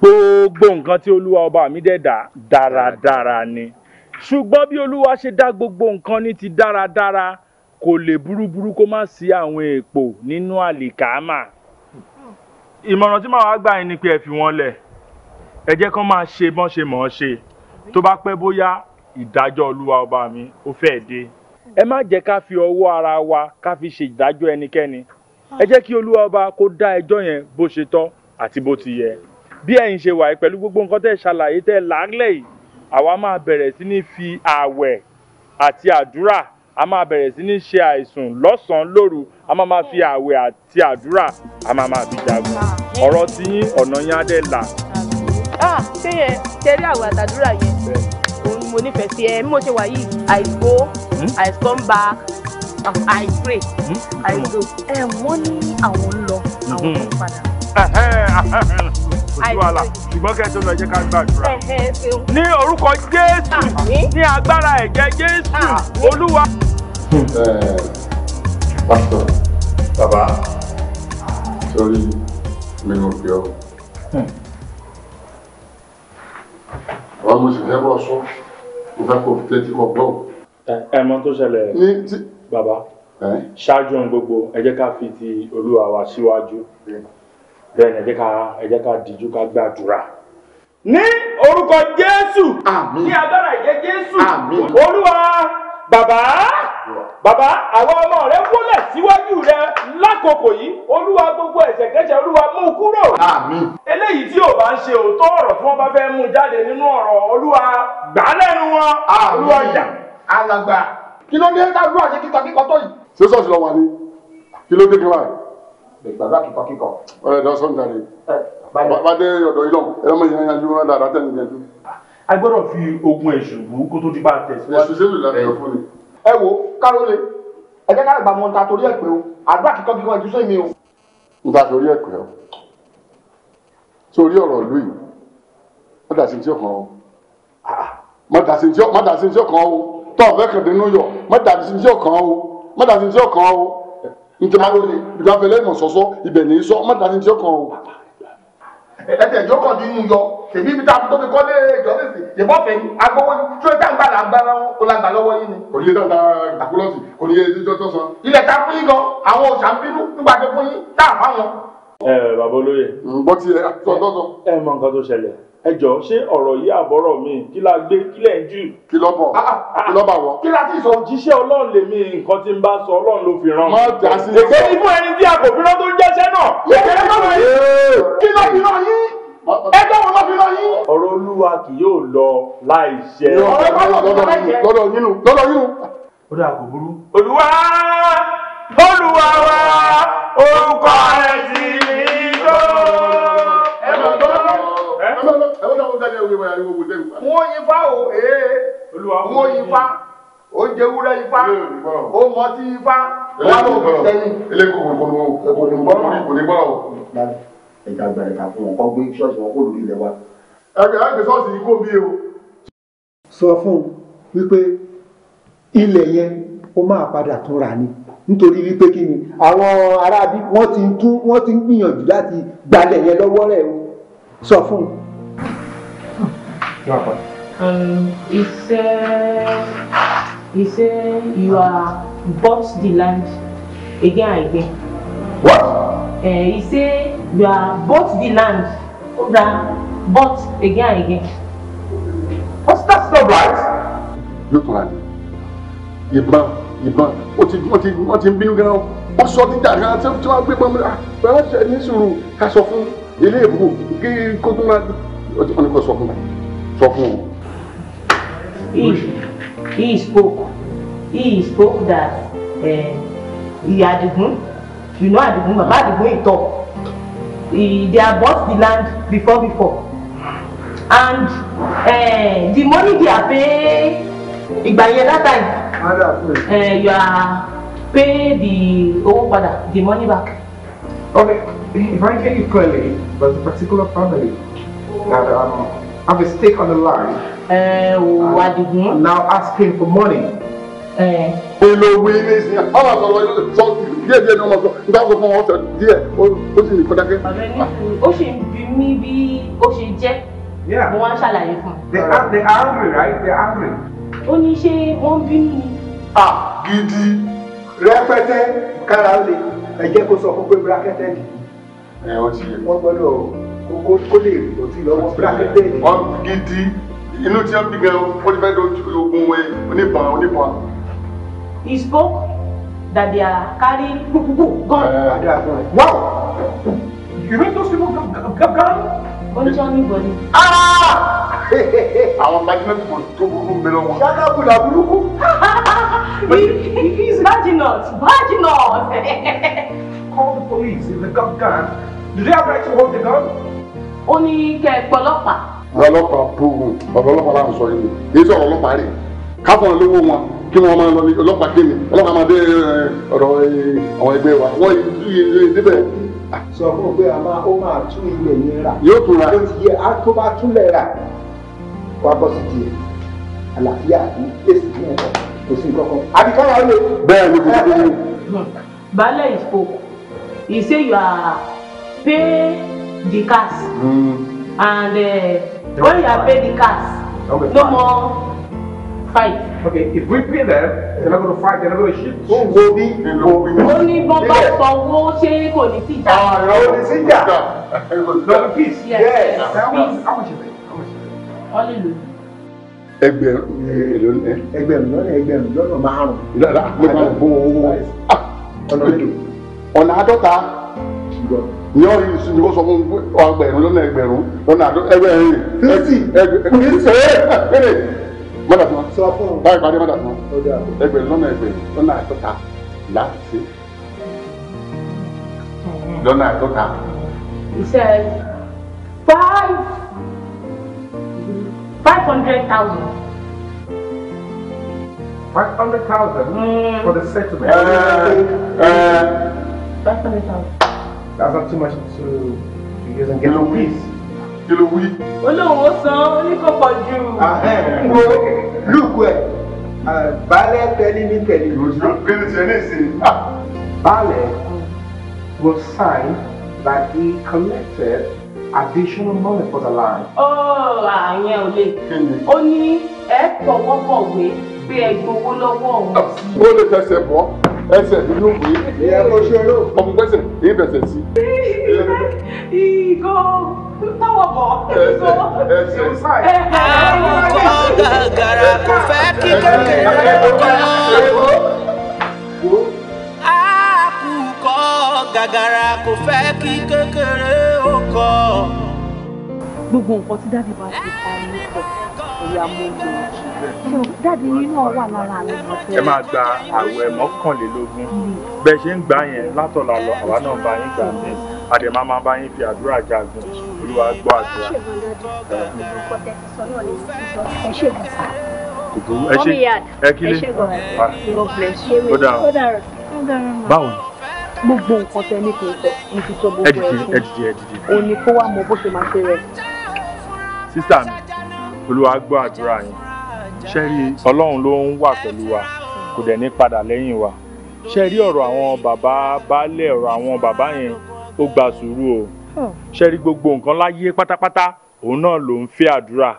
gbogbo nǹkan tí olúwa ọba mi dẹ̀ dáradára ni ṣùgbọ́n bí olúwa ṣe dá gbogbo nǹkan ní ti dáradára kò lè burúburú kó má sí àwọn èèpo nínú àlìkámà ìmọ̀ràn tí màá wá gbà yín ni pé ẹ fi wọ́n lẹ̀ ẹ jẹ́ kó máa ṣe bọ́n ṣe mọ̀ ọ́n ṣe tó bá pẹ́ bóyá ìdájọ́ olúwa ọba mi ó fẹ́ dé ẹ má jẹ́ ká fi ọwọ́ ara wa ká fi ṣe ìdájọ́ ẹnikẹ́ni ẹ jẹ́ kí olúwa ọba kó dá ẹjọ́ yẹn bó ṣe tọ́ àti bó ti yẹ bí ẹ̀yin ṣe wà yìí pẹ̀lú gbogbo nǹkan tẹ́ ṣàlàyé tẹ́ làálẹ̀ yìí àwa máa bẹ̀rẹ̀ sí ní fi ààwẹ̀ àti àdúrà a máa bẹ̀rẹ̀ sí ní ṣe àìsùn lọ́sàn-án lóru a máa máa fi ààwẹ̀ àti àdúrà a máa máa fi jagun ọ̀rọ̀ tiyín ọ̀nà yín á dẹ̀ là. Ah, ṣé yẹn tẹ́rí ààwẹ̀ àtàdúrà yẹn mo nífẹ̀ẹ́ sí ẹ bí mo ṣe wà yìí i go hmm? i come back um, i pray hmm? i do hmm. ẹ wọ́n ní àwọn ń lọ àwọn ń padà. ojú àlà ṣùgbọ́n kẹ́tọ́ lọ jẹ́ ká gbàdúrà ní orúkọ jésù ní agbára ẹ̀jẹ̀ jésù olúwa. Eh, pásítọ̀ bàbá sórí mi ò fi ọ. wọ́n mo sì fẹ́ bọ́ sọ mo fẹ́ kó létí kọ gbọ́. ẹ mọ tó ṣẹlẹ̀ bàbá ṣáájú ohun gbogbo ẹ jẹ́ ká fi ti olúwa wa síwájú bẹ́ẹ̀ ni ẹ jẹ́ ká díjú ká gbàdúrà ní orúkọ jésù ní agbára ìjẹ jésù olúwa bàbá bàbá àwọn ọmọ rẹ wọlé síwájú rẹ lákòókò yìí olúwa gbogbo ẹ̀ṣẹ̀ kẹ́ṣẹ̀ olúwa mú kúrò. àmín. eléyìí tí ò bá ń ṣe òótọ́ ọ̀rọ̀ tí wọ́n bá fẹ́ mú jáde nínú ọ̀rọ̀ olúwa gbà lẹ́nu wọn. àmín olúwa jà. alàgbà kí ló dé dáadúrà ṣe kíkọ kíkọ tó yìí. ṣé sọ́ọ̀sì lọ wà ní kí ló dé kí wà. gbàgbà kíkọ kíkọ. ọ̀rẹ́ dọ́ sọ́ọ̀nì tàbí. bàbá dé ọ̀dọ̀ ìlọ ẹ̀rọ mọ̀ ìyanjú wọn dáadáa tẹ̀lé ìyanjú. a gbọ́dọ̀ fi ogun èṣù wù kó tó di lọ ẹ wo kárólé ẹ jẹ́ ká àgbà mọ ta torí ẹ̀ pé o àdúrà kíkọ́ kíkọ́ ẹ̀jú sóyún mi o. n ta torí ẹ̀ pé o sórí ọ̀rọ̀ ìlú yìí má dà sí ti ọkàn ah, o má dà sí ti ọkàn o tọ́ ọ̀fẹ́ kẹ̀dé New York má dà sí ti ọkàn o má dà sí ti ọkàn o ntẹmọlórí ìgbàfẹlẹ ìmọ̀sọ̀sọ ibẹ̀ ní í sọ má dà sí ti ọkàn o. ẹ tẹ̀ ẹjọ́ dín nù yọ tèmi ibi tá a tó fi kọ́ lé ìjọ́sìn ìbọ́fẹ́ agbowó ni tí o já ń gbà là ń gbà lọ́wọ́ ó la gbà lọ́wọ́ yín ni. kò ní yé dáhùn dáa ìdàkúlọ́sì kò ní yé ẹjọ́ tó sọ. ilẹ̀ ta fún yín gan àwọn òòṣà bínú nígbà tó fún yín tá a fà wọn. ẹ bàbá olóye. ǹgbọ́ ti ẹ tọ́tọ́tọ́. ẹ mọ nǹkan tó ṣẹlẹ̀ ẹ jọ ṣé ọ̀rọ̀ yìí àbọ̀rọ̀ mi kí la gbé kí lẹ̀ ń jù. kí lọ́ bọ̀ ah, ah, ah, kí lọ́ bà wọ́. kí la ti sọ. òjíṣẹ́ ọlọ́run lèmi nǹkan tí n bá sọ ọlọ́run ló fi rán. má dá sí i. èké ní fún ẹni tí a kò fi rán tó ń jẹ́ṣẹ́ náà. yẹ́n kí lọ́ fi rán yín ẹgbẹ́ wọn lọ́ fi lọ yín. ọ̀rọ̀ olúwa kì yóò lọ láì ṣẹ. ọ̀rọ̀ ẹgbẹ́ wọn lọ́dọ̀ yín lọ́dọ̀ yín lọ́dọ̀ yín. ó dà kò burú. olúwa olúwa wa orúkọ rẹ ti tó. ẹ lọ gbọ́ ẹ lọ gbọ́ wọ́n yin fa o wọ́n yin fa o jẹ wúrẹ́ ifá o mọtí ifá. eléyìí kò gbọ́dọ̀ eléyìí kò gbọ́dọ̀ kò ní gbọ́dọ̀ ẹja gbàrẹ fún wọn kọ ṣọ́ọ̀ṣì wọn kó lórí ilẹ̀ wa. ẹgbẹ́ ẹgbẹ́ ṣọ́ọ̀ṣì yìí kò bí o. sọ fún wípé ilẹ̀ yẹn ó máa padà tún rà ni nítorí wípé kí ni àwọn aráabí wọ́n ti ń tún wọ́n ti ń gbìyànjú láti gbalẹ̀ yẹn lọ́wọ́ rẹ̀ o sọ fún he said, he said you are boss the land again again. What? Uh, eh, he said You are bought the land that bought again and again. What's that stuff, right. Look, man. Ìbọn ìbọn wọ́n ti wọ́n ti wọ́n ti ń bínú gan-an ó sọ dídà gan-an tí wọ́n gbé pamọ́ bẹ́ẹ̀ ṣe ní sùúrù ká sọ fún ilé ìbò kí kó tó máa ó ti wọ́n ní kó sọ fún sọ fún o. He he spoke he spoke that uh, Ìyá Àdìgún you know Àdìgún bàbá Àdìgún ìtọ̀ he, they have bought the land before before and uh, the money they are pay ìgbà yẹn that time uh, you are pay the owó padà the money back. okay if I get it clearly there's a particular family that um, have a stake on the land. Uh, and now asking for money olówó ilé sí i ọmọ sọ wọn sọ díẹ̀ díẹ̀ ni ọmọ sọ nígbà tó fún wọn sọ díẹ̀ ó sì ní kó dákẹ́. ọ̀rẹ́ mi ó ṣe bí mi bí ó ṣe jẹ́ mo wá ń ṣàlàyé fún un. they are they angry right they are angry. ó ní ṣé wọ́n bínú ni. à gidi rẹpẹtẹ kára lè ẹ kó sọ fún pé bírákẹtẹ ni. ẹ ó ti yé. wọ́n gbọ́dọ̀ kó lè kó sí lọ́wọ́ bírákẹtẹ ni. wọ́n gidi inú tí wọ́n bí gan-an wọ́n fẹ́ dojú ogun eh, oníbọn oníbọn. He spoke that they are carrying gun. Uh, eh. wow! You mean those people have gun? Onjani body. Ah! Àwọn marginal people tó burú mi lọ wọn. Ṣáká kú la burúkú. He is marginal, marginal. Call the police if they got gun. Do they have right to hold the gun? Only ní kẹ́ pọlọ́pàá. Ọlọ́pàá bú ọ̀rọ̀ ọlọ́pàá láwọn sọ yìí. Èyí sọ̀rọ̀ ọlọ́pàá rè. Ká fún ọ kí wọ́n máa lọ ní ọlọ́pàá kémi ọlọ́pàá máa dé ọ̀rọ̀ àwọn ẹgbẹ́ wa wọ́n yìí lè débẹ̀. Ah. sọ fún un pé a máa ó máa tún ilẹ̀ yẹn rà. yóò tún ra yóò ti yẹ a bá túlẹ̀ rà wá bọ́ sí tiẹ̀ àlàáfíà ní èsì kí wọn kò sí kankan. àbíká wa lè. bẹ́ẹ̀ ni kò sí kankan. baálẹ̀ is spoke he say you are pay the cash hmm. and uh, when you are pay the cash no more fight. okay if we pay them they're not going to fight they're not going to shoot. ó ń wo bí wo bí. ó ní bọ́n bá sanwó ṣé kò ní síjà. ààrẹ ò ní síjà lọ́dún peace. yes yes peace. ẹgbẹ̀rún èlò ní. ẹgbẹ̀rún lọ́nà ẹgbẹ̀rún lọ́nà márùn-ún. lọ́nà márùn-ún bó owó ah, ọ̀nà ètò ọ̀nà àádọ́ta ní ọ̀rọ̀ yìí sí ni wọ́n sọ fún ọgbẹ̀rún lọ́nà ẹgbẹ̀rún lọ́nà àádọ́ta ẹgbẹ̀rún. fífi fífi mọ́tà tí wọ́n báyìí parí mọ́tà tí wọ́n ẹgbẹ̀rún lọ́nà ẹgbẹ̀rún lọ́nà àtọ́ta láti ṣe lọ́nà àtọ́ta. iṣẹ́ five five hundred thousand. Five hundred thousand mm. for the settlement. Uh, uh, Five hundred thousand. That's not too much to, to use and get a piece kí ló wí. olówó san oníkọ̀pọ̀ jù. wo lùkù ẹ̀ balẹ̀ tẹ́lí ní tẹ̀lé. òṣèlú kéré tiẹ̀ ní ìsìn. balẹ̀ will sign that he collected additional money for the line. ó àyẹn ò lè. ó ní ẹ tọwọ́bọ̀wé pé ẹ gbowó lọ́wọ́ òun. Ah, ó lè fẹsẹ̀ bọ́ ẹsẹ̀ nínú ìwé. ìyẹn kò ṣe é lò. ọmọ gbèsè èyí bẹ̀sẹ̀ sí. Ìgò tọwọ́ bọ̀ ìgò. Ọkọ̀ gàrà kò fẹ́ kí kékeré kọ́. Àkùkọ gàgàrà kò fẹ́ kí kékeré kọ́. Gbogbo nǹkan tí dáàbì bá ti pa ní kọ̀ ìyá mú mi. Dáàbì yín náà wà lára àwọn ọmọ tó. Ẹ máa gba àwẹ̀ mọ́kànlélógún. Bẹ́ẹ̀ ṣe ń gbà yẹn látọ̀la lọ àwa náà bá yín gbà bẹ́ẹ̀ adẹ̀ máa máa bá yín fi àdúrà jagun olúwa gbọ́ àdúrà. ẹ ṣe ẹ kílé ó dára báwo ni gbogbo nǹkan tẹ ní kì sọ ní ti sọ gbogbo ẹ fún un òní kó wá mọ bó ṣe máa ṣe rẹ. sísá mi olúwa gbọ́ àdúrà yín ṣẹ́rí ọlọ́run ló ń wà pẹ̀lú wa kò dẹ̀ ní padà lẹ́yìn wa ṣẹ́rí ọ̀rọ̀ àwọn bàbá baálé ọ̀rọ̀ àwọn bàbá yẹn ó gba sùúrù o ṣe rí gbogbo nǹkan láyé pátápátá òun náà ló ń fẹ́ àdúrà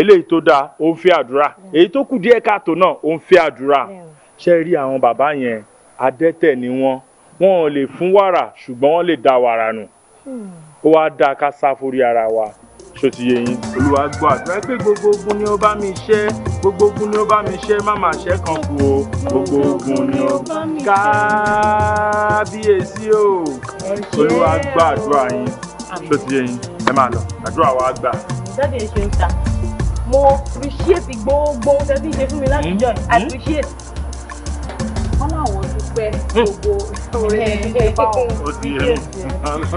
eléyìí tó dáa ó ń fẹ́ àdúrà èyí tó kù díẹ̀ káàtó náà ó ń fẹ́ àdúrà ṣe rí àwọn bàbá yẹn adẹ́tẹ̀ ni wọ́n wọn ò lè fún wàrà ṣùgbọ́n wọ́n lè da wàrà nù hmm. ó wá dáa ká sá forí ara wa ṣó ti yé yín. olúwa àdúrà pé gbogbo ogun ni ó bá mi ṣe gbogbo ogun ni ó bá mi ṣe má máa ṣe kan kú o gbogbo ogun ni ó kábíyèsí o olúwa àdúrà yín ṣó yín ẹ máa lọ àdúrà wa gbà. ìjáde ṣe ń ta mo appreciate gbogbo oúnjẹ tí ń fún mi láti hmm? jọ i hmm? appreciate wọ́n láwọn dúpẹ́ hmm? gbogbo oore ẹ̀ ẹ̀ bá wọn.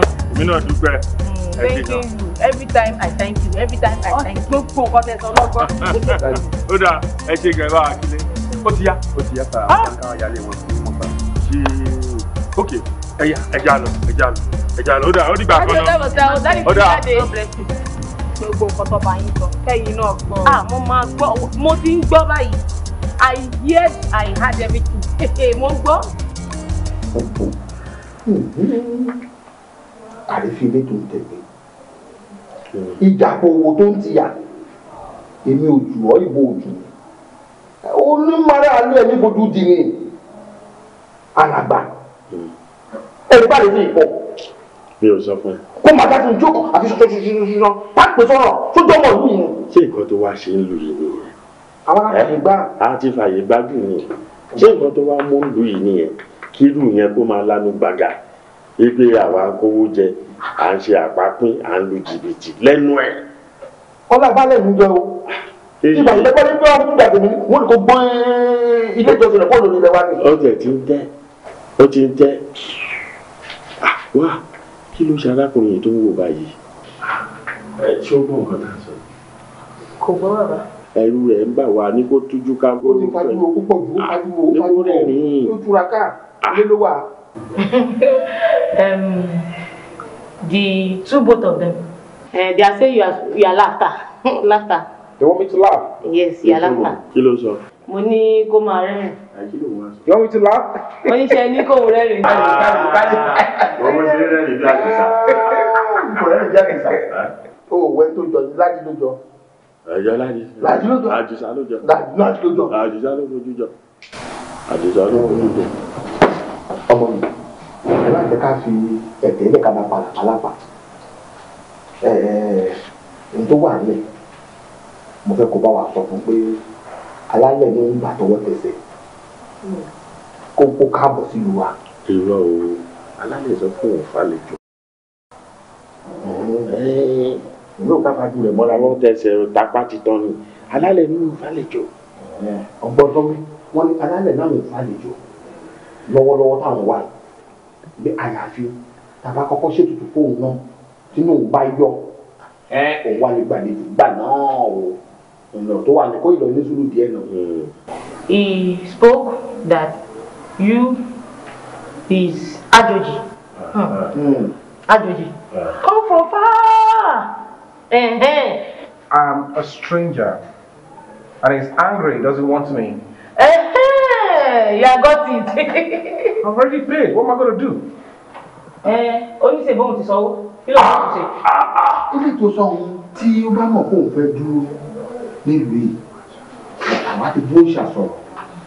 èmi náà dúpẹ́. Thank you every time I thank you every time I thank you. gbogbo nǹkan tẹ̀sán lọ́gbọ́n. ó dáa ẹ ṣe gẹ̀ẹ́bà àkílé ó ti yá. ó ti yá ta àwọn yálé wọn sí wọn gbà. ṣé ok ẹ̀yà ẹ̀já lọ ẹ̀já lọ ẹ̀já lọ ó dáa dìgbà kan náà ó dáa gbogbo nǹkan tó yín sọ kẹ́yìn náà gbọ́. ah mo máa gbọ́ mo ti ń gbọ́ báyìí i hear i had everything mo ń gbọ́. àrífín lẹ́tọ̀ọ́ tẹ̀lé ìjàpọ̀ owó tó ń tiyà èmi ò jù ọ́ ìbò òjò onímọ̀ráàlú ẹ̀mí bójú di ni alàgbà ẹ̀rí bá lè ní ìbọ̀ mi ò sọ fún ẹ. kó màtá ti jókòó àti ṣoṣo ṣoṣo ṣoṣo pápẹ́ sọ̀rọ̀ tó jọ́mọ̀ ìlú yìí. ṣé nǹkan tó wá ṣe ń lu yìí nìyẹn. àwọn àfààyè gbá. a ti fààyè gbádùn nìyẹn ṣé nǹkan tó wá mú lu yìí nìyẹn kí irú yẹn kó máa lanu gbàgà wípé àwa ń kówó jẹ à ń ṣe àpapín à ń lu jìbìtì lẹ́nu ẹ̀. ọlá balẹ̀ ń jẹ o ìgbà ìlẹ́gbẹ́ ní bẹ́ẹ̀ fún ìgbàgbọ́ wọn kò gbé ilé ìjọsìn rẹ̀ bọ́ọ̀lù nílẹ̀ wa ni. ó tẹ̀ tí ń tẹ́ ó ti ń tẹ́ ah, wá kí ló ṣe arákùnrin yìí tó ń wò báyìí. ẹ ṣé ó gbọ́ nǹkan tá a sọ. kò gbọ́ bàbá ẹrú rẹ̀ ń bà wá ní kó tújú ká. o ti fajú o púpọ̀ jù ó fajú o ó fajú ah, o ó túra ká lé ló wà. um, the two both of them. Uh, they are saying you are you are laughter laughter. They want me to laugh. Yes, you are laughter. Kí ló sọ. Mo You want me to laugh? Mo ní ṣe ní kó rẹ́rìn. Ọmọ ah, ṣe rẹ́rìn bí àkìsà. Kò rẹ́rìn bí àkìsà. O ò wẹ́ tó jọ ní láti ló jọ. Ẹ̀jọ̀ láti. Láti ló jọ. Àjùsà ló jọ. Láti ló jọ. Àjùsà ló fojú jọ. Àjùsà ló fojú jọ ọmọ mi ẹ má jẹ́ ká fi ẹ̀tẹ́ ilé kaba pa alápa ẹ̀ẹ́n tó wà nílẹ̀ mo fẹ́ kó bá wa sọ fún pé alálẹ̀ ní ìgbà tọwọ́ tẹsẹ̀ kó kó káàbọ̀ sílùú wa. irọ́ o alálẹ̀ sọ fún òun fàlejò. ìlú káfájú rẹ̀ mọ́ra lọ́wọ́ tẹsẹ̀ tapá ti tán ni alálẹ̀ ní òun ọgbọ́n tó wọ́n ní alálẹ̀ náà ò lọ́wọ́lọ́wọ́ táwọn wà yìí àyàfi tàbá kọ́kọ́ ṣètùtù fóun náà tínú òun bá yọ ẹ òun wà lè gbàlejò gbà náà o ọ̀nà tó wà ní kó ìlọ ní sùúrù díẹ̀ náà. He spoke that you is Ajoji. Hmm. Ajoji. Come from far. Uh-huh. I'm a stranger and he's angry, doesn't want me. Uh-huh. Yeah, yeah, got it. I've already paid. What am I going to do? Eh, oníṣe bóun ti sanwó. Kí ló ń ṣe? Ó lè tó sọ ohun tí ó bá mọ̀ kó òun fẹ́ dúró nílùú yìí. Àwa ti bó ìṣàsọ̀rọ̀.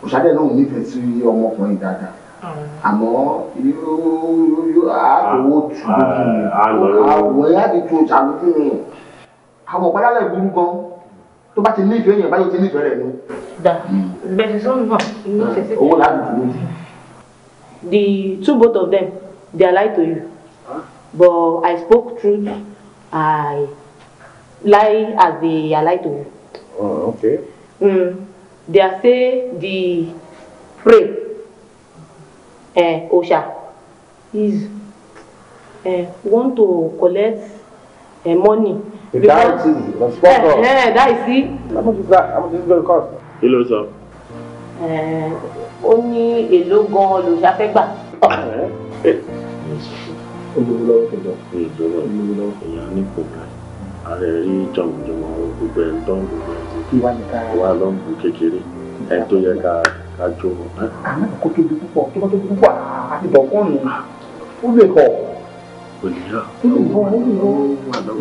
Òṣàdé náà nífẹ̀ẹ́ sí ọmọkùnrin dáadáa. Àmọ́ àtòwò tù lójú mi. Àwọn ẹ̀yà ti tu ìṣàlójú mi. Àwọn ọ̀pá yálẹ̀ burú gan-an tó bá ti nífẹ̀ẹ́ èèyàn báyìí ó ti nífẹ̀ẹ́ rẹ̀ ni. bẹ̀sẹ̀ sọ́nù náà ló ṣe owó láti dùn mí. the two both of them they lie to you huh? but I spoke truth I lie as they are lie to you. Oh, okay. Mm, they say the pray eh, Osha is eh, want to collect eh, money The dowry, the spot up. Yeah, that eh, is it. How much is that? How much is it going to cost? Kí ló sọ. Eh, ó ní èló gan-an ló ṣàfẹ́ gbà. Olúwulọ́wọ́ eh. kẹjọ. Ìjọba olúwulọ́wọ́ kẹjọ ní kòkà. Ààrẹ rí jọ̀mọ̀jọ̀mọ̀ gbogbo ẹ̀ ń dán gbogbo ẹ̀ sí. Kí wá ní ká. Wà lọ́nbù kékeré. Ẹ tó yẹ ká ká jó wọn. Ah, àmọ́ kò tóbi púpọ̀ kí wọ́n tóbi púpọ̀ ah, àti bọ̀kọ́ọ̀nù. Ó lè kọ̀ kò ní lọ.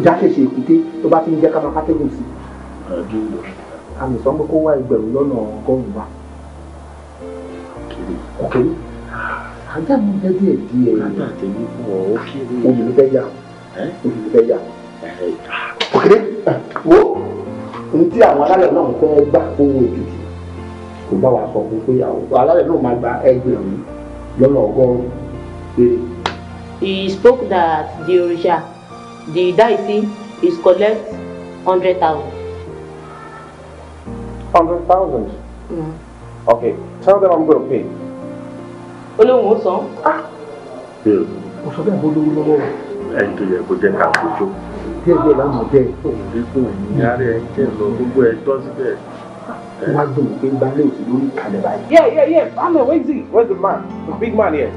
jákèjì èkúté tó bá ti ń jẹ́ ká máa kátẹ́gùn sí. àmì sọ pé kó wá ẹgbẹ̀rún lọ́nà ọgọ́rùn-ún wa. òkèrè ajá mi jẹ́ díẹ̀ díẹ̀. ajá tèmi pọ̀ òkèrè. oyè mi fẹ́ yà oyè mi fẹ́ yà. òkèrè wo n tí àwọn alálẹ̀ náà fẹ́ gbà ohun ètùtù kò bá wa sọ fún pé àwọn alálẹ̀ náà máa gba ẹgbẹ̀rún lọ́nà ọgọ́rùn-ún he spoke that the Orisha, the deity, is collect hundred thousand. Hundred Mm. Okay, tell them I'm going to pay. Olóhùn ó san. Ah! Mo sọ bẹ́ẹ̀ bó lówó lọ́wọ́. Ẹni tó yẹ kó jẹ́ ká kojú. Díẹ̀ díẹ̀ lámà jẹ́. Òbí kò ní ara mm. ẹ̀ lọ gbogbo ẹ̀ tọ́ síbẹ̀. Wọ́n á dùn pé gbalẹ̀ òsì lórí kalẹ̀ báyìí. Yeah, yeah, yeah, I'm a where's he? Where's the man? The big man here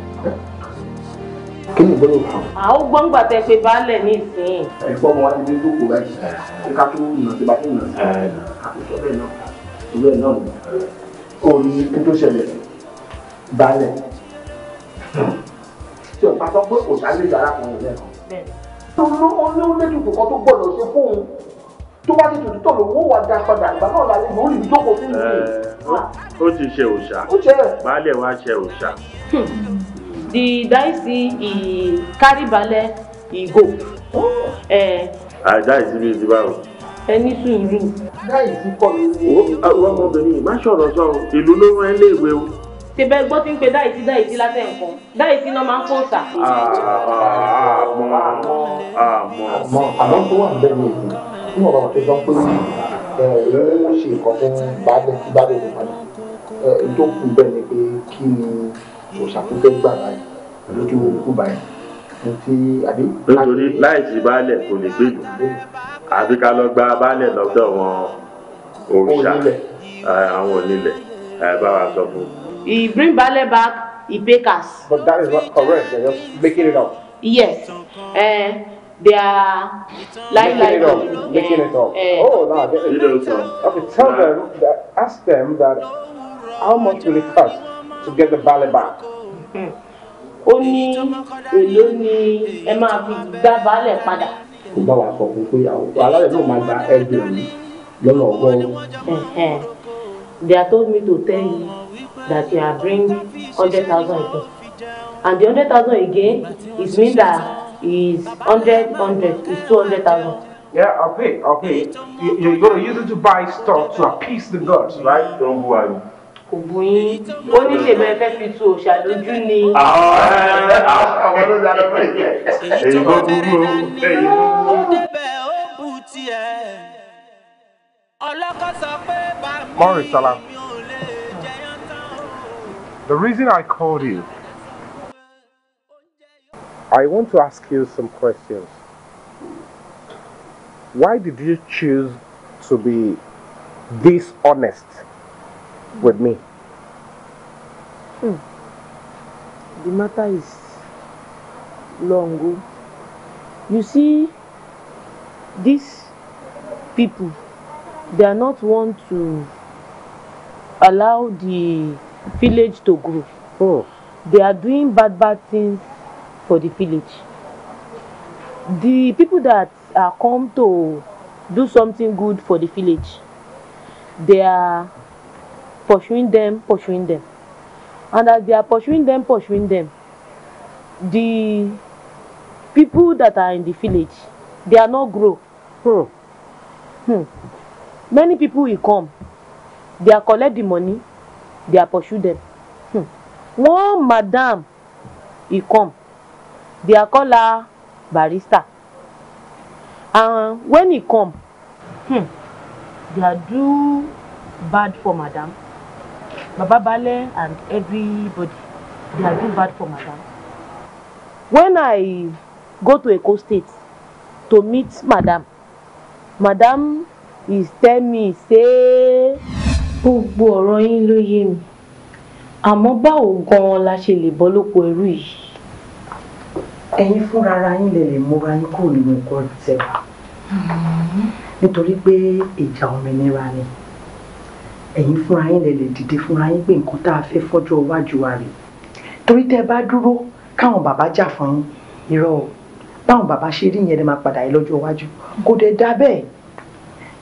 kí ni ìgbọ́dọ̀ bá wọn. àwọn gbọ́ngbà tẹ pé baálẹ̀ ní ìsìn. ẹ̀fọ́ ọmọ wa ti dé lóko báyìí ṣe ká tó nà sí bá tó nà sí àkóso bẹ́ẹ̀ náà ìwé náà kí tó ṣẹlẹ̀ baálẹ̀ tí o bá sọ pé kò sáré yàrá kan ò tó ló ó lé lẹ́dùkú kan tó gbọ́dọ̀ ṣe fóun tó bá ti tòdítọ̀ lòun ó wà dá padà ìgbà náà lálẹ́ lòun rí ìjókòó sí ìlú. ó ti ṣe òòṣà baálẹ̀ wa ṣe òòṣà. Hmm the dice he carry balẹ̀ he go. àìdá ìsinmi ti báwo. ẹni sùúrù. dáìsí kọ́ mi ní. àwọn ọmọbìnrin má sọ̀rọ̀ sọ ìlú ló rán ẹ́ léèwé o. tẹ̀bẹ̀ gbọ́ tí ń pe dáìsí dáìsí látẹ̀ nǹkan dáìsí náà máa ń fò sà. àmọ́ àmọ́ àmọ́ àmọ́ tó wà níbẹ̀ ní èdè tí wọ́n bá wọn tó sọ pé ẹ̀rọ ṣe nǹkan fún baálé kí baálé nìkan tó kù bẹ́ẹ̀ ni pé kí ni òòsà tó fẹ́ gbà báyìí pẹ̀lú tí báyìí ti àbí. nítorí baálẹ̀ kò lè gbèlú àfi ká lọ gba baálẹ̀ lọ́dọ̀ wọn òòsà àwọn onílẹ̀ bá wa sọ fún. he bring baálẹ̀ back he pay cash. but that is not correct they are just making it up. yes. Uh, they are like making like it up, making it up. Uh, oh, no, they, you okay. Tell nah. them, ask them that how much will it cost gẹ́gẹ́ balẹ̀ bá ó ní èló ni ẹ máa fi gbá balẹ̀ padà. ó bá wa sọ fún pé alálẹ̀ náà máa gba ẹgbẹ̀rún lọ́nà ọgọ́rùn-ún. They are told me to tell you that you are bring hundred thousand again and the hundred thousand again is mean that is hundred hundred is two hundred thousand. Yeah, okay, okay. You, you're gonna use it to buy stuff to appease the gods, right? Don't worry kò bu ó ní ṣe bẹ́ẹ̀ fi tu òòṣà lójú ni. àwọn ló dára fún ìjẹ èyí bó burú o èyí bó burú. Morris Salam, the reason I called you, I want to ask you some questions. Why did you choose to be this honest? with me. Hmm. The matter is long. Ago. Oh. You see, these people, they are not want to allow the village to grow. Oh. They are doing bad, bad things for the village. The people that are come to do something good for the village, they are pursuing them, pursuing them. And as they are pursuing them, pursuing them, the people that are in the village, they are not grow. Hmm. Hmm. Many people will come. They are collect the money, they are pursue them. Hmm. One madam will come. They are call her barista. And when he come, hmm, they are do bad for madam. Baba Bale and everybody, they are too bad for madam. When I go to Eco State to meet madam, madam is tell me say. Gbogbo ọ̀rọ̀ yín ló yé mi, àmọ́ báwo gan-an la ṣe lè bọ́ lóko ẹrú yìí? Ẹ̀yin fúnra ara yín lè lè múra yín kúrò nínú ẹ̀kọ́ tẹ̀wá. Mm-hmm. Nítorí pé ìjà òmìnira ni. Mm -hmm ẹ̀yin fúnra yín lè lè dìde fúnra yín pé nǹkan tá a fẹ́ fọ́jọ́ iwájú wa rèé torí tẹ́ ẹ bá dúró káwọn bàbá jà fún yín irọ́ o báwọn bàbá ṣe rí yẹn lè máa padà yìí lọ́jọ́ iwájú kò dé dá bẹ́ẹ̀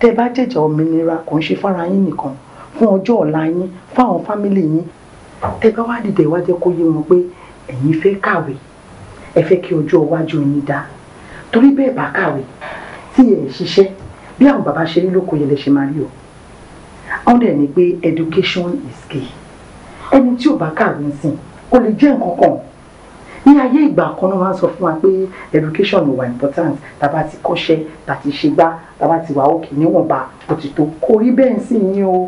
tẹ́ ẹ bá jẹ̀jẹ̀ òmìnira kò ń ṣe fára yín nìkan fún ọjọ́ ọ̀la yín fáwọn fámìlì yín tẹ́ ẹ bá wá dìde wá jẹ́ kó yé wọn pé ẹ̀yin fẹ́ kàwé ẹ fẹ́ kí ọjọ́ iwájú yín dá torí bẹ́ẹ̀ bá kàwé tí ẹ̀ ṣiṣẹ́ bí àwọn bàbá ṣe rí lóko yẹn lè ṣe máa rí o wọ́n dẹ̀ ní pé education is key ẹni tí ò bá kàwé sìn kò lè jẹ́ nǹkan kan ní ayé ìgbà kan náà wọ́n sọ fún wa pé education ló wà important tàbá ti kọ́ṣẹ́ tàti ṣègbà tàbá ti wà òkè níwọ̀nba òtítọ́ kò rí bẹ́ẹ̀ sì ni o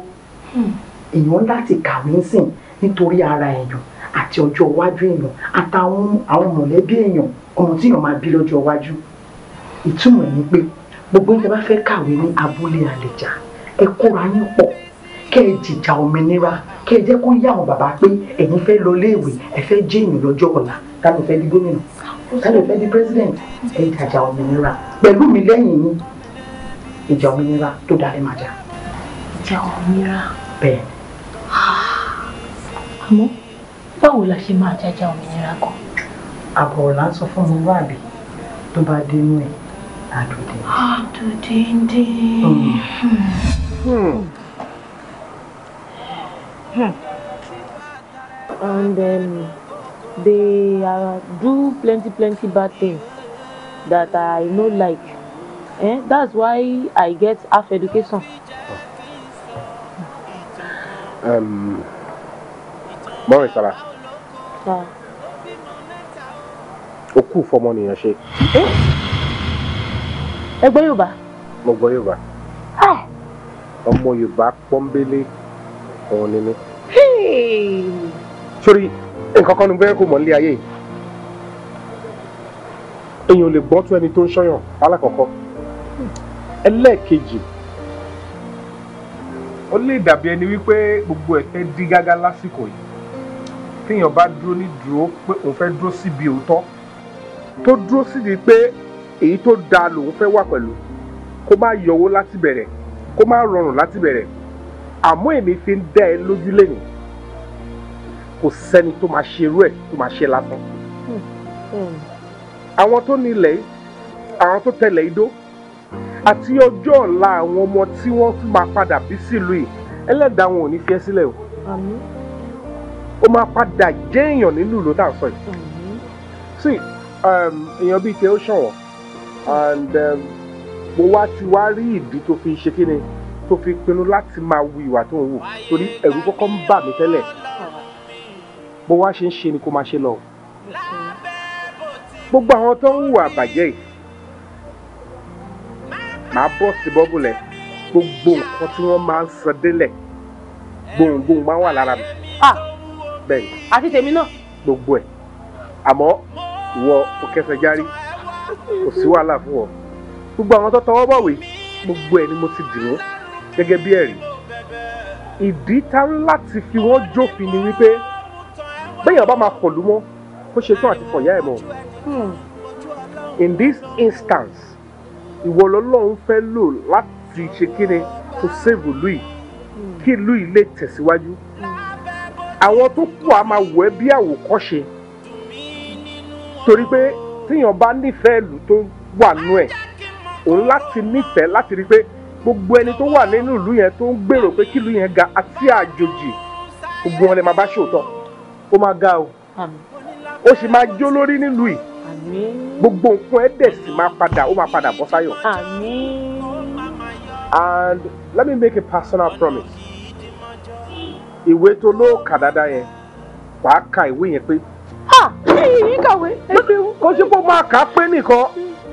hmm. èèyàn láti kàwé sìn nítorí ara èèyàn àti ọjọ́ iwájú èèyàn àtàwọn àwọn mọ̀lẹ́bí èèyàn ọmọ tí èèyàn máa bí lọ́jọ́ iwájú ìtumọ̀ ẹ̀ ni pé gbogbo ẹni tẹ́ bá fẹ́ kàwé ní abúlé àlèjà ẹ kóra yín pọ̀ kẹ́ ẹ jìjà òmìnira kẹ́ ẹ jẹ́ kó yá àwọn bàbá pé ẹ̀yin fẹ́ lọ léèwé ẹ fẹ́ jẹ́ èèyàn lọ́jọ́ ọ̀la táwọn fẹ́ di gómìnà táwọn fẹ́ di president ẹ jàjà òmìnira pẹ̀lú mi lẹ́yìn yín ìjà òmìnira tó darí máa jà. ìjà òmìnira. bẹ́ẹ̀. àmọ́ báwo la ṣe máa jàjà òmìnira gan. àbọ̀rọ̀ là ń sọ fún mi wáàbí tó bá dé inú ẹ̀ àdòdè. àdòdè ń dé. Hmm. Hmm. Hmm. and um, they uh, do plenty plenty bad things that I no like. Eh? That's why I get half education. Um, Mọ́rin Sara. O kú fọmọ nìyẹn ṣe. Eh? Ẹ gbọ́ Yorùbá. Mo gbọ́ Yorùbá. Ah! Ọmọ Yorùbá pọ́nbélé ọ̀hún ni mí. sórí nǹkan kan ní bẹ́ẹ̀ kò mọ̀ nílé ayé yìí èèyàn lè gbọ́ tó ẹni tó ń ṣọ́yàn alákọ̀ọ́kọ́ ẹlẹ́ẹ̀kejì ó lè dàbí ẹni wípé gbogbo ẹ̀ fẹ́ dí gágá lásìkò yìí téèyàn bá dúró ní dúró pé òun fẹ́ dúró síbi òótọ́ tó dúró síbi pé èyí tó dáa lòun fẹ́ wà pẹ̀lú kó má yọwó láti bẹ̀rẹ̀ kó má rọrùn láti bẹ̀rẹ̀ àmọ́ èmi fi ń dá ẹ lójú lẹ́yìn kò sẹ́ni tó máa ṣe irú ẹ̀ tó máa ṣe lásán. àwọn tó ní ilẹ̀ àwọn tó tẹ̀lé idó àti ọjọ́ ọ̀la àwọn ọmọ tí wọ́n tún máa padà bí sílùú yìí ẹlẹ́dàá wọn ò ní fi ẹ́ sílẹ̀ o. àmín. ó máa padà jẹ́ èèyàn nílùú ló tà ń sọ yìí. Um, èèyàn bíi tẹ ó ṣọ̀wọ́n and um, mo wá ti wá rí ìdí tó fi ṣe kí ni tó fi pinnu láti máa wu ìwà tó ń wù torí ẹ̀rù kọ́kọ́ ń bà mí tẹ́lẹ̀ bó wá ṣe ń ṣe ni kó máa ṣe lọ. gbogbo àwọn tó ń hùwà bàjẹ́ yìí màá bọ́ sí bọ́bùlẹ̀ gbogbo nǹkan tí wọ́n máa ń sọ délẹ̀ gbohùngbohùn máa wà lára mi. bẹ́ẹ̀ni àti tèmi náà. gbogbo ẹ̀ àmọ́ ìwọ o kẹsẹ̀ járí kò sí wàhálà fún ọ gbogbo àwọn tó tọwọ́ bọ̀wé gbogbo ẹ̀ ni mo ti dì mú gẹ́gẹ́ bí ẹ̀rí ìdí tá láti fi wọ́n jófin ni wípé bẹ́yàn bá máa kọ̀lù mọ́ kó ṣe tán àti fọ̀yà ẹ̀ mọ́ hmm. in this instance ìwọ lọ́lọ́run fẹ́ lò láti ṣe kíni to save ìlú yìí hmm. kí ìlú yìí lè tẹ̀síwájú àwọn tó kù á máa wọ̀ ẹ́ bí àwòkọ́ṣe torí pé téèyàn bá nífẹ̀ẹ́ ìlú tó wà nú ẹ̀ òun láti nífẹ̀ẹ́ láti rí pé gbogbo ẹni tó wà nínú ìlú yẹn tó ń gbèrò pé kílù yẹn ga àti àjòjì gbogbo wọn lè máa bá ṣòótọ́ ó máa ga o ó sì máa jó lórí nílùú yìí gbogbo nǹkan ẹ dẹ̀ sì máa padà ó máa padà bọ́ sáyọ̀. and let me make a personal promise ìwé tó ló kà dáadáa yẹn wàá ka ìwé yẹn pé. ha ẹ̀yin kàwé ẹ ṣeun. kò sí pé máa kà á pé nìkan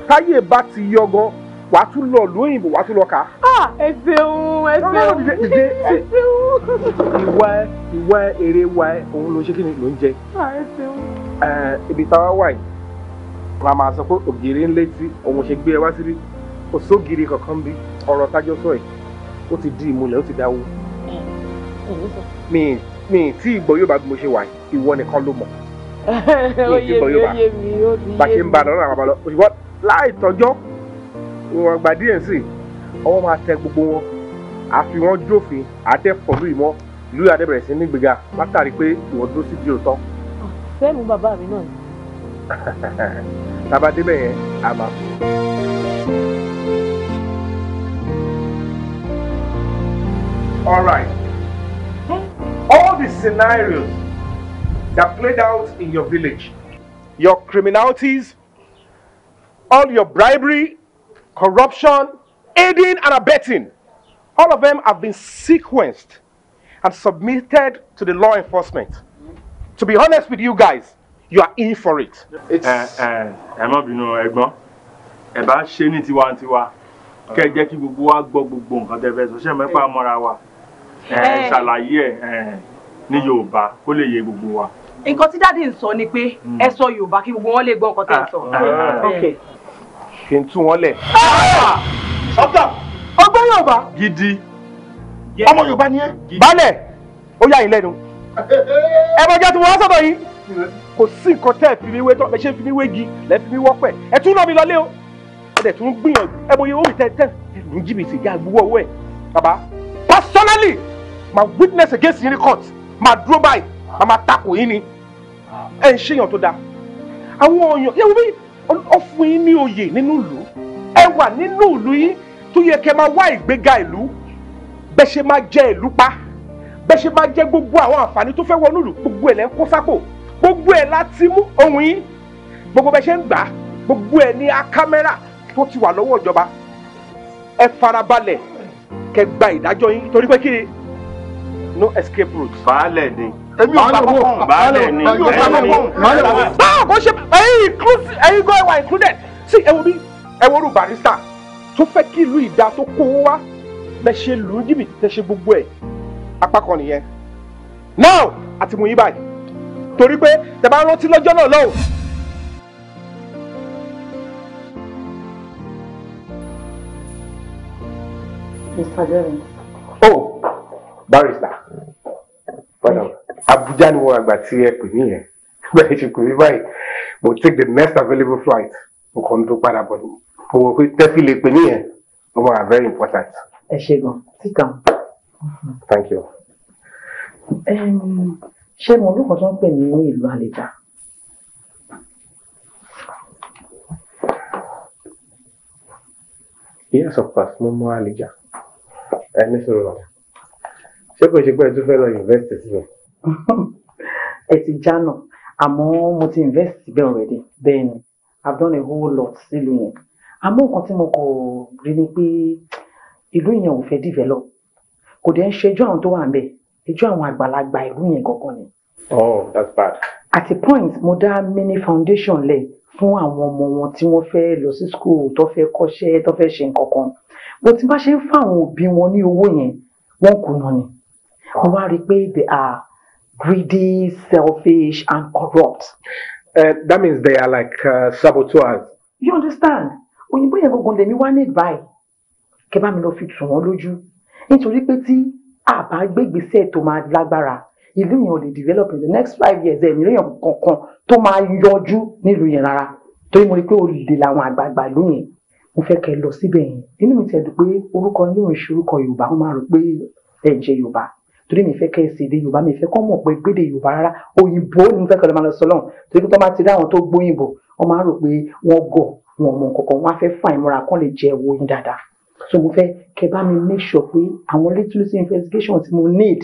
táyé bá ti yọ gan wà á tún lọ lóyìnbó wà á tún lọ kà. Ah, ẹ ṣeun ẹ ṣeun ẹ ṣeun. ìwà ìwà èrè wa òun ló ń ṣe kí ni ló ń jẹ. Ah, ẹ ṣeun. ibi táwa wà yìí la máa sọ pé ògiri ń létí òun ṣe gbé ẹ wá síbí kò sógiri kankan bí ọ̀rọ̀ tájọ́ sọ yìí ó ti di ìmúlẹ̀ ó ti dáwó. mi mi tí ìgbọ́ yóò bá bí ṣe wà ìwọ nìkan ló mọ̀. mi ti gbọ́ yóò bá bá ṣe ń ba lọ́nà àwọn àbálọ́ láì tọ́jọ́ ìwọ̀n àgbà díẹ̀ sí ọwọ́ máa tẹ gbogbo wọn àfi wọn jófin àtẹ̀fọ́ lóyún mọ́ lóyún adébẹ̀rẹ̀ sí nígbèga látàrí pé ìwọ̀n dúró sí di òótọ́. fẹ́ẹ̀mù bàbá mi náà ni. tába débẹ̀ yẹn a máa fún All right. All the scenarios that played out in your village, your criminalities, all your bribery corruption, aiding and abetting. All of them have been sequenced and submitted to the law enforcement. To be honest with you guys, you are in for it. Eh, eh, ẹ má bínú ẹ̀gbọ́n, ẹ bá ṣe ní tiwantiwa, kẹ́ wa gbọ́ gbogbo nǹkan tẹ́ fẹ́ sọ, ṣé mẹ́fà mọ́ra wa? Eh, ẹ ṣàlàyé ẹ̀ ní Yorùbá kó lè yé gbogbo wa. Nǹkan tí dáàdi ń sọ ni pé hmm. ẹ sọ Yorùbá kí gbogbo wọn lè gbọ́ nǹkan tẹ́ ń sọ. Ah, ah, ah ṣe ń tú wọn lẹ̀. ọgbẹ́ yorùbá. gidi. ọmọ yorùbá ni ẹ. balẹ̀ ó yà yín lẹ́nu. ẹ bọ́jà tí wọ́n sọ̀tọ̀ yìí kò sí nǹkan tẹ́ ẹ fi mi wé tán ẹ ṣe fi mi wé gi lẹ́ fi mi wọ́pẹ̀ ẹ tún lọ́ mi lọ́lé o ẹ dẹ̀ tún gbìyànjú ẹ bọ iye owó mi tẹ́ tẹ́ ní jìbìtì ìyá àgbúwọ̀ owó ẹ̀ bàbá personally my witness against yín ní court máa dúró báyìí máa máa takò yín ni ah. ẹ ń ṣèyàn tó dáa àwọn ọ̀yàn yẹ́wò bíi ó fún yín ní oyè nínú ìlú ẹ wà nínú ìlú yín tó yẹ kẹ́ máa wá ìgbéga ìlú bẹ́ ṣe máa jẹ ìlú pa bẹ́ ṣe máa jẹ gbogbo àwọn àǹfààní tó fẹ́ wọnú ìlú gbogbo ẹ̀ lẹ́ ń kó sápò gbogbo ẹ̀ láti mú ohun yín gbogbo bẹ́ ṣe ń gbà gbogbo ẹ̀ ní akámẹ́rà tó ti wà lọ́wọ́ ìjọba ẹ farabalẹ̀ kẹ́ gba ìdájọ́ yín torí pé kí ni no escape route. baálẹ̀ ni. èmi ò bá kọ́kọ́ baálẹ̀ ni èmi ò bá kọ́kọ́. báwo kò ṣe ẹyin inclusive ẹyin gan ẹwà included sí ẹwọ bí ẹwọ rú barista tó fẹ́ kí ìlú ìdá tó kó wá bẹ́ ṣe lù ú jìbìtì tẹ́ ṣe gbogbo ẹ̀ apá kan nìyẹn. now àti mo yí báyìí torí pé tẹ́ bá rántí lọ́jọ́ náà lọ́hùn. Mr. Jones. Oh, barista padà um, Abuja ni wọn àgbà tí ẹ pè mí yẹn bẹ́ẹ̀ ṣe pè mí báyìí mo take the next available flight mo kàn tó padà bọ̀ ni mo wọ pé tẹ́fì lè pè mí yẹn ó wà very important. ẹ ṣe gan títàn. thank you. ṣé mo lóko tó ń pè ní ìlú àlejà. yes of course mo mọ àlejà ẹni sọ̀rọ̀ náà ṣé kò ṣe pé ẹ tún fẹ́ lọ invest síbẹ̀. ẹ ti já náà mo ti invest síbẹ̀ already bẹ́ẹ̀ ni I've done a whole lot sílùú yẹn àmọ́ nǹkan tí mo kọ̀ rí ni pé ìlú yẹn ò fẹ́ develop kò dẹ̀ ń ṣẹjọ́ àwọn tó wà ń ẹjọ́ àwọn àgbàlagbà ìlú yẹn gangan ni. oh that's bad. at a point mo dá mini foundation lẹ̀ fún àwọn ọmọ wọn tí wọ́n fẹ́ lọ sí school tó fẹ́ kọ́ṣẹ́ tó fẹ́ ṣe nǹkan kan bó ti bá ṣe ń fún àwọn òbí wọn ní owó yẹn wọ́n kùnà ni mo wá rí i pé they are greedy selfish and corrupt. Uh, that means they are like uh, saboteurs. you understand òyìnbó yẹn gbogbo lèmi wá ní ìbáyìí kẹ bá mi lọ fi tù wọn lójú nítorí pé tí àbá gbégbèsè tó máa lágbára ìlú yẹn ò lè develop in the next five years ẹ̀ níròyìn kankan tó máa yọjú nílùú yẹn rárá torí mo rí i pé olè làwọn àgbààgbà ìlú yẹn mo fẹ́ kẹ́ lọ síbẹ̀ yẹn inú mi ti ẹ̀ dùn pé orúkọ yóò ń ṣe orúkọ yorùbá wọ́n máa rò pé ẹ̀ jẹ́ yorùbá torí mi fẹ́ kẹ́ ẹ ṣèdè yorùbá mi fẹ́ kọ́ mọ̀ pé gbédè yorùbá rárá òyìnbó ni mo fẹ́ kọ́ lọ́ máa lọ sọ lọ́hùn torí pé tó bá ti rí àwọn tó gbóyìnbó wọ́n máa ń rò pé wọ́n gọ̀ wọn mọ nǹkan kan wọ́n á fẹ́ fà ìmúra kán lè jẹ ẹ̀wọ̀ yín dáadáa so mo fẹ́ kẹ́ bá mi make sure pé àwọn literacy investigation tí mo need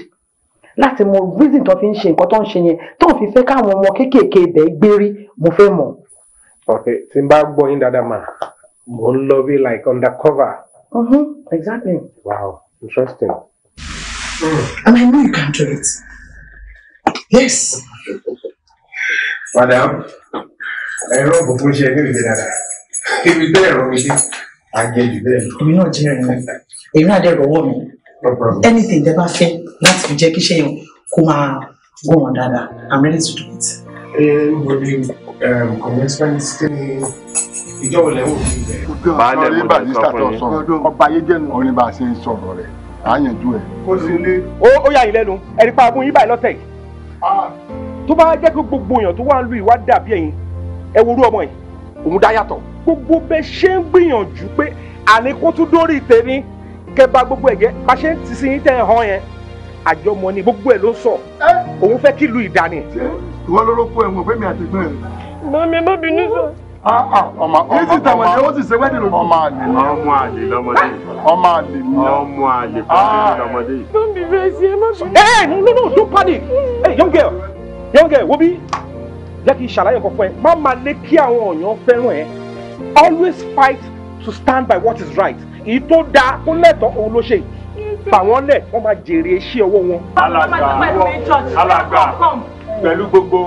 láti mọ reason tó fi ń ṣe nǹkan tó ń ṣe yẹn tó ń fi fẹ́ káwọn ọmọ kéékèèké ibẹ̀ gbérí mo fẹ́ mọ̀. ok tí n bá gbọ́ yín dáadáa mà mo ń lọ bí like undercover. Mm-hmm, exactly. wow interesting. And I know you can do it. Yes. Madam, ẹ̀rọ òkùnkùn ṣe ẹgbẹ́ ìgbẹ́ dáadáa. Ibi tẹ́ ẹ̀rọ mi dé, àjẹjù bẹ́ẹ̀. Èmi náà jẹ́ ẹ̀rọ mi. Èmi náà dẹ̀ rọwọ́ mi. Anything tẹ́ bá fẹ́ láti fi jẹ́ kí iṣẹ́ yẹn kó máa gùn wọn dáadáa. I'm ready to do it. Um, gbọ́dọ̀ commencement kí ni ìjọ́wọ̀lẹ̀ wò ní ibẹ̀? Baálé mo lọ sọ fún yín. Ọba ayé jẹ́nu à ń yanjú ẹ̀. kò sí ilé. ó yà yín lẹ́nu ẹ̀rí pa abúyín báyìí lọ́tẹ̀ yìí. tó bá jẹ́ pé gbogbo èèyàn tó wà ń lu ìwà dàbí ẹ̀yin ẹ worú ọmọ yìí òun dá yàtọ̀. gbogbo bẹ́ẹ̀ ṣe ń gbìyànjú pé àní kó tún dórí tèmi kẹ bá gbogbo ẹ̀jẹ̀ bá ṣe ń ti sí yín tẹ̀ ẹ̀ hàn yẹn àjọmọ ni gbogbo ẹ̀ ló sọ òun fẹ́ kí lu ìdánì. ìwọ lóró kó ẹ̀wọ̀n fẹ́mi àtẹ̀gbọ́n rẹ̀ ní ti tàwọn ẹ̀yẹ́ ó sì ṣe wẹ́ẹ̀dì lòdì. ọmọ àlè ni ọmọ àlè lọmọdé. ọmọ àlè ni ọmọ àlè ah. lọmọdé. don't be crazy ẹ má bínú. ẹ no no no don't panic hey young girl young girl wo bí jẹ́ kí n ṣàlàyé kọ̀ọ̀kan ẹ̀ má máa lé kí àwọn ọ̀yàn fẹ́ràn ẹ̀ always fight to stand by what is right èyí tó dáa tó lẹ́tọ̀ọ́ òun ló ṣe fà wọ́n lẹ̀ wọ́n máa jèrè iṣẹ́ ọwọ́ wọn. alàgbà alàgbà pẹ̀lú gbogbo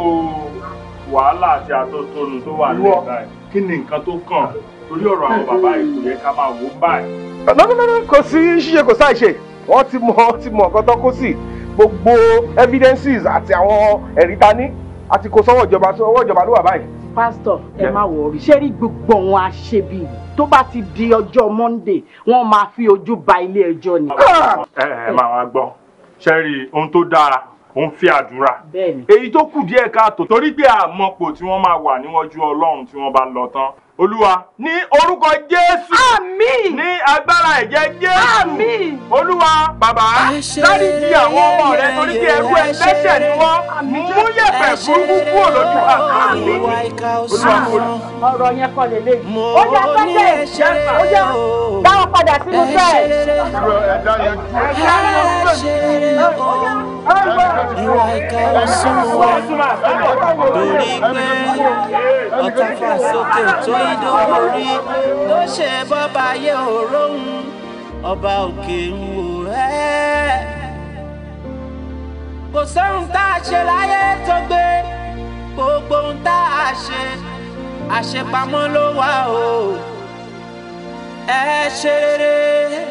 wàhálà àti àtótónu tó wà ní ìgbà yìí kí ni nǹkan tó kàn torí ọ̀rọ̀ àwọn bàbá yìí yẹ ká máa wò báyìí. lọ́dọ̀dọ̀dọ̀ kò sí ṣíṣe kò sáì ṣe wọ́n ti mọ ti mọ nǹkan tó kó sí gbogbo evidences àti àwọn ẹ̀rí ta ní àti kò sọ́wọ́ ìjọba sọ́wọ́ ìjọba ló wà báyìí. pásítọ̀ ẹ má wọrí ṣé rí gbogbo wọn àṣebí tó bá ti di ọjọ́ Monday wọ́n máa fi ojú ba ilé ẹjọ́ ni. Ah! ẹ ẹ máa wá gbọ́ ṣẹ́rí ohun tó dára ó ń fi àdúrà èyí tó kù díẹ̀ káàtó torí pé àmọ́pò tí wọ́n máa wà níwájú Ọlọ́run tí wọ́n bá lọ tán olúwa ní orúkọ jésù àmín ní agbára ẹ̀jẹ̀ jésù àmín olúwa bàbá dáríjì àwọn ọmọ rẹ torí pé ẹrú ẹlẹ́ṣẹ̀ ni wọ́n mú yẹ̀pẹ̀ burúkú kúrò lójú àmì olúwa kò lọ. ọ̀rọ̀ yẹn kọ́ lélẹ̀ ó yẹ pẹ́jẹ́ ìṣẹ́fà ó yẹ báwọn padà sínú bẹ́ẹ̀. ìwà ìka ọ̀sán wa torí pé ọ̀tá fà sókè tó dórí tó ṣe bọ́ba ayé òróhùn ọba òkè ń wò ẹ́. kò sóhun tá a ṣe láyé tó gbé gbogbo ohun tá a ṣe àṣepamọ́ ló wà o ẹ ṣe rere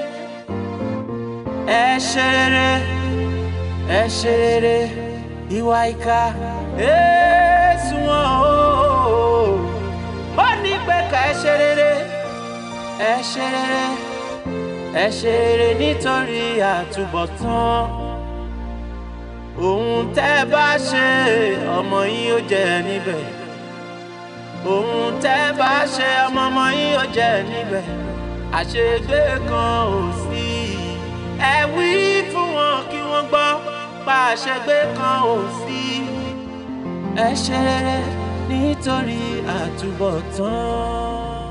ẹ ṣe rere ẹ ṣe rere ìwà ìkà ẹ sùn wọn o. ẹ ṣe rere ẹ ṣe rere nítorí àtúbọ̀tán ohun tẹ́ bá ṣe ọmọ yín ó jẹ níbẹ̀ ohun tẹ́ bá ṣe ọmọ ọmọ yín ó jẹ níbẹ̀ àṣegbé kan ò sí ẹ wí fún wọn kí wọ́n gbọ́ pa àṣegbé kan ò sí ẹ ṣe rere nítorí àtúbọ̀tán.